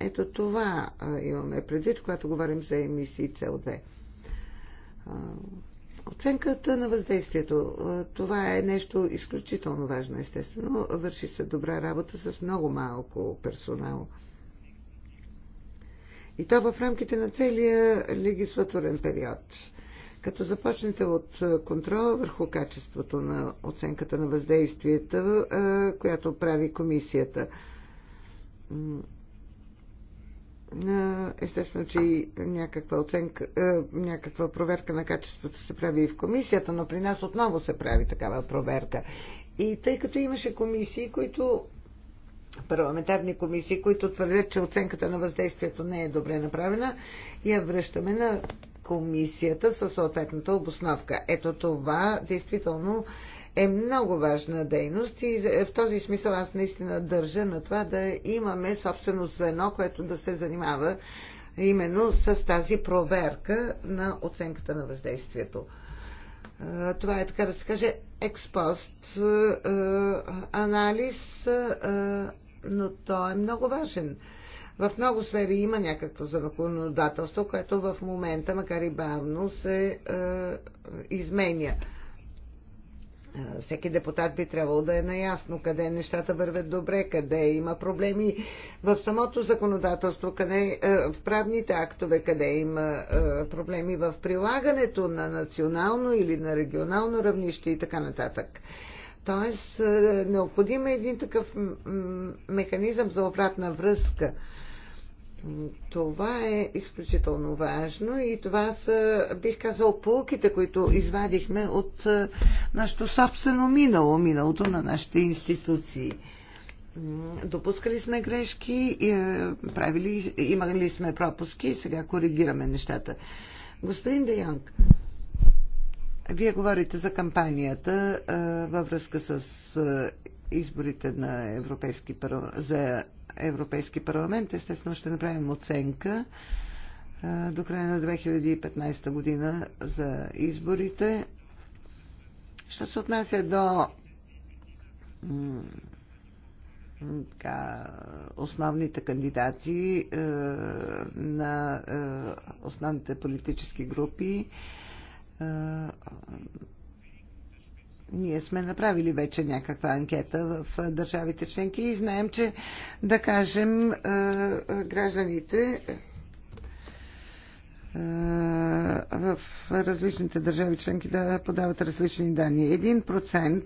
Ето това имаме предвид, когато говорим за емисии CO2. Оценката на въздействието. Това е нещо изключително важно, естествено. Върши се добра работа с много малко персонал. И то в рамките на целия легислатурен период. Като започнете от контрола върху качеството на оценката на въздействията, която прави комисията. Естествено, че и някаква, оценка, някаква проверка на качеството се прави и в комисията, но при нас отново се прави такава проверка. И тъй като имаше комисии, които парламентарни комисии, които твърдят, че оценката на въздействието не е добре направена, я връщаме на комисията със съответната обосновка. Ето това действително е много важна дейност и в този смисъл аз наистина държа на това да имаме собствено звено, което да се занимава именно с тази проверка на оценката на въздействието. Това е така да се каже експост анализ но то е много важен. В много сфери има някакво законодателство, което в момента, макар и бавно, се е, изменя. Е, всеки депутат би трябвало да е наясно къде нещата вървят добре, къде има проблеми в самото законодателство, къде, е, в правните актове, къде има е, проблеми в прилагането на национално или на регионално равнище и така нататък. Тоест, е, необходим е един такъв механизъм за обратна връзка. Това е изключително важно и това са, бих казал, полуките, които извадихме от е, нашето собствено минало, миналото на нашите институции. Допускали сме грешки, е, правили, имали сме пропуски и сега коригираме нещата. Господин Де вие говорите за кампанията във връзка с изборите на Европейски пар... за Европейски парламент. Естествено ще направим оценка до края на 2015 година за изборите. Що се отнася до така, основните кандидати на основните политически групи, ние сме направили вече някаква анкета в държавите членки и знаем, че да кажем гражданите в различните държави членки да подават различни данни. Един процент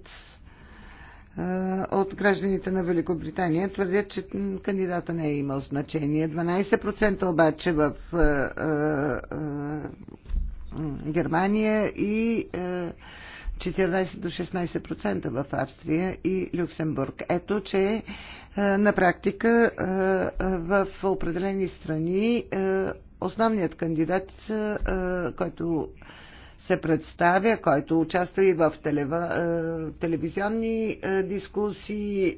от гражданите на Великобритания твърдят, че кандидата не е имал значение. 12% обаче в Германия и 14 е, до 16% в Австрия и Люксембург. Ето, че е, на практика е, в определени страни основният кандидат, който се представя, който участва и в телева, телевизионни дискусии,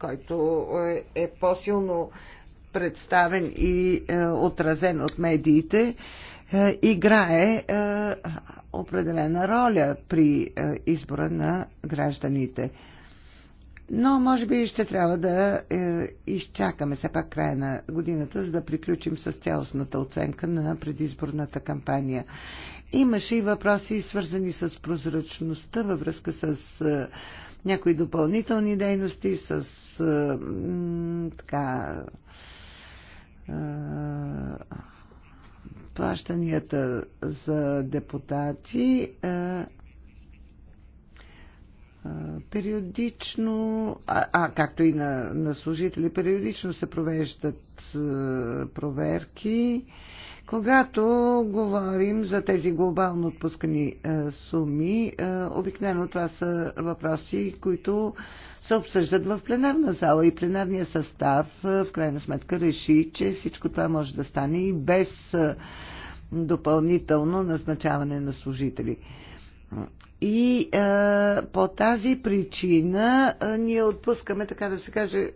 който е по-силно представен и отразен от медиите, е, играе е, определена роля при е, избора на гражданите. Но може би ще трябва да е, изчакаме все пак края на годината, за да приключим с цялостната оценка на предизборната кампания. Имаше и въпроси, свързани с прозрачността във връзка с е, някои допълнителни дейности, с е, така. Е, плащанията за депутати периодично, а, а както и на, на служители, периодично се провеждат а, проверки. Когато говорим за тези глобално отпускани а, суми, а, обикновено това са въпроси, които се обсъждат в пленарна зала и пленарния състав в крайна сметка реши, че всичко това може да стане и без А, допълнително назначаване на служители. И е, по тази причина е, ние отпускаме, така да се каже, е,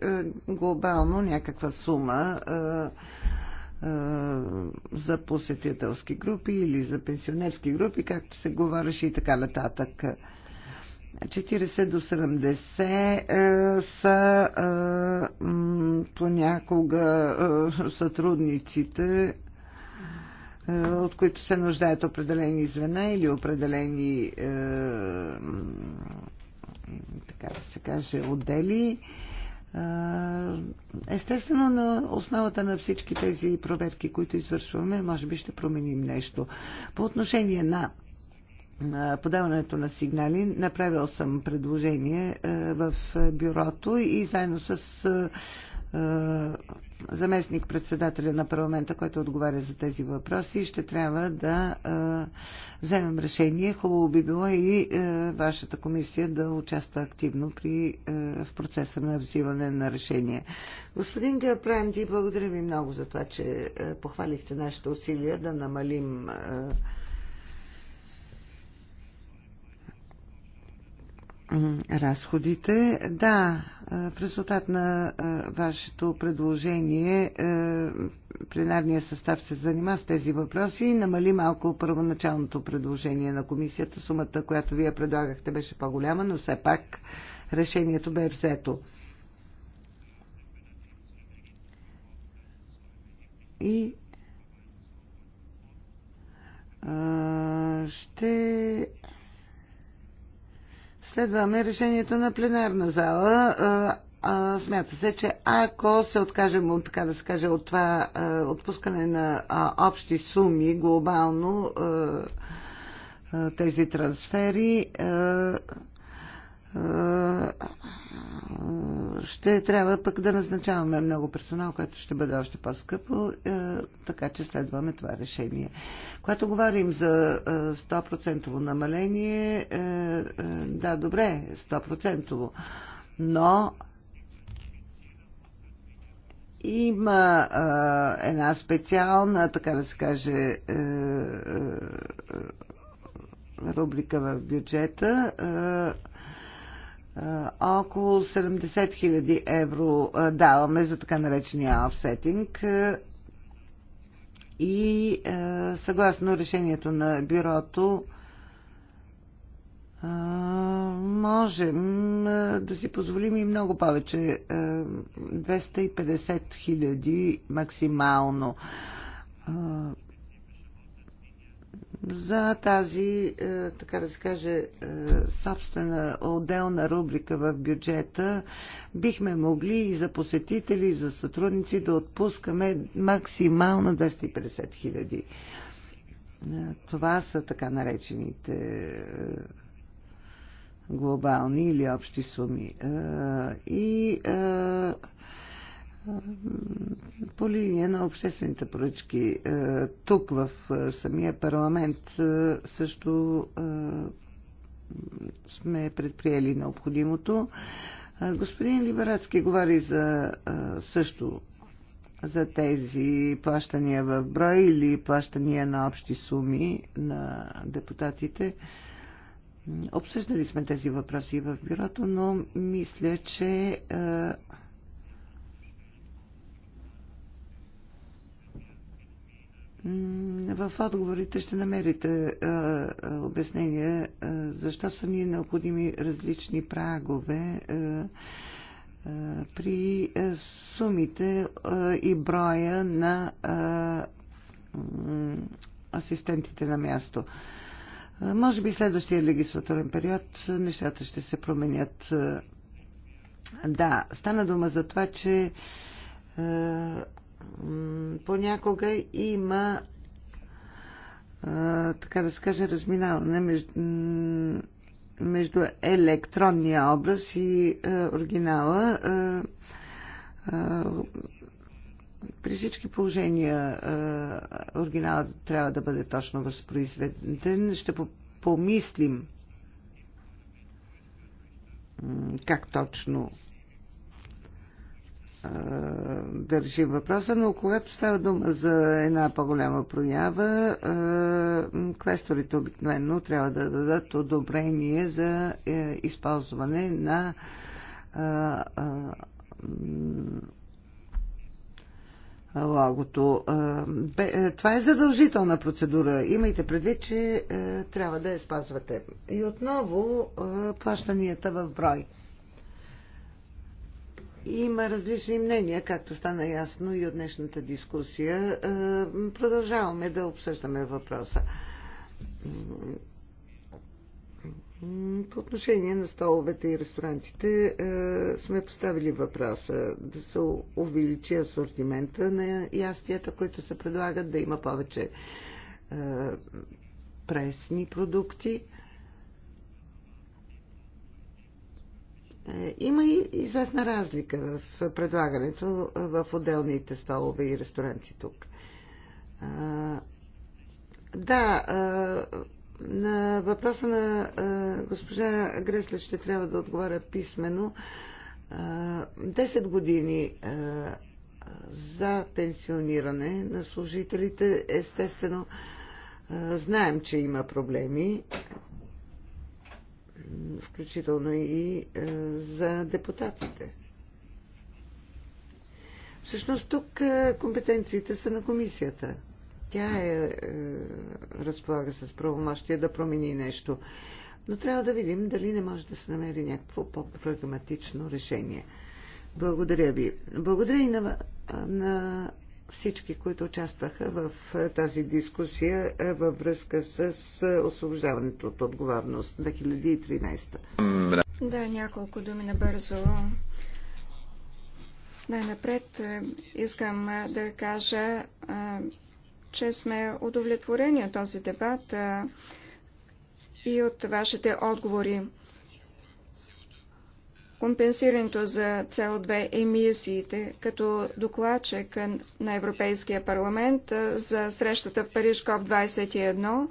глобално някаква сума е, е, за посетителски групи или за пенсионерски групи, както се говореше и така нататък. 40 до 70 е, са е, понякога е, сътрудниците е, от които се нуждаят определени звена или определени е, така да се каже отдели. Е, естествено, на основата на всички тези проверки, които извършваме, може би ще променим нещо. По отношение на подаването на сигнали, направил съм предложение в бюрото и заедно с е, заместник председателя на парламента, който отговаря за тези въпроси, ще трябва да е, вземем решение. Хубаво би било и е, вашата комисия да участва активно при, в процеса на взимане на решение. Господин Гапранди, благодаря ви много за това, че похвалихте нашите усилия да намалим разходите. Да, в резултат на вашето предложение пленарния състав се занима с тези въпроси и намали малко първоначалното предложение на комисията. Сумата, която вие предлагахте, беше по-голяма, но все пак решението бе взето. И ще Следваме решението на пленарна зала. А, смята се, че ако се откажем от, така да се каже, от това а, отпускане на а, общи суми глобално, а, а, тези трансфери, а, а, а, ще трябва пък да назначаваме много персонал, което ще бъде още по-скъпо, е, така че следваме това решение. Когато говорим за 100% е, намаление, е, да, добре, 100%, но има една специална, така да се каже, е, е, рубрика в бюджета. Е, около 70 000 евро даваме за така наречения офсетинг и съгласно решението на бюрото можем да си позволим и много повече 250 000 максимално за тази, е, така да се каже, е, собствена отделна рубрика в бюджета, бихме могли и за посетители, и за сътрудници да отпускаме максимално 250 хиляди. Е, това са така наречените глобални или общи суми. И по линия на обществените поръчки. Е, тук в е, самия парламент е, също сме предприели необходимото. Господин Либерацки говори за също за тези плащания в брой или плащания на общи суми на депутатите. Обсъждали сме тези въпроси в бюрото, но мисля, че В отговорите ще намерите а, а, обяснение а, защо са ни необходими различни прагове а, а, при а, сумите а, и броя на а, асистентите на място. А, може би следващия легислаторен период нещата ще се променят. Да, стана дума за това, че понякога има така да се каже разминаване между, между електронния образ и оригинала. При всички положения оригиналът трябва да бъде точно възпроизведен. Ще помислим как точно да решим въпроса, но когато става дума за една по-голяма проява, квесторите обикновено трябва да дадат одобрение за е, използване на логото. Е, това е задължителна процедура. Имайте предвид, че е, трябва да я спазвате. И отново плащанията в брой. Има различни мнения, както стана ясно и от днешната дискусия. Е, продължаваме да обсъждаме въпроса. По отношение на столовете и ресторантите е, сме поставили въпроса да се увеличи асортимента на ястията, които се предлагат, да има повече е, пресни продукти. Е, има и известна разлика в предлагането е, в отделните столове и ресторанти тук. Да, на въпроса на госпожа Гресле ще трябва да отговаря писменно. Десет години за пенсиониране на служителите, естествено, знаем, че има проблеми включително и е, за депутатите. Всъщност тук е, компетенциите са на комисията. Тя е, е, разполага с правомощие да промени нещо. Но трябва да видим дали не може да се намери някакво по-прагматично решение. Благодаря ви. Благодаря и на, на всички, които участваха в е, тази дискусия е, във връзка с е, освобождаването от отговорност 2013. Да, няколко думи набързо. Най-напред искам да кажа, че сме удовлетворени от този дебат и от вашите отговори компенсирането за цел 2 емисиите като докладчик на Европейския парламент за срещата в Париж КОП 21,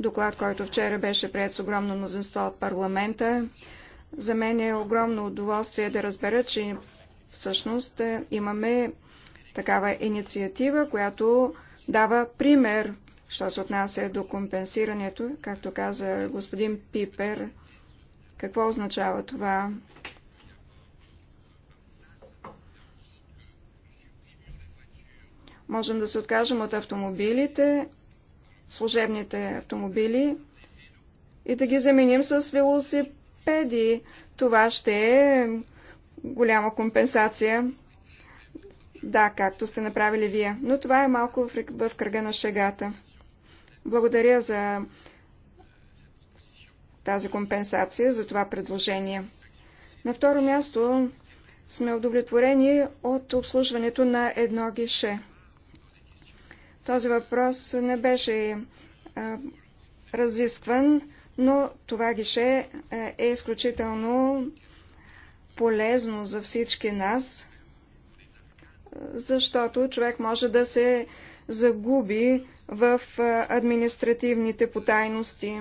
доклад, който вчера беше прият с огромно мнозинство от парламента. За мен е огромно удоволствие да разбера, че всъщност имаме такава инициатива, която дава пример, що се отнася до компенсирането, както каза господин Пипер. Какво означава това? Можем да се откажем от автомобилите, служебните автомобили и да ги заменим с велосипеди. Това ще е голяма компенсация. Да, както сте направили вие. Но това е малко в кръга на шегата. Благодаря за тази компенсация, за това предложение. На второ място сме удовлетворени от обслужването на едно гише. Този въпрос не беше разискван, но това гише е изключително полезно за всички нас, защото човек може да се загуби в административните потайности.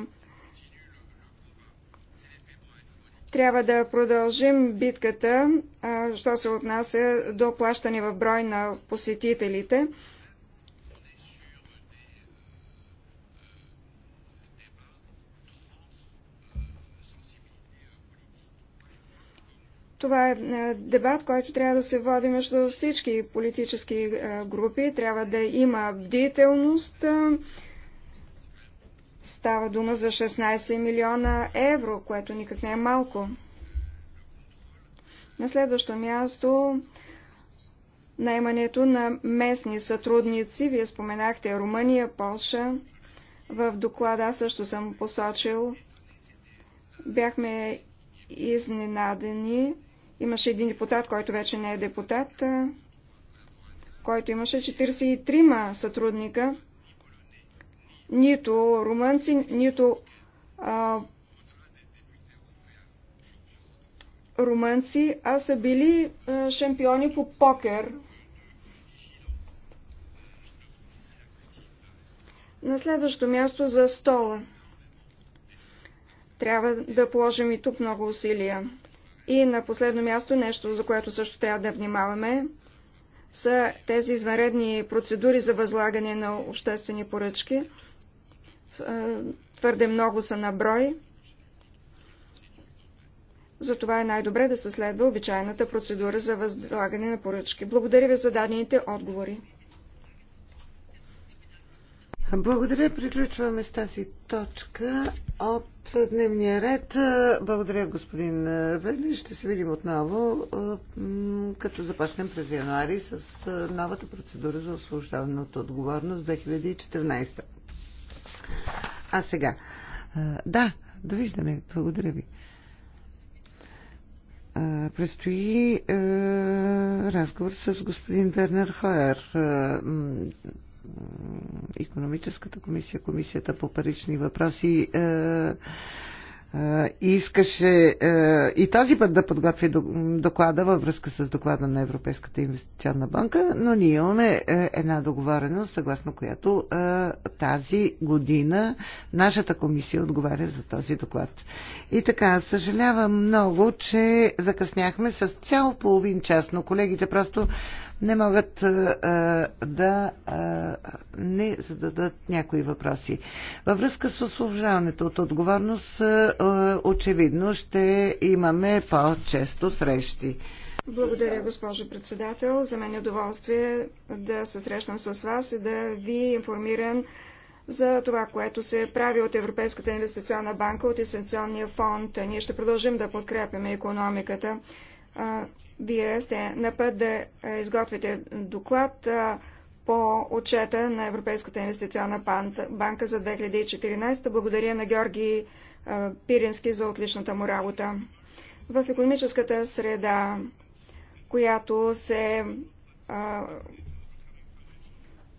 Трябва да продължим битката, що се отнася до плащане в брой на посетителите. Това е, е дебат, който трябва да се води между всички политически е, групи. Трябва да има бдителност. Става дума за 16 милиона евро, което никак не е малко. На следващо място наймането на местни сътрудници. Вие споменахте Румъния, Полша. В доклада също съм посочил. Бяхме изненадени Имаше един депутат, който вече не е депутат, който имаше 43 сътрудника, нито румънци, нито а, румънци, а са били а, шампиони по покер. На следващо място за стола. Трябва да положим и тук много усилия. И на последно място, нещо, за което също трябва да внимаваме, са тези извънредни процедури за възлагане на обществени поръчки. Е, твърде много са на брой. Затова е най-добре да се следва обичайната процедура за възлагане на поръчки. Благодаря ви за дадените отговори. Благодаря. Приключваме с тази точка от дневния ред. Благодаря, господин Вели. Ще се видим отново, като започнем през януари с новата процедура за освобождаване от отговорност 2014. А сега. Да, довиждане. Благодаря ви. Престои разговор с господин Вернер Хоер економическата комисия, комисията по парични въпроси е, е, искаше е, и този път да подготви доклада във връзка с доклада на Европейската инвестиционна банка, но ние имаме една договореност, съгласно която тази година нашата комисия отговаря за този доклад. И така, съжалявам много, че закъсняхме с цял половин час, но колегите просто не могат да не зададат някои въпроси. Във връзка с освобождаването от отговорност, очевидно ще имаме по-често срещи. Благодаря, госпожо председател. За мен е удоволствие да се срещам с вас и да ви информирам за това, което се прави от Европейската инвестиционна банка, от Инвестиционния фонд. Ние ще продължим да подкрепяме економиката вие сте на път да изготвите доклад по отчета на Европейската инвестиционна банка за 2014. Благодаря на Георги Пирински за отличната му работа. В економическата среда, която се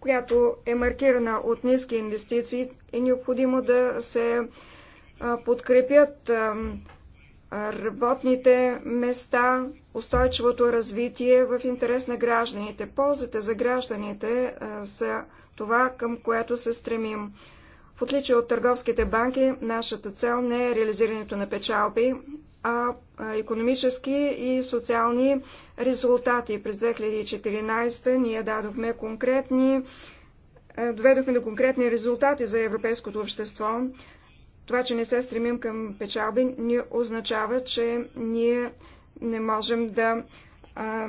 която е маркирана от ниски инвестиции, е необходимо да се подкрепят работните места, устойчивото развитие в интерес на гражданите. Ползите за гражданите е, са това, към което се стремим. В отличие от търговските банки, нашата цел не е реализирането на печалби, а економически и социални резултати. През 2014 ние дадохме конкретни е, доведохме до конкретни резултати за европейското общество. Това, че не се стремим към печалби, ни означава, че ние не можем да а,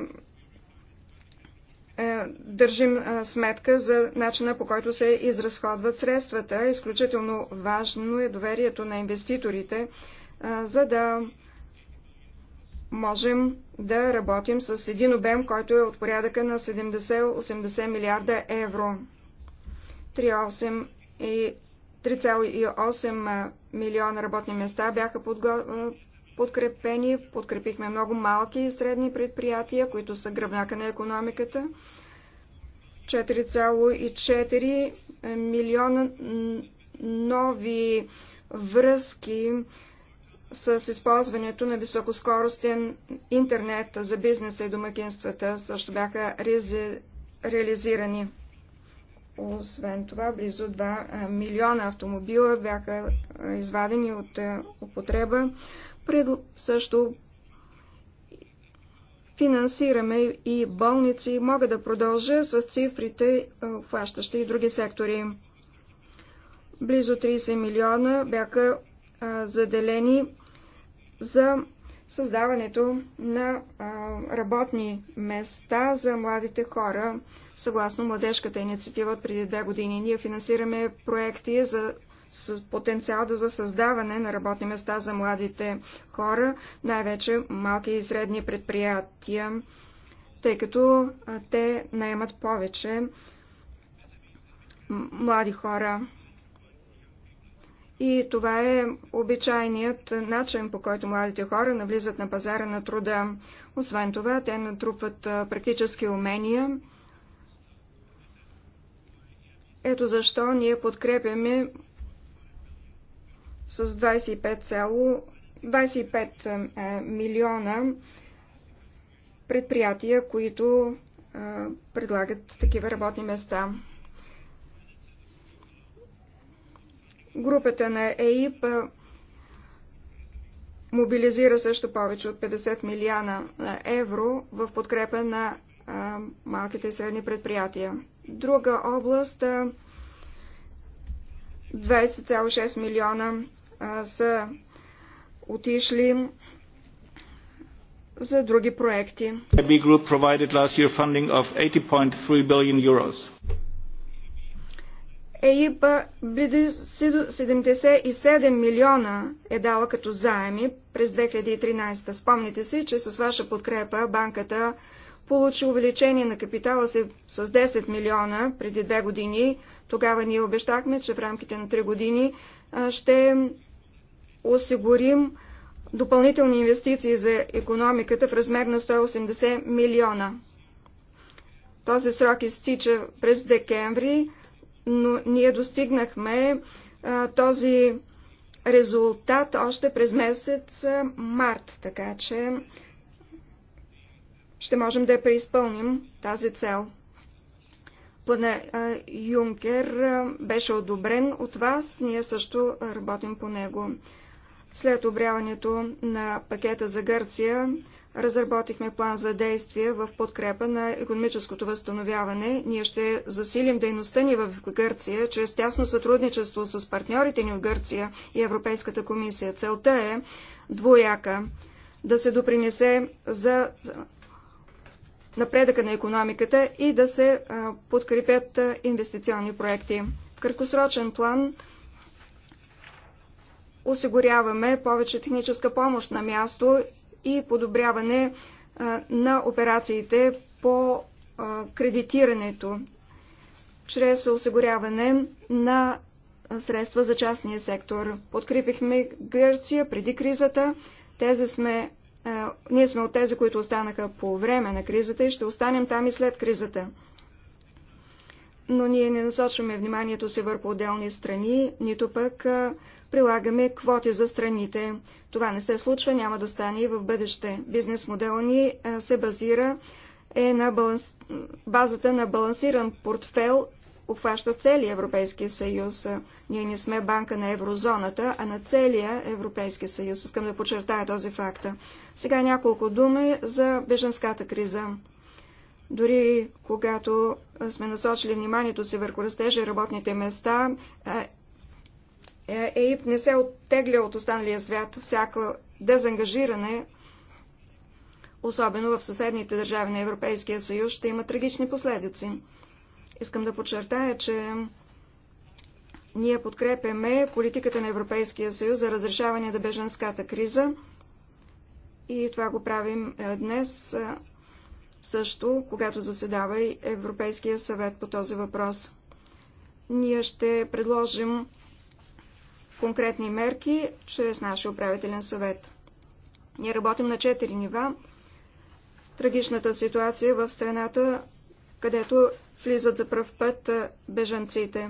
а, държим а, сметка за начина по който се изразходват средствата. Изключително важно е доверието на инвеститорите, а, за да можем да работим с един обем, който е от порядъка на 70-80 милиарда евро. 3,8 и 3,8 милиона работни места бяха подго... подкрепени. Подкрепихме много малки и средни предприятия, които са гръбнака на економиката. 4,4 милиона нови връзки с използването на високоскоростен интернет за бизнеса и домакинствата също бяха реализирани. Освен това, близо 2 милиона автомобила бяха извадени от употреба. Пред... Също финансираме и болници. Мога да продължа с цифрите, хващащи и други сектори. Близо 30 милиона бяха заделени за създаването на работни места за младите хора, съгласно младежката инициатива от преди две години. Ние финансираме проекти за с потенциал да за създаване на работни места за младите хора, най-вече малки и средни предприятия, тъй като те наемат повече млади хора. И това е обичайният начин, по който младите хора навлизат на пазара на труда. Освен това, те натрупват практически умения. Ето защо ние подкрепяме с 25, 25 е, милиона предприятия, които предлагат такива работни места. Групата на ЕИП мобилизира също повече от 50 милиона евро в подкрепа на малките и средни предприятия. Друга област 20,6 милиона са отишли за други проекти. ЕИПА биде 77 милиона е дала като заеми през 2013. Спомните си, че с ваша подкрепа банката получи увеличение на капитала си с 10 милиона преди две години. Тогава ние обещахме, че в рамките на 3 години ще осигурим допълнителни инвестиции за економиката в размер на 180 милиона. Този срок изтича през декември но ние достигнахме а, този резултат още през месец март, така че ще можем да преизпълним тази цел. Плана Юнкер беше одобрен от вас, ние също работим по него. След обряването на пакета за Гърция, разработихме план за действие в подкрепа на економическото възстановяване. Ние ще засилим дейността ни в Гърция чрез тясно сътрудничество с партньорите ни в Гърция и Европейската комисия. Целта е двояка да се допринесе за напредъка на економиката и да се подкрепят инвестиционни проекти. В краткосрочен план осигуряваме повече техническа помощ на място и подобряване на операциите по кредитирането чрез осигуряване на средства за частния сектор. Подкрепихме Гърция преди кризата. Тези сме, ние сме от тези, които останаха по време на кризата и ще останем там и след кризата. Но ние не насочваме вниманието си върху отделни страни, нито пък прилагаме квоти за страните. Това не се случва, няма да стане и в бъдеще. Бизнес модел ни се базира е на баланс... базата на балансиран портфел, обхваща целия Европейския съюз. Ние не сме банка на еврозоната, а на целия Европейския съюз. Искам да подчертая този факт. Сега няколко думи за беженската криза. Дори когато сме насочили вниманието си върху растежа и работните места, ЕИП не се оттегля от останалия свят, всяко дезангажиране, особено в съседните държави на Европейския съюз, ще има трагични последици. Искам да подчертая, че ние подкрепяме политиката на Европейския съюз за разрешаване на беженската криза и това го правим е, днес е, също, когато заседава и Европейския съвет по този въпрос. Ние ще предложим конкретни мерки чрез нашия управителен съвет. Ние работим на четири нива. Трагичната ситуация в страната, където влизат за пръв път бежанците.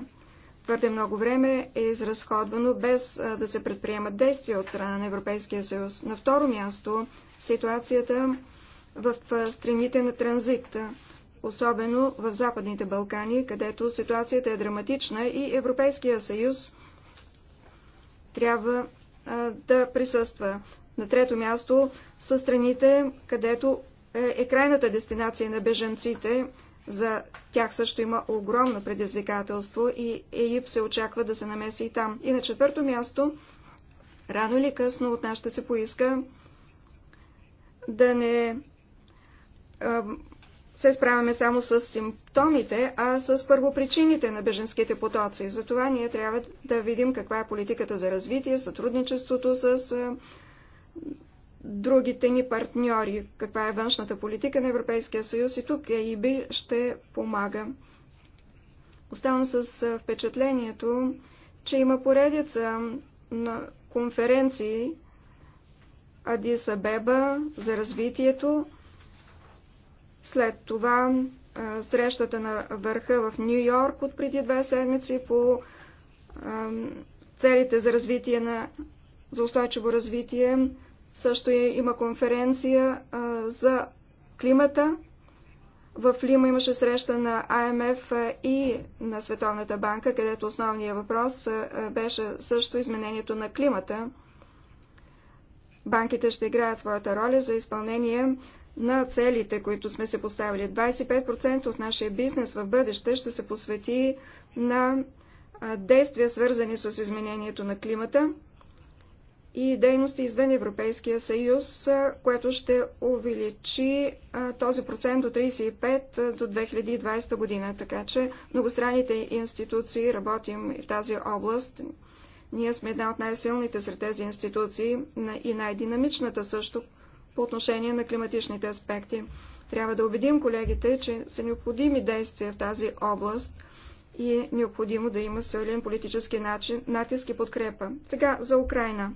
Твърде много време е изразходвано без да се предприемат действия от страна на Европейския съюз. На второ място ситуацията в страните на транзит, особено в Западните Балкани, където ситуацията е драматична и Европейския съюз трябва да присъства. На трето място са страните, където е, е крайната дестинация на беженците. За тях също има огромно предизвикателство и ЕИП се очаква да се намеси и там. И на четвърто място, рано или късно от нас ще се поиска да не се справяме само с симптомите, а с първопричините на беженските потоци. Затова ние трябва да видим каква е политиката за развитие, сътрудничеството с другите ни партньори, каква е външната политика на Европейския съюз и тук ЕИБ ще помага. Оставам с впечатлението, че има поредица на конференции Адис Абеба за развитието, след това срещата на върха в Нью Йорк от преди две седмици по целите за развитие на за устойчиво развитие. Също е, има конференция а, за климата. В Лима имаше среща на АМФ и на Световната банка, където основният въпрос а, беше също изменението на климата. Банките ще играят своята роля за изпълнение на целите, които сме се поставили. 25% от нашия бизнес в бъдеще ще се посвети на действия, свързани с изменението на климата и дейности извън Европейския съюз, което ще увеличи този процент до 35 до 2020 година. Така че многостранните институции работим и в тази област. Ние сме една от най-силните сред тези институции и най-динамичната също, по отношение на климатичните аспекти. Трябва да убедим колегите, че са необходими действия в тази област и е необходимо да има силен политически начин, натиск и подкрепа. Сега за Украина.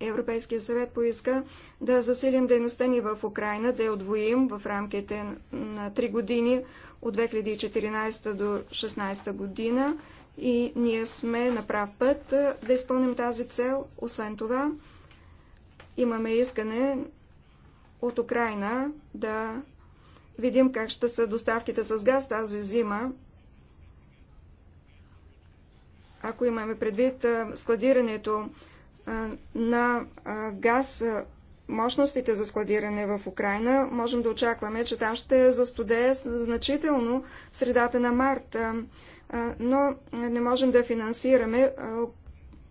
Европейския съвет поиска да засилим дейността ни в Украина, да я отвоим в рамките на 3 години от 2014 до 2016 година и ние сме на прав път да изпълним тази цел. Освен това, Имаме искане от Украина да видим как ще са доставките с газ тази зима. Ако имаме предвид складирането на газ, мощностите за складиране в Украина, можем да очакваме, че там ще застудее значително средата на март, но не можем да финансираме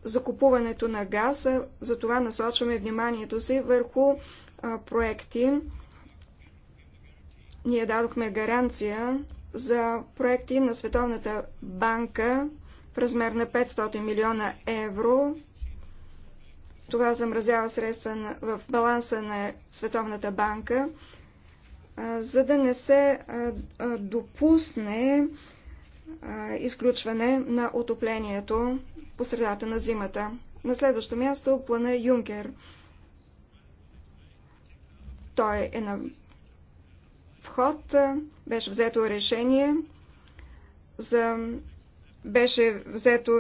закупуването на газ, затова насочваме вниманието си върху проекти. Ние дадохме гаранция за проекти на Световната банка в размер на 500 милиона евро. Това замразява средства в баланса на Световната банка, за да не се допусне изключване на отоплението по средата на зимата. На следващо място плана Юнкер. Той е на вход. Беше взето решение за... Беше взето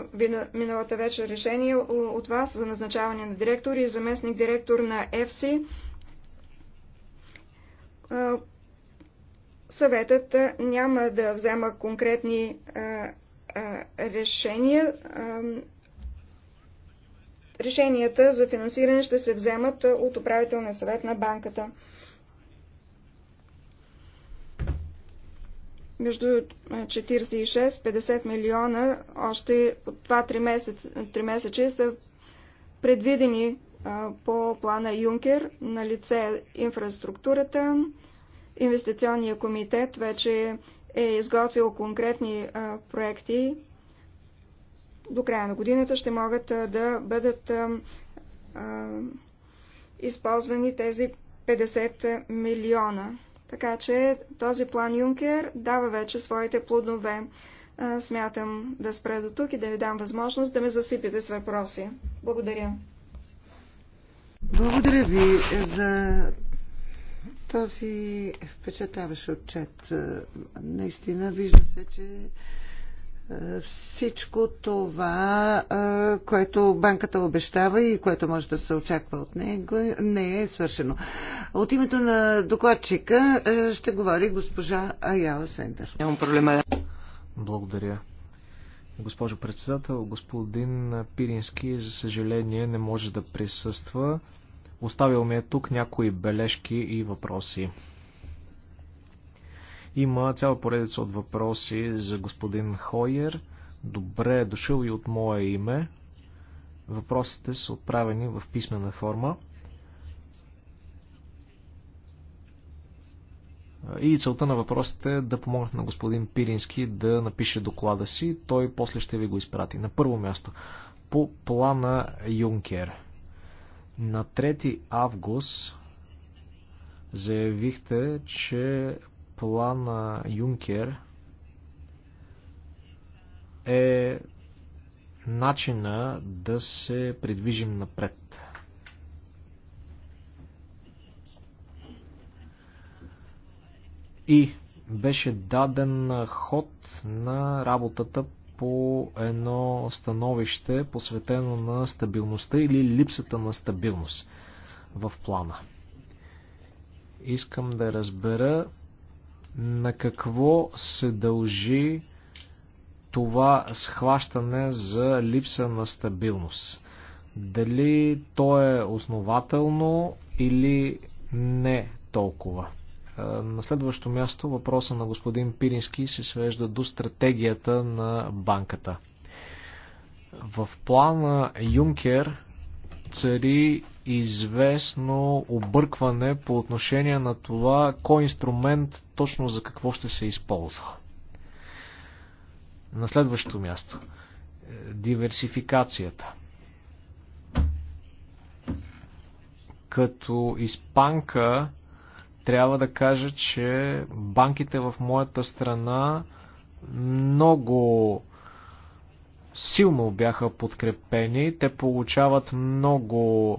миналата вечер решение от вас за назначаване на директор и заместник директор на ЕФСИ, съветът няма да взема конкретни а, а, решения. А, решенията за финансиране ще се вземат от управителния съвет на банката. Между 46-50 милиона още от 2-3 месеца, са предвидени по плана Юнкер на лице е инфраструктурата, Инвестиционния комитет вече е изготвил конкретни а, проекти. До края на годината ще могат а, да бъдат а, а, използвани тези 50 милиона. Така че този план Юнкер дава вече своите плодове. А, смятам да спра до тук и да ви дам възможност да ме засипите с въпроси. Благодаря. Благодаря ви за този впечатляващ отчет. Е, наистина вижда се, че е, всичко това, е, което банката обещава и което може да се очаква от него, не е свършено. От името на докладчика ще говори госпожа Аяла Сендър. Нямам проблема. Благодаря. Госпожо председател, господин Пирински, за съжаление, не може да присъства. Оставил ми е тук някои бележки и въпроси. Има цяла поредица от въпроси за господин Хойер. Добре е дошъл и от мое име. Въпросите са отправени в писмена форма. И целта на въпросите е да помогнат на господин Пирински да напише доклада си. Той после ще ви го изпрати. На първо място, по плана Юнкер – на 3 август заявихте, че плана Юнкер е начина да се придвижим напред. И беше даден ход на работата по едно становище, посветено на стабилността или липсата на стабилност в плана. Искам да разбера на какво се дължи това схващане за липса на стабилност. Дали то е основателно или не толкова. На следващо място въпроса на господин Пирински се свежда до стратегията на банката. В плана Юнкер цари известно объркване по отношение на това кой инструмент точно за какво ще се използва. На следващото място. Е, диверсификацията. Като испанка трябва да кажа, че банките в моята страна много силно бяха подкрепени. Те получават много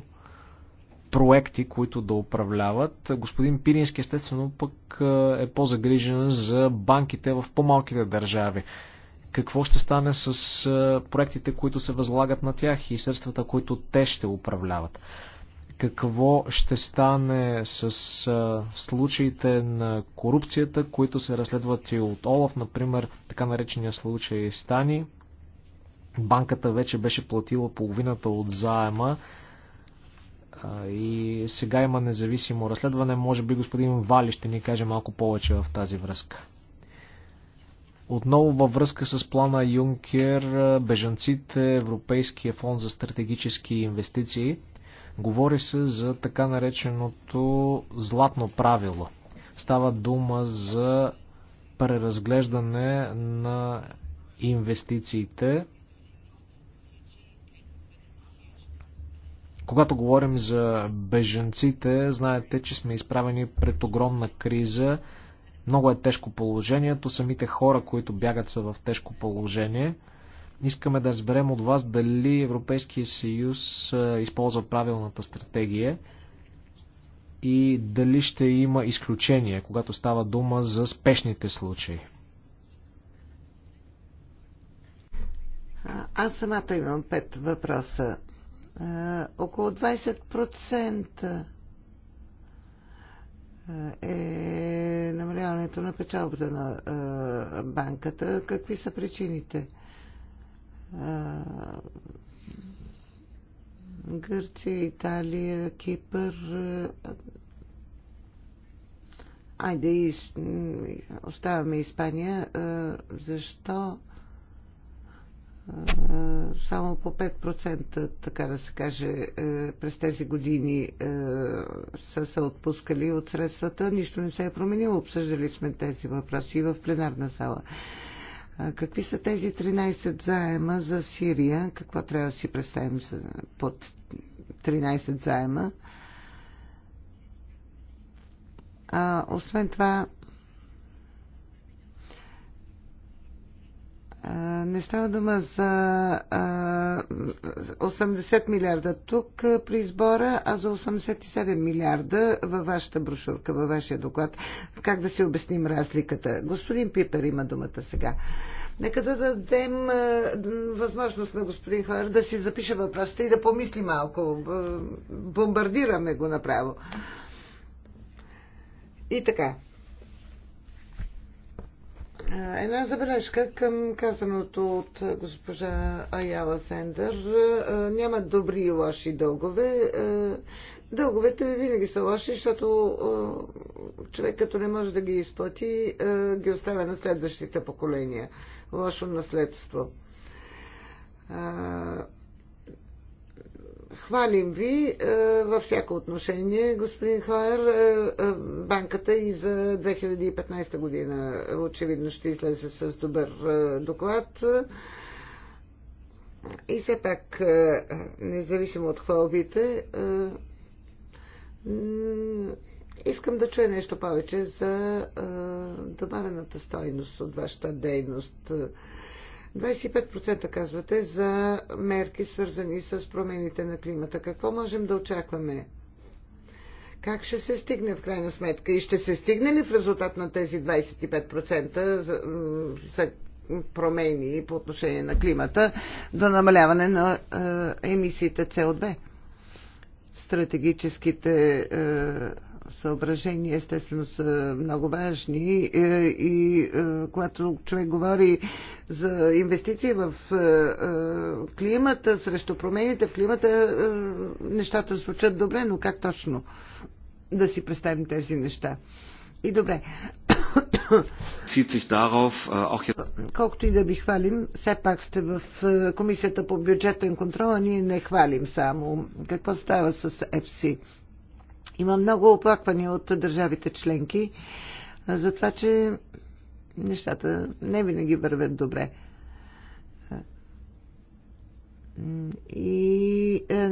проекти, които да управляват. Господин Пирински, естествено, пък е, е по-загрижен за банките в по-малките държави. Какво ще стане с е, проектите, които се възлагат на тях и средствата, които те ще управляват? какво ще стане с а, случаите на корупцията, които се разследват и от Олаф, например, така наречения случай Стани. Банката вече беше платила половината от заема а, и сега има независимо разследване. Може би господин Вали ще ни каже малко повече в тази връзка. Отново във връзка с плана Юнкер, бежанците, Европейския фонд за стратегически инвестиции – Говори се за така нареченото златно правило. Става дума за преразглеждане на инвестициите. Когато говорим за беженците, знаете, че сме изправени пред огромна криза. Много е тежко положението. Самите хора, които бягат, са в тежко положение. Искаме да разберем от вас дали Европейския съюз използва правилната стратегия и дали ще има изключения, когато става дума за спешните случаи. Аз самата имам пет въпроса. Около 20% е намаляването на печалбата на банката. Какви са причините? Гърция, Италия, Кипър. Айде, оставаме Испания. Защо само по 5%, така да се каже, през тези години са се отпускали от средствата? Нищо не се е променило. Обсъждали сме тези въпроси и в пленарна сала. Какви са тези 13 заема за Сирия? Какво трябва да си представим под 13 заема? А, освен това, Не става дума за 80 милиарда тук при избора, а за 87 милиарда във вашата брошурка, във вашия доклад. Как да си обясним разликата? Господин Пипер има думата сега. Нека да дадем възможност на господин Хойер да си запише въпросите и да помисли малко. Бомбардираме го направо. И така. Една забележка към казаното от госпожа Аяла Сендър. Няма добри и лоши дългове. Дълговете винаги са лоши, защото човек като не може да ги изплати, ги оставя на следващите поколения. Лошо наследство. Хвалим ви е, във всяко отношение, господин Хоер. Е, е, банката и за 2015 година очевидно ще излезе с добър доклад. И все пак, независимо от хвалбите, искам да чуя нещо повече за добавената стойност от вашата дейност. 25% казвате за мерки, свързани с промените на климата. Какво можем да очакваме? Как ще се стигне в крайна сметка? И ще се стигне ли в резултат на тези 25% за, за промени по отношение на климата до намаляване на е, емисиите CO2? Стратегическите. Е, съображения естествено са много важни е, и е, когато човек говори за инвестиции в е, климата, срещу промените в климата, нещата звучат добре, но как точно да си представим тези неща? И добре. Колкото и да ви хвалим, все пак сте в Комисията по бюджетен контрол, а ние не хвалим само. Какво става с ЕФСИ? Има много оплаквания от държавите членки за това, че нещата не винаги вървят добре. И е,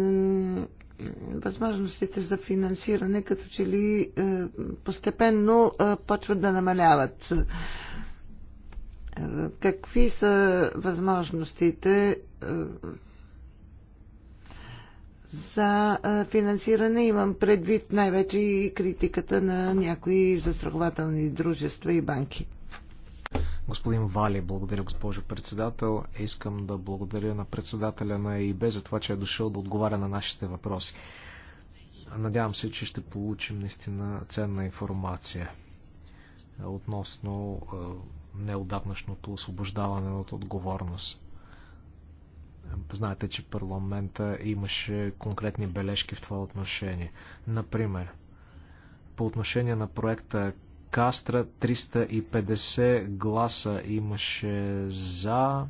възможностите за финансиране като че ли е, постепенно е, почват да намаляват. Какви са възможностите за финансиране. Имам предвид най-вече и критиката на някои застрахователни дружества и банки. Господин Вали, благодаря госпожо председател. Искам да благодаря на председателя на ИБ за това, че е дошъл да отговаря на нашите въпроси. Надявам се, че ще получим наистина ценна информация относно неодавнашното освобождаване от отговорност. Знаете, че парламента имаше конкретни бележки в това отношение. Например, по отношение на проекта Кастра 350 гласа имаше за,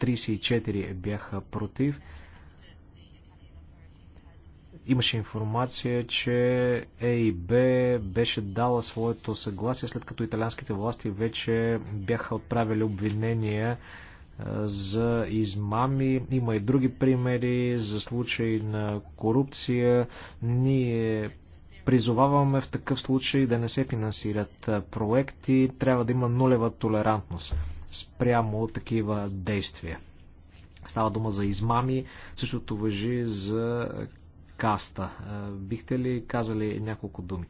34 е, бяха против. Имаше информация, че ЕИБ беше дала своето съгласие, след като италианските власти вече бяха отправили обвинения за измами. Има и други примери за случаи на корупция. Ние призоваваме в такъв случай да не се финансират проекти. Трябва да има нулева толерантност спрямо такива действия. Става дума за измами. Същото въжи за каста. Бихте ли казали няколко думи?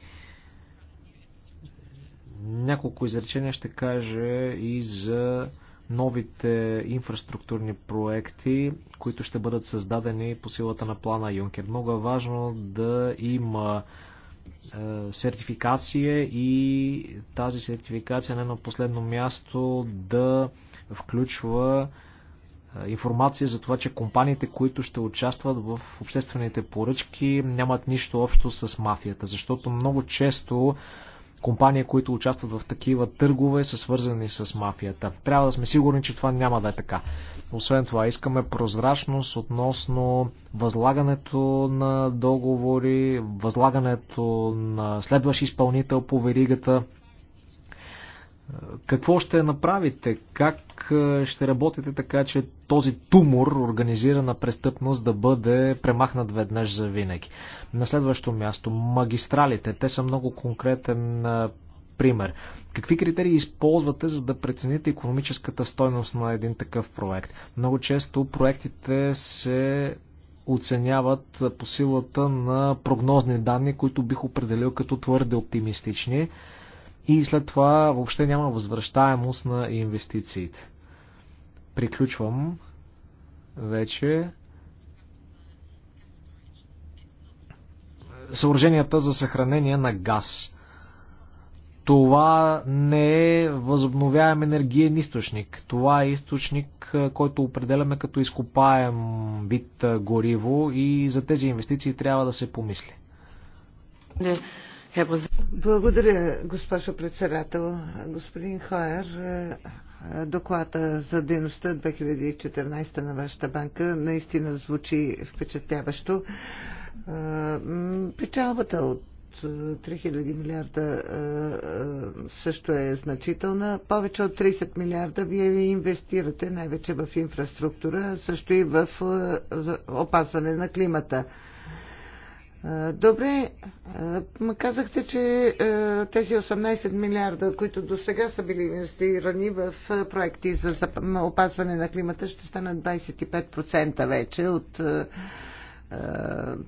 Няколко изречения ще кажа и за новите инфраструктурни проекти, които ще бъдат създадени по силата на плана Юнкер. Много е важно да има е, сертификация и тази сертификация не на последно място да включва е, информация за това, че компаниите, които ще участват в обществените поръчки, нямат нищо общо с мафията, защото много често компании, които участват в такива търгове, са свързани с мафията. Трябва да сме сигурни, че това няма да е така. Освен това, искаме прозрачност относно възлагането на договори, възлагането на следващ изпълнител по веригата. Какво ще направите? Как е, ще работите така, че този тумор, организирана престъпност, да бъде премахнат веднъж за винаги? На следващо място, магистралите. Те са много конкретен е, пример. Какви критерии използвате, за да прецените економическата стойност на един такъв проект? Много често проектите се оценяват е, по силата на прогнозни данни, които бих определил като твърде оптимистични и след това въобще няма възвръщаемост на инвестициите. Приключвам вече. Съоръженията за съхранение на газ. Това не е възобновяем енергиен източник. Това е източник, който определяме като изкопаем вид гориво и за тези инвестиции трябва да се помисли. Благодаря, госпожо председател. Господин Хоер, доклада за дейността 2014 на вашата банка наистина звучи впечатляващо. Печалбата от 3000 милиарда също е значителна. Повече от 30 милиарда вие инвестирате най-вече в инфраструктура, също и в опазване на климата. Добре, казахте, че тези 18 милиарда, които до сега са били инвестирани в проекти за опазване на климата, ще станат 25% вече от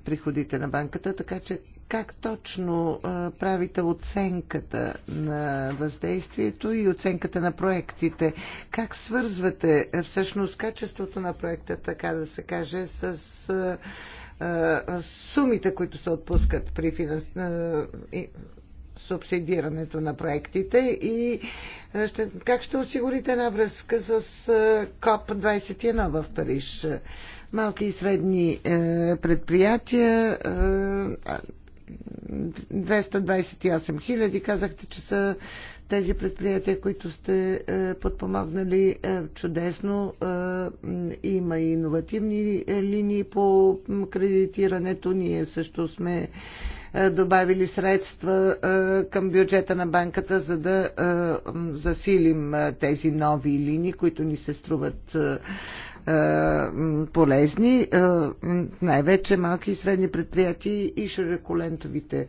приходите на банката, така че как точно правите оценката на въздействието и оценката на проектите? Как свързвате всъщност качеството на проекта, така да се каже, с сумите, които се отпускат при финанс... субсидирането на проектите и ще... как ще осигурите една връзка с КОП-21 в Париж? Малки и средни предприятия, 228 хиляди, казахте, че са тези предприятия, които сте е, подпомогнали е, чудесно. Е, има и иновативни линии по кредитирането. Ние също сме добавили средства към бюджета на банката, за да засилим тези нови линии, които ни се струват е, полезни, е, най-вече малки и средни предприятия и широколентовите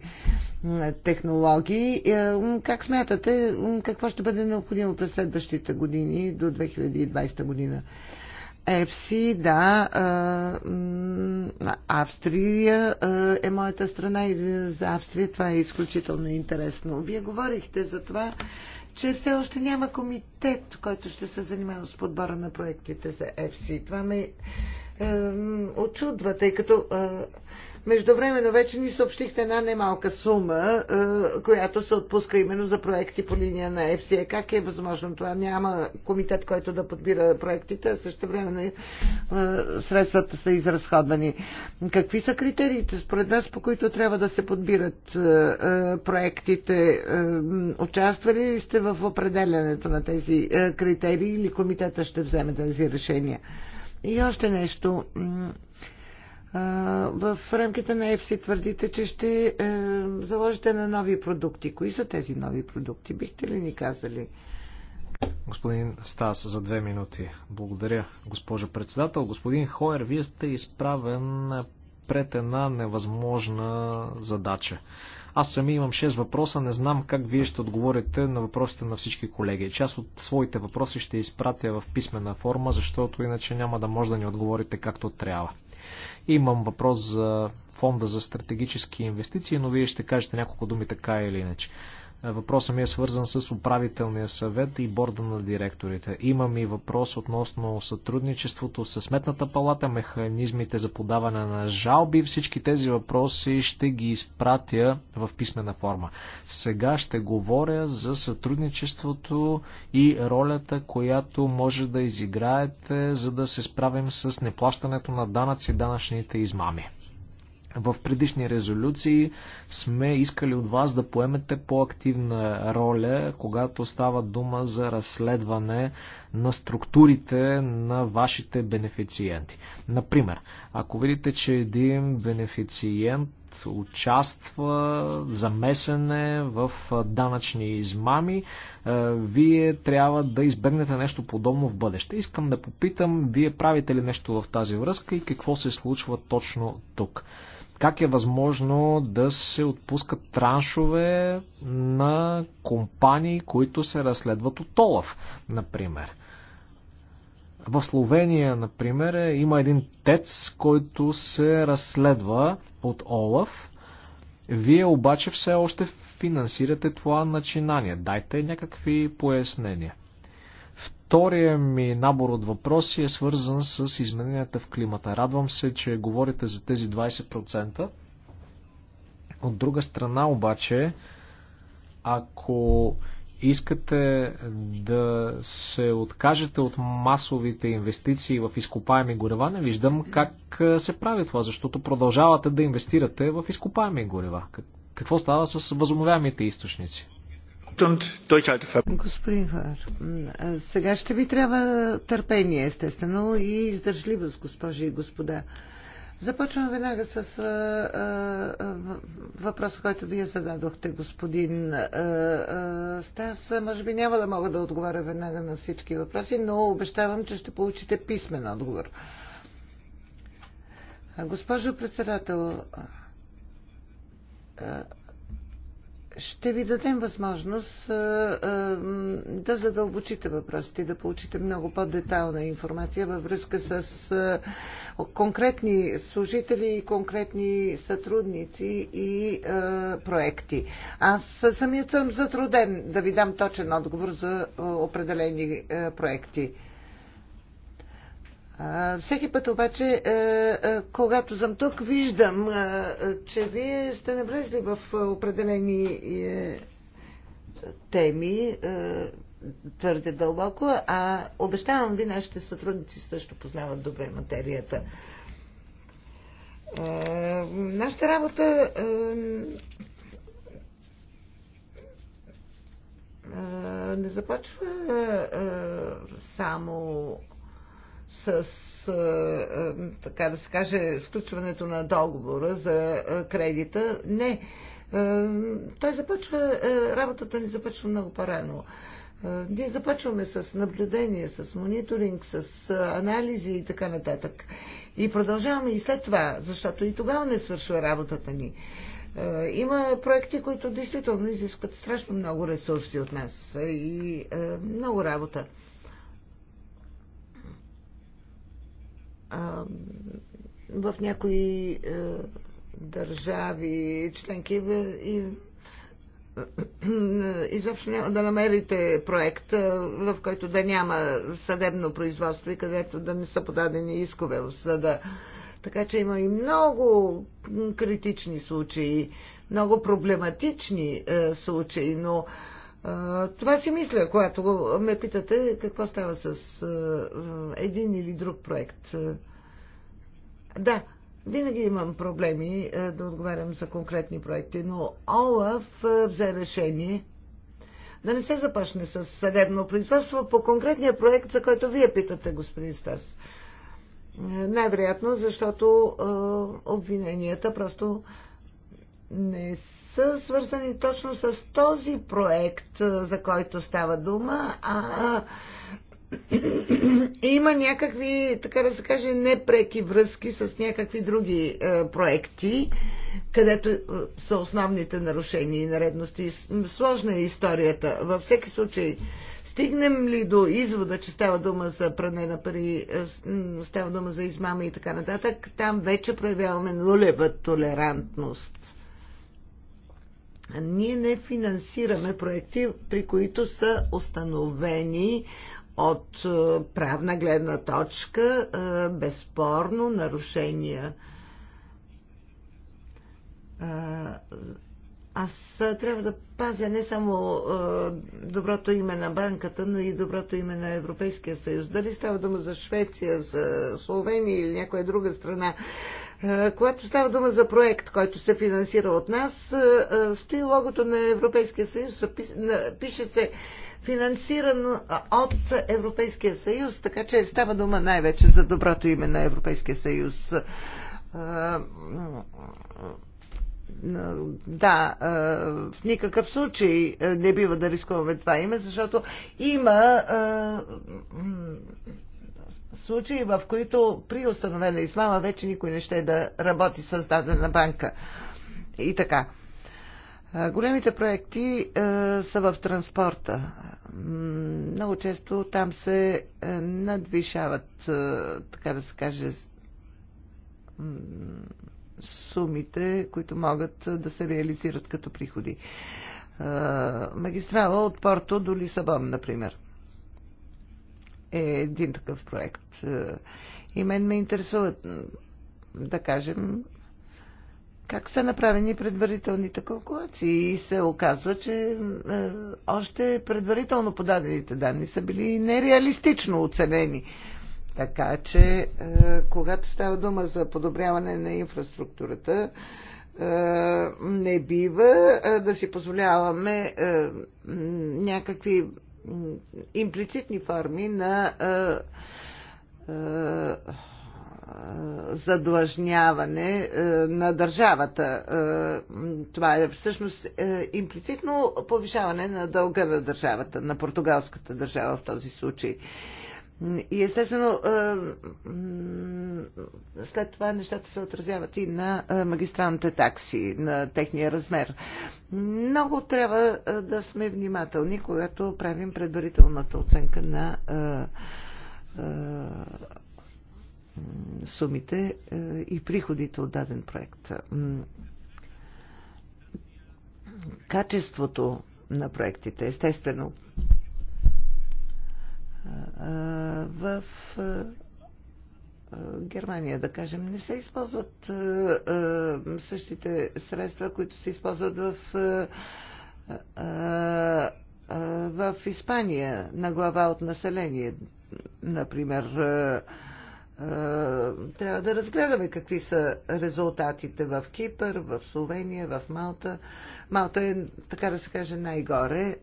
технологии. Е, как смятате, какво ще бъде необходимо през следващите години до 2020 година? ЕФСИ, да, Австрия е моята страна и за Австрия това е изключително интересно. Вие говорихте за това, че все още няма комитет, който ще се занимава с подбора на проектите за FC. Това ме е, очудва, тъй като е, Междувременно вече ни съобщихте една немалка сума, е, която се отпуска именно за проекти по линия на ЕФСИ. Е. Как е възможно това? Няма комитет, който да подбира проектите, а също време е, средствата са изразходвани. Какви са критериите според нас, по които трябва да се подбират проектите? Участвали ли сте в определянето на тези критерии или комитета ще вземе тези решения? И още нещо. В рамките на EFSI твърдите, че ще е, заложите на нови продукти. Кои са тези нови продукти? Бихте ли ни казали? Господин Стас, за две минути. Благодаря, госпожо председател. Господин Хоер, вие сте изправен пред една невъзможна задача. Аз сами имам 6 въпроса, не знам как вие ще отговорите на въпросите на всички колеги. Част от своите въпроси ще изпратя в писмена форма, защото иначе няма да може да ни отговорите както трябва. Имам въпрос за фонда за стратегически инвестиции, но вие ще кажете няколко думи така или иначе. Е, въпросът ми е свързан с управителния съвет и борда на директорите. Имам и въпрос относно сътрудничеството с Сметната палата, механизмите за подаване на жалби. Всички тези въпроси ще ги изпратя в писмена форма. Сега ще говоря за сътрудничеството и ролята, която може да изиграете, за да се справим с неплащането на данъци и данъчните измами. В предишни резолюции сме искали от вас да поемете по-активна роля, когато става дума за разследване на структурите на вашите бенефициенти. Например, ако видите, че един бенефициент участва, замесене в данъчни измами, е, вие трябва да избегнете нещо подобно в бъдеще. Искам да попитам, вие правите ли нещо в тази връзка и какво се случва точно тук. Как е възможно да се отпускат траншове на компании, които се разследват от Олаф, например? В Словения, например, е, има един тец, който се разследва от Олаф. Вие обаче все още финансирате това начинание. Дайте някакви пояснения. Втория ми набор от въпроси е свързан с измененията в климата. Радвам се, че говорите за тези 20%. От друга страна обаче, ако искате да се откажете от масовите инвестиции в изкопаеми горева, не виждам как се прави това, защото продължавате да инвестирате в изкопаеми горева. Какво става с възобновяемите източници? Господин Фар, сега ще ви трябва търпение, естествено, и издържливост, госпожи и господа. Започвам веднага с а, а, въпроса, който вие зададохте, господин а, а, Стас. Може би няма да мога да отговаря веднага на всички въпроси, но обещавам, че ще получите писмен отговор. Госпожо председател, ще ви дадем възможност да задълбочите въпросите и да получите много по-детална информация във връзка с конкретни служители и конкретни сътрудници и проекти. Аз самият съм затруден да ви дам точен отговор за определени проекти. Всеки път обаче, е, е, когато съм тук, виждам, е, че вие сте навлезли в определени теми твърде дълбоко, а обещавам ви, нашите сътрудници също познават добре материята. Нашата работа не започва само с така да се каже, сключването на договора за кредита. Не. Той започва, работата ни започва много по-рано. Ние започваме с наблюдение, с мониторинг, с анализи и така нататък. И продължаваме и след това, защото и тогава не свършва работата ни. Има проекти, които действително изискват страшно много ресурси от нас и много работа. в някои е, държави членки и изобщо няма да намерите проект, е, в който да няма съдебно производство и където да не са подадени искове в съда. Така че има и много критични случаи, много проблематични е, случаи, но това си мисля, когато ме питате какво става с един или друг проект. Да, винаги имам проблеми да отговарям за конкретни проекти, но Олаф взе решение да не се започне с съдебно производство по конкретния проект, за който вие питате, господин Стас. Е, най-вероятно, защото обвиненията просто не са свързани точно с този проект, за който става дума, а има някакви, така да се каже, непреки връзки с някакви други е, проекти, където е, са основните нарушения и наредности. Сложна е историята. Във всеки случай, стигнем ли до извода, че става дума за пране на пари, става дума за измама и така нататък, там вече проявяваме нулева толерантност ние не финансираме проекти, при които са установени от е, правна гледна точка е, безспорно нарушения. Аз трябва да пазя не само е, доброто име на банката, но и доброто име на Европейския съюз. Дали става дума за Швеция, за Словения или някоя друга страна. Е, когато става дума за проект, който се финансира от нас, е, е, стои логото на Европейския съюз, пише се финансиран от Европейския съюз, така че става дума най-вече за доброто име на Европейския съюз. Да, в никакъв случай не бива да рискуваме това име, защото има случаи, в които при установена измама вече никой не ще е да работи с дадена банка. И така. Големите проекти е, са в транспорта. Много често там се надвишават, е, така да се каже, сумите, които могат да се реализират като приходи. Е, магистрала от Порто до Лисабон, например е един такъв проект. И мен ме интересуват, да кажем, как са направени предварителните калкулации и се оказва, че е, още предварително подадените данни са били нереалистично оценени. Така че, е, когато става дума за подобряване на инфраструктурата, е, не бива да си позволяваме някакви имплицитни форми на задлъжняване на държавата. Това е всъщност е, имплицитно повишаване на дълга на държавата, на португалската държава в този случай. И естествено, е, след това нещата се отразяват и на е, магистралните такси, на техния размер. Много трябва е, да сме внимателни, когато правим предварителната оценка на сумите и приходите от даден проект. Качеството на проектите, естествено, в Германия, да кажем, не се използват същите средства, които се използват в, в Испания на глава от население. Например, трябва да разгледаме какви са резултатите в Кипър, в Словения, в Малта. Малта е, така да се каже, най-горе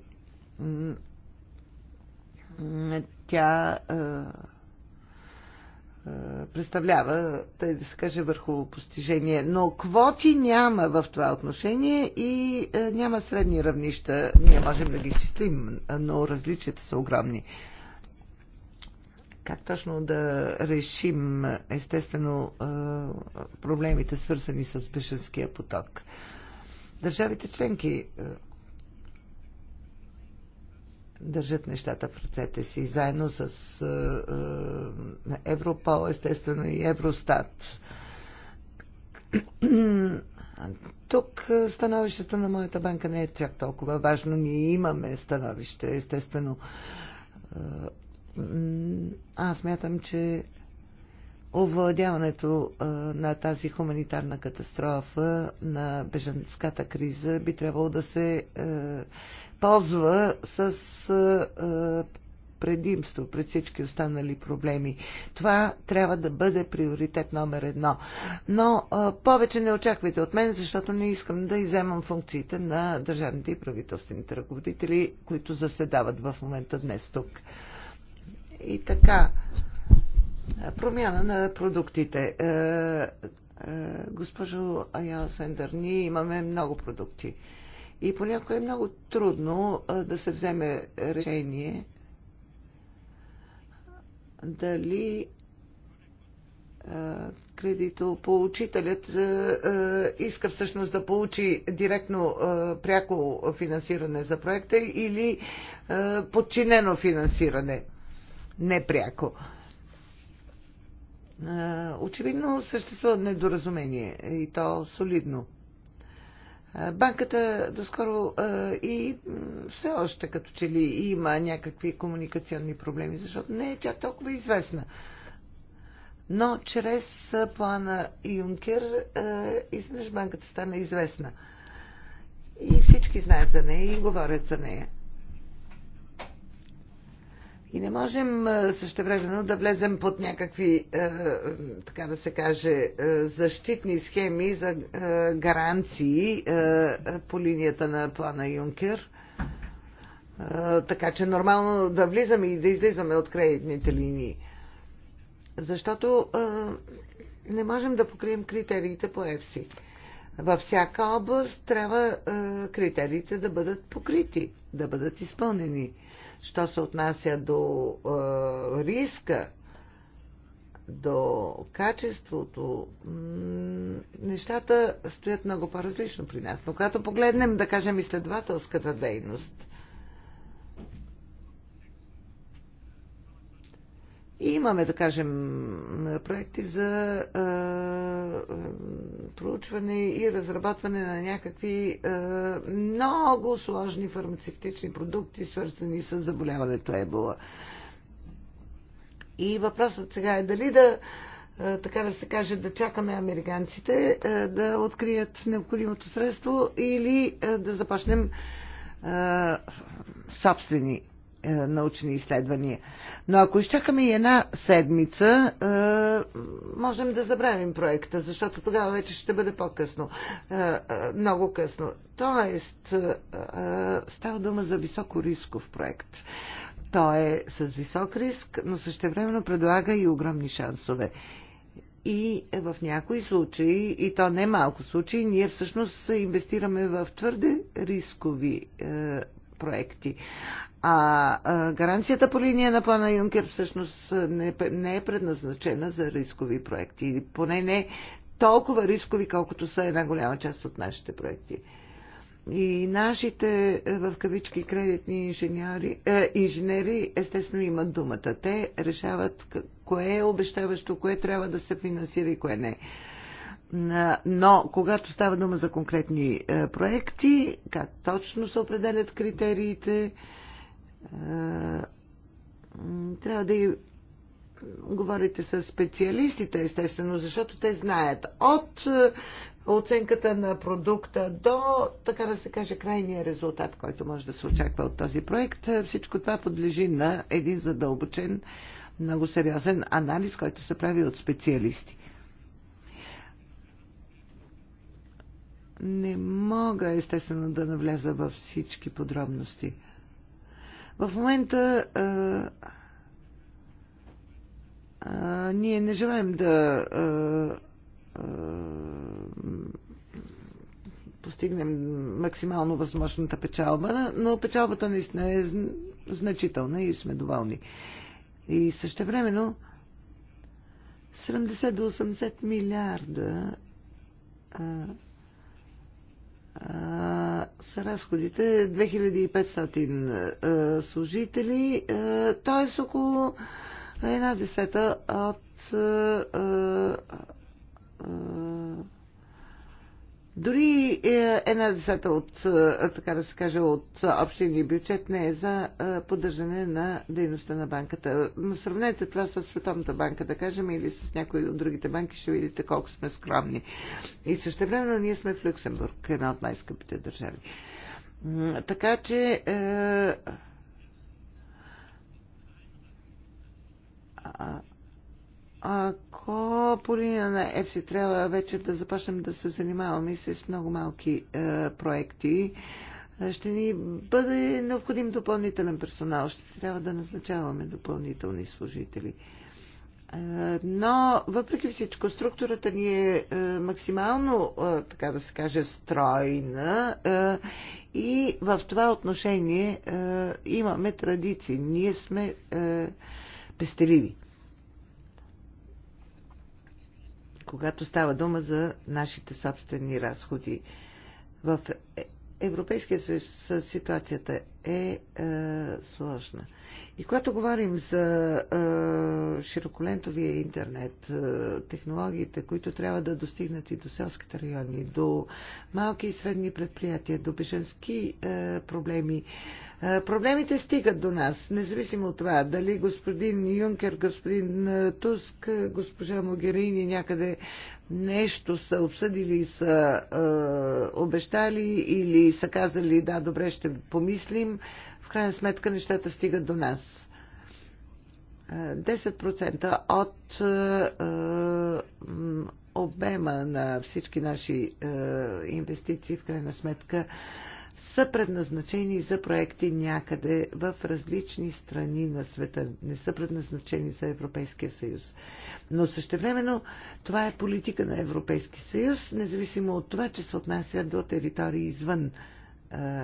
тя е, е, представлява, тъй да се каже, върху постижение. Но квоти няма в това отношение и е, няма средни равнища. Ние можем да ги изчислим, но различията са огромни. Как точно да решим, естествено, проблемите, свързани с бешенския поток? Държавите членки държат нещата в ръцете си, заедно с е, е, Европол, естествено и Евростат. Тук е, становището на моята банка не е чак толкова важно. Ние имаме становище, естествено. Аз мятам, че овладяването на тази хуманитарна катастрофа, на беженската криза, би трябвало да се ползва с предимство пред всички останали проблеми. Това трябва да бъде приоритет номер едно. Но а, повече не очаквайте от мен, защото не искам да иземам функциите на държавните и правителствените ръководители, които заседават в момента днес тук. И така, промяна на продуктите. Е, е, госпожо Аял Сендър, ние имаме много продукти. И понякога е много трудно да се вземе решение дали кредитополучителят иска всъщност да получи директно пряко финансиране за проекта или подчинено финансиране, непряко. Очевидно съществува недоразумение и то солидно. Банката доскоро и все още като че ли има някакви комуникационни проблеми, защото не е чак толкова известна. Но чрез плана Юнкер изведнъж банката стана известна. И всички знаят за нея и говорят за нея. И не можем същевременно да влезем под някакви, така да се каже, защитни схеми за гаранции по линията на плана Юнкер. Така че нормално да влизаме и да излизаме от кредитните линии. Защото не можем да покрием критериите по ЕФСИ. Във всяка област трябва критериите да бъдат покрити, да бъдат изпълнени. Що се отнася до е, риска, до качеството, нещата стоят много по-различно при нас. Но когато погледнем, да кажем, изследователската дейност, И имаме, да кажем, проекти за а, проучване и разработване на някакви а, много сложни фармацевтични продукти, свързани с заболяването Ебола. И въпросът сега е дали да, а, така да се каже, да чакаме американците а, да открият необходимото средство или а, да започнем а, собствени е, научни изследвания. Но ако изчакаме и една седмица, е, можем да забравим проекта, защото тогава вече ще бъде по-късно. Е, много късно. Тоест, става дума за високо рисков проект. Той е с висок риск, но същевременно предлага и огромни шансове. И в някои случаи, и то не малко случаи, ние всъщност инвестираме в твърде рискови проекти. А, а гаранцията по линия на плана Юнкер всъщност не, не е предназначена за рискови проекти. Поне не толкова рискови, колкото са една голяма част от нашите проекти. И нашите, е, в кавички, кредитни инженери, е, инженери, естествено имат думата. Те решават кое е обещаващо, кое трябва да се финансира и кое не. Е но когато става дума за конкретни е, проекти, как точно се определят критериите, е, трябва да и говорите с специалистите, естествено, защото те знаят от е, оценката на продукта до, така да се каже, крайния резултат, който може да се очаква от този проект. Всичко това подлежи на един задълбочен, много сериозен анализ, който се прави от специалисти. не мога естествено да навляза във всички подробности. В момента а, а, ние не желаем да а, а, постигнем максимално възможната печалба, но печалбата наистина е значителна и сме доволни. И също времено 70 до 80 милиарда а, са разходите 2500 служители, т.е. около една десета от дори е, една десета от, е, така да се каже, от общия ни бюджет не е за е, поддържане на дейността на банката. Сравнете това с Световната банка, да кажем, или с някои от другите банки, ще видите колко сме скромни. И също времено ние сме в Люксембург, една от най-скъпите държави. Така че е, а, ако по линия на EFSI трябва вече да започнем да се занимаваме с много малки е, проекти, е, ще ни бъде необходим допълнителен персонал. Ще трябва да назначаваме допълнителни служители. Е, но, въпреки всичко, структурата ни е, е максимално, така да се каже, стройна и в това отношение имаме традиции. Ние сме пестеливи. когато става дума за нашите собствени разходи. В Европейския съюз ситуацията е, е сложна. И когато говорим за е, широколентовия интернет, е, технологиите, които трябва да достигнат и до селските райони, до малки и средни предприятия, до беженски е, проблеми, е, проблемите стигат до нас, независимо от това дали господин Юнкер, господин е, Туск, е, госпожа Могерини някъде нещо са обсъдили, и са е, обещали или са казали да, добре, ще помислим, в крайна сметка нещата стигат до нас. 10% е, от е, обема на всички наши е, инвестиции в крайна сметка са предназначени за проекти някъде в различни страни на света. Не са предназначени за Европейския съюз. Но същевременно това е политика на Европейски съюз, независимо от това, че се отнася до територии извън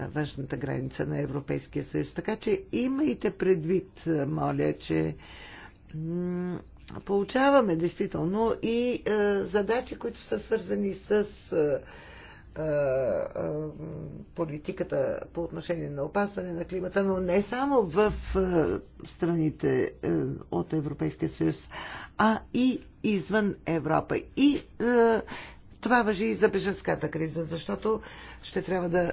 външната граница на Европейския съюз. Така че имайте предвид, моля, че получаваме действително и задачи, които са свързани с политиката по отношение на опазване на климата, но не само в страните от Европейския съюз, а и извън Европа. И това въжи и за беженската криза, защото ще трябва да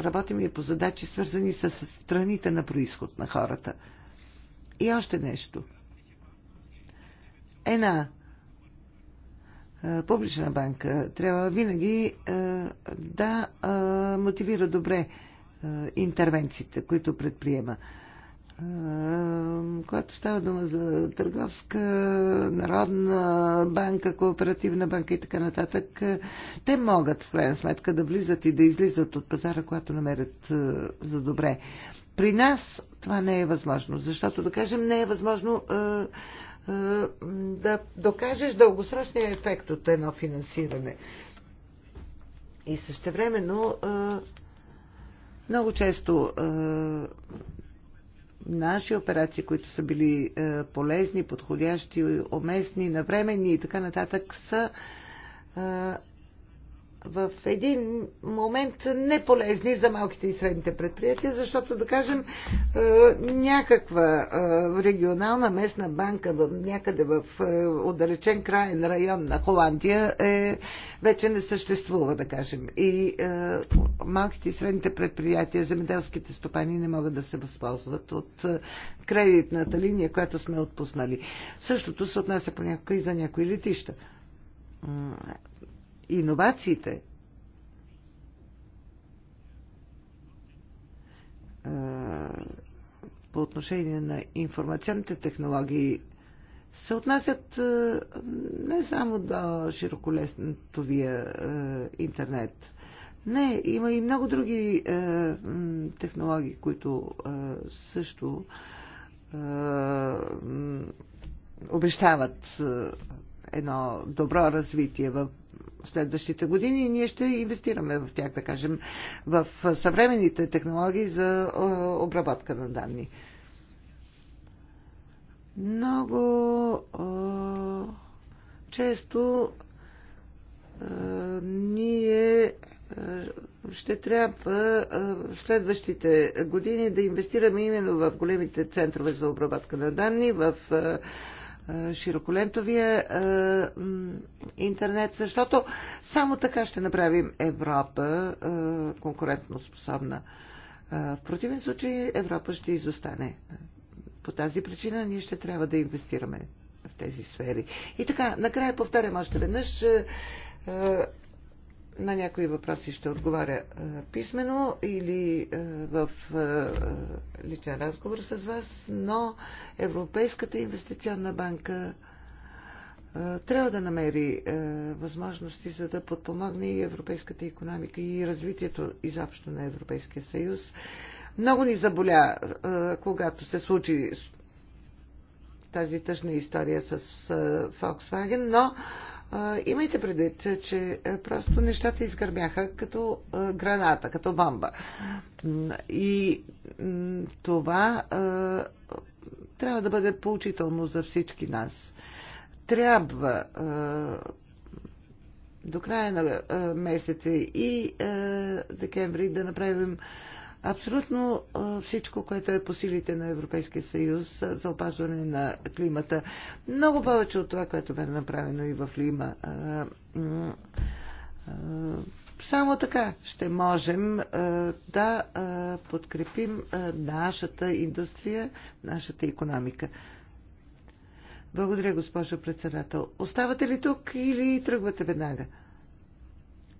работим и по задачи, свързани с страните на происход на хората. И още нещо. Една е, публична банка трябва винаги е, да е, мотивира добре интервенциите, които предприема. Когато става дума за търговска, народна банка, кооперативна банка и така нататък, те могат в крайна сметка да влизат и да излизат от пазара, когато намерят за добре. При нас това не е възможно, защото, да кажем, не е възможно е, да докажеш дългосрочния ефект от едно финансиране. И същевременно е, много често е, наши операции, които са били полезни, подходящи, уместни, навремени и така нататък, са в един момент неполезни за малките и средните предприятия, защото, да кажем, е, някаква е, регионална местна банка някъде в е, отдалечен крайен район на Холандия е, вече не съществува, да кажем. И малките и средните предприятия, земеделските стопани не могат да се възползват от кредитната линия, която сме отпуснали. Същото се отнася понякога и за някои летища иновациите. По отношение на информационните технологии се отнасят не само до широколесновия интернет. Не, има и много други технологии, които също обещават едно добро развитие в следващите години и ние ще инвестираме в тях, да кажем, в съвременните технологии за обработка на данни. Много често ние ще трябва в следващите години да инвестираме именно в големите центрове за обработка на данни, в е, широколентовия е, интернет, защото само така ще направим Европа е, конкурентно способна. В противен случай Европа ще изостане. По тази причина ние ще трябва да инвестираме в тези сфери. И така, накрая повтарям още веднъж на някои въпроси ще отговаря е, писменно или е, в е, личен разговор с вас, но Европейската инвестиционна банка трябва да намери възможности за да подпомогне и европейската економика и развитието изобщо на Европейския съюз. Много ни заболя, когато се случи тази тъжна история с Volkswagen, но имайте предвид, че просто нещата изгърмяха като граната, като бомба. И това трябва да бъде поучително за всички нас. Трябва до края на месеца и декември да направим абсолютно всичко, което е по силите на Европейския съюз за опазване на климата. Много повече от това, което бе направено и в Лима. Само така ще можем да подкрепим нашата индустрия, нашата економика. Благодаря, госпожо председател. Оставате ли тук или тръгвате веднага?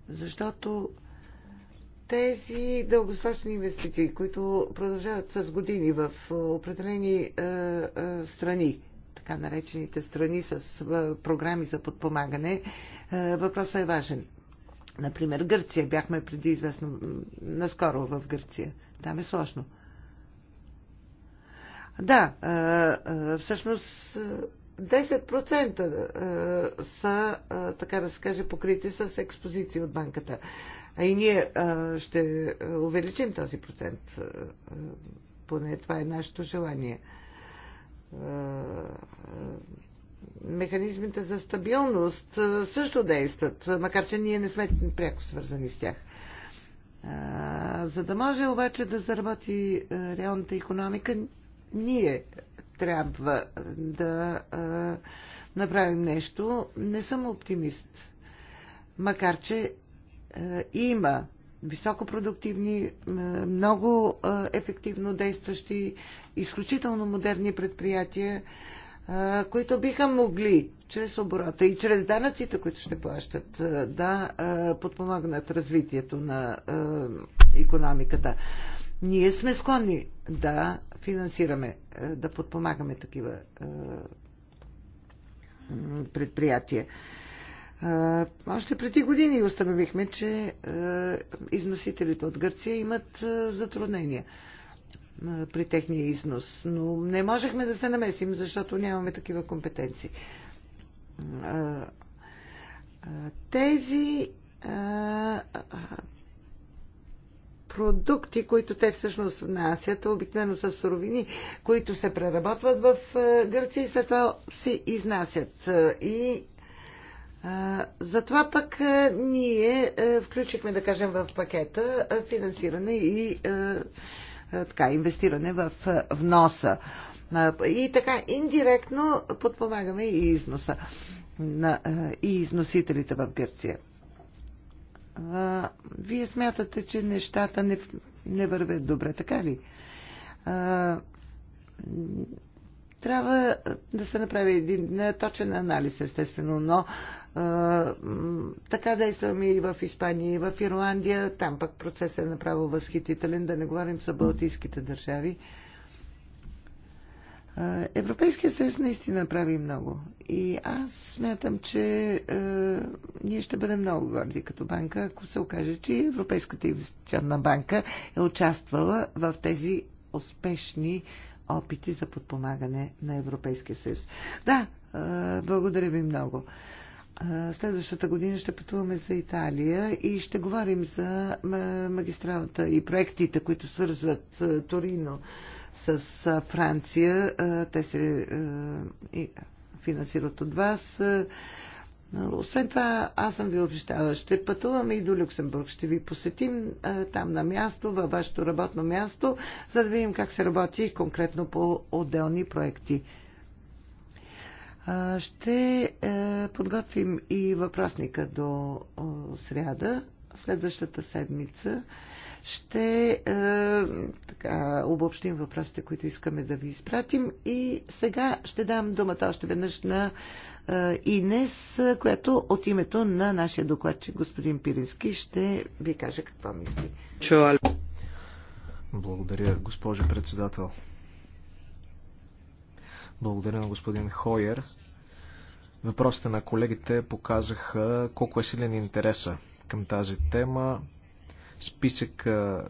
Защото тези дългосрочни инвестиции, които продължават с години в определени е, е, страни, така наречените страни с е, програми за подпомагане, въпросът е важен. Например, Гърция. Бяхме преди известно наскоро в Гърция. Там е сложно. Да, всъщност 10% са, така да се каже, покрити с експозиции от банката. А и ние ще увеличим този процент. Поне това е нашето желание. Механизмите за стабилност също действат, макар че ние не сме пряко свързани с тях. За да може обаче да заработи реалната економика, ние трябва да направим нещо. Не съм оптимист. Макар, че е, има високопродуктивни, е, много е, ефективно действащи, изключително модерни предприятия, които биха могли чрез оборота и чрез данъците, които ще плащат, да подпомагнат развитието на економиката. Ние сме склонни да финансираме, да подпомагаме такива предприятия. Още преди години установихме, че износителите от Гърция имат затруднения при техния износ, но не можехме да се намесим, защото нямаме такива компетенции. Тези продукти, които те всъщност внасят, обикновено са суровини, които се преработват в Гърция и след това се изнасят. И затова пък ние включихме, да кажем, в пакета финансиране и така, инвестиране в вноса. И така, индиректно подпомагаме и износа на, и износителите в Гърция. Вие смятате, че нещата не, не вървят добре, така ли? трябва да се направи един точен анализ, естествено, но така действам и в Испания, и в Ирландия. Там пък процесът е направо възхитителен, да не говорим за балтийските държави. Европейския съюз наистина прави много. И аз смятам, че е, ние ще бъдем много горди като банка, ако се окаже, че Европейската инвестиционна банка е участвала в тези успешни опити за подпомагане на Европейския съюз. Да, е, благодаря ви много. Следващата година ще пътуваме за Италия и ще говорим за магистралата и проектите, които свързват Торино с Франция. Те се финансират от вас. Освен това, аз съм ви обещала, ще пътуваме и до Люксембург. Ще ви посетим там на място, във вашето работно място, за да видим как се работи конкретно по отделни проекти. Ще е, подготвим и въпросника до сряда, следващата седмица. Ще е, така, обобщим въпросите, които искаме да ви изпратим. И сега ще дам думата още веднъж на е, Инес, която от името на нашия докладчик господин Пирински ще ви каже какво мисли. Благодаря, госпожо председател. Благодаря на господин Хойер. Въпросите на колегите показаха колко е силен интереса към тази тема. Списък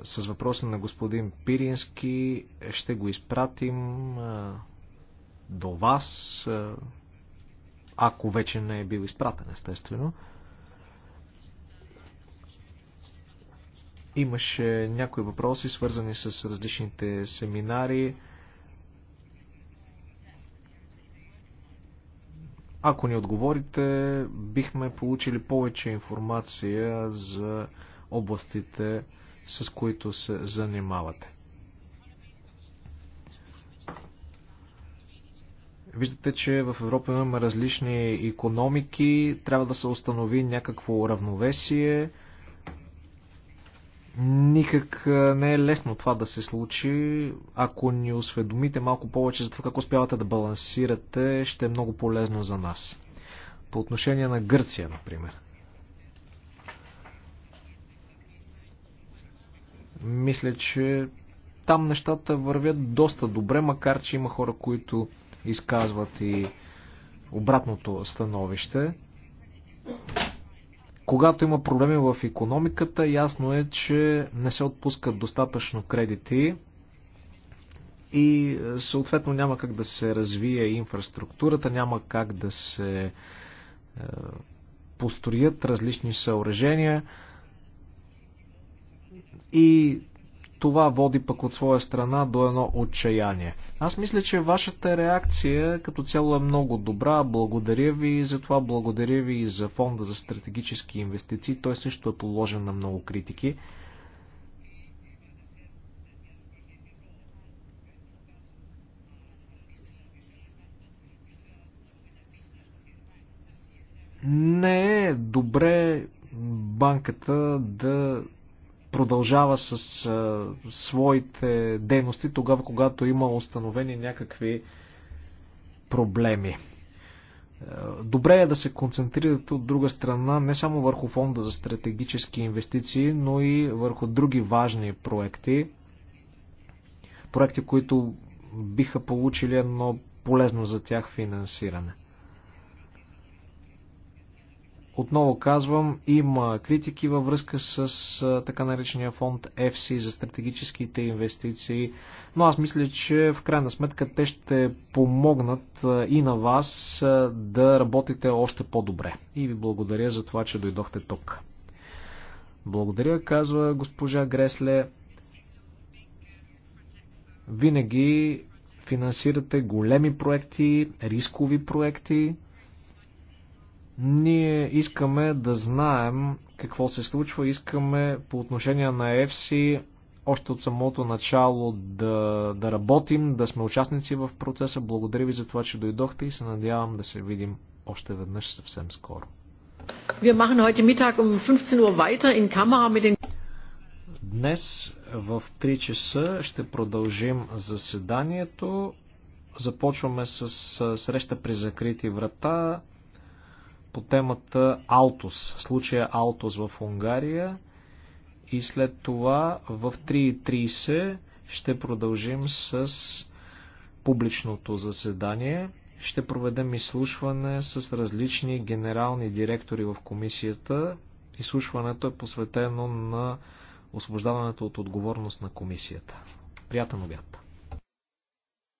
с въпроса на господин Пирински ще го изпратим до вас, ако вече не е бил изпратен, естествено. Имаше някои въпроси, свързани с различните семинари. Ако ни отговорите, бихме получили повече информация за областите, с които се занимавате. Виждате, че в Европа имаме различни економики, трябва да се установи някакво равновесие. Никак не е лесно това да се случи. Ако ни осведомите малко повече за това как успявате да балансирате, ще е много полезно за нас. По отношение на Гърция, например. Мисля, че там нещата вървят доста добре, макар че има хора, които изказват и обратното становище. Когато има проблеми в економиката, ясно е, че не се отпускат достатъчно кредити и е, съответно няма как да се развие инфраструктурата, няма как да се е, построят различни съоръжения и това води пък от своя страна до едно отчаяние. Аз мисля, че вашата реакция като цяло е много добра. Благодаря ви за това, благодаря ви и за фонда за стратегически инвестиции. Той също е положен на много критики. не е добре банката да продължава с а, своите дейности тогава, когато има установени някакви проблеми. Добре е да се концентрират от друга страна не само върху фонда за стратегически инвестиции, но и върху други важни проекти. Проекти, които биха получили едно полезно за тях финансиране. Отново казвам, има критики във връзка с така наречения фонд FC за стратегическите инвестиции, но аз мисля, че в крайна сметка те ще помогнат и на вас да работите още по-добре. И ви благодаря за това, че дойдохте тук. Благодаря, казва госпожа Гресле. Винаги финансирате големи проекти, рискови проекти, ние искаме да знаем какво се случва, искаме по отношение на EFSI още от самото начало да, да работим, да сме участници в процеса. Благодаря ви за това, че дойдохте и се надявам да се видим още веднъж съвсем скоро. Um Днес в 3 часа ще продължим заседанието. Започваме с среща при закрити врата по темата Алтус, случая Алтус в Унгария и след това в 3.30 ще продължим с публичното заседание. Ще проведем изслушване с различни генерални директори в комисията. Изслушването е посветено на освобождаването от отговорност на комисията. Приятен обяд!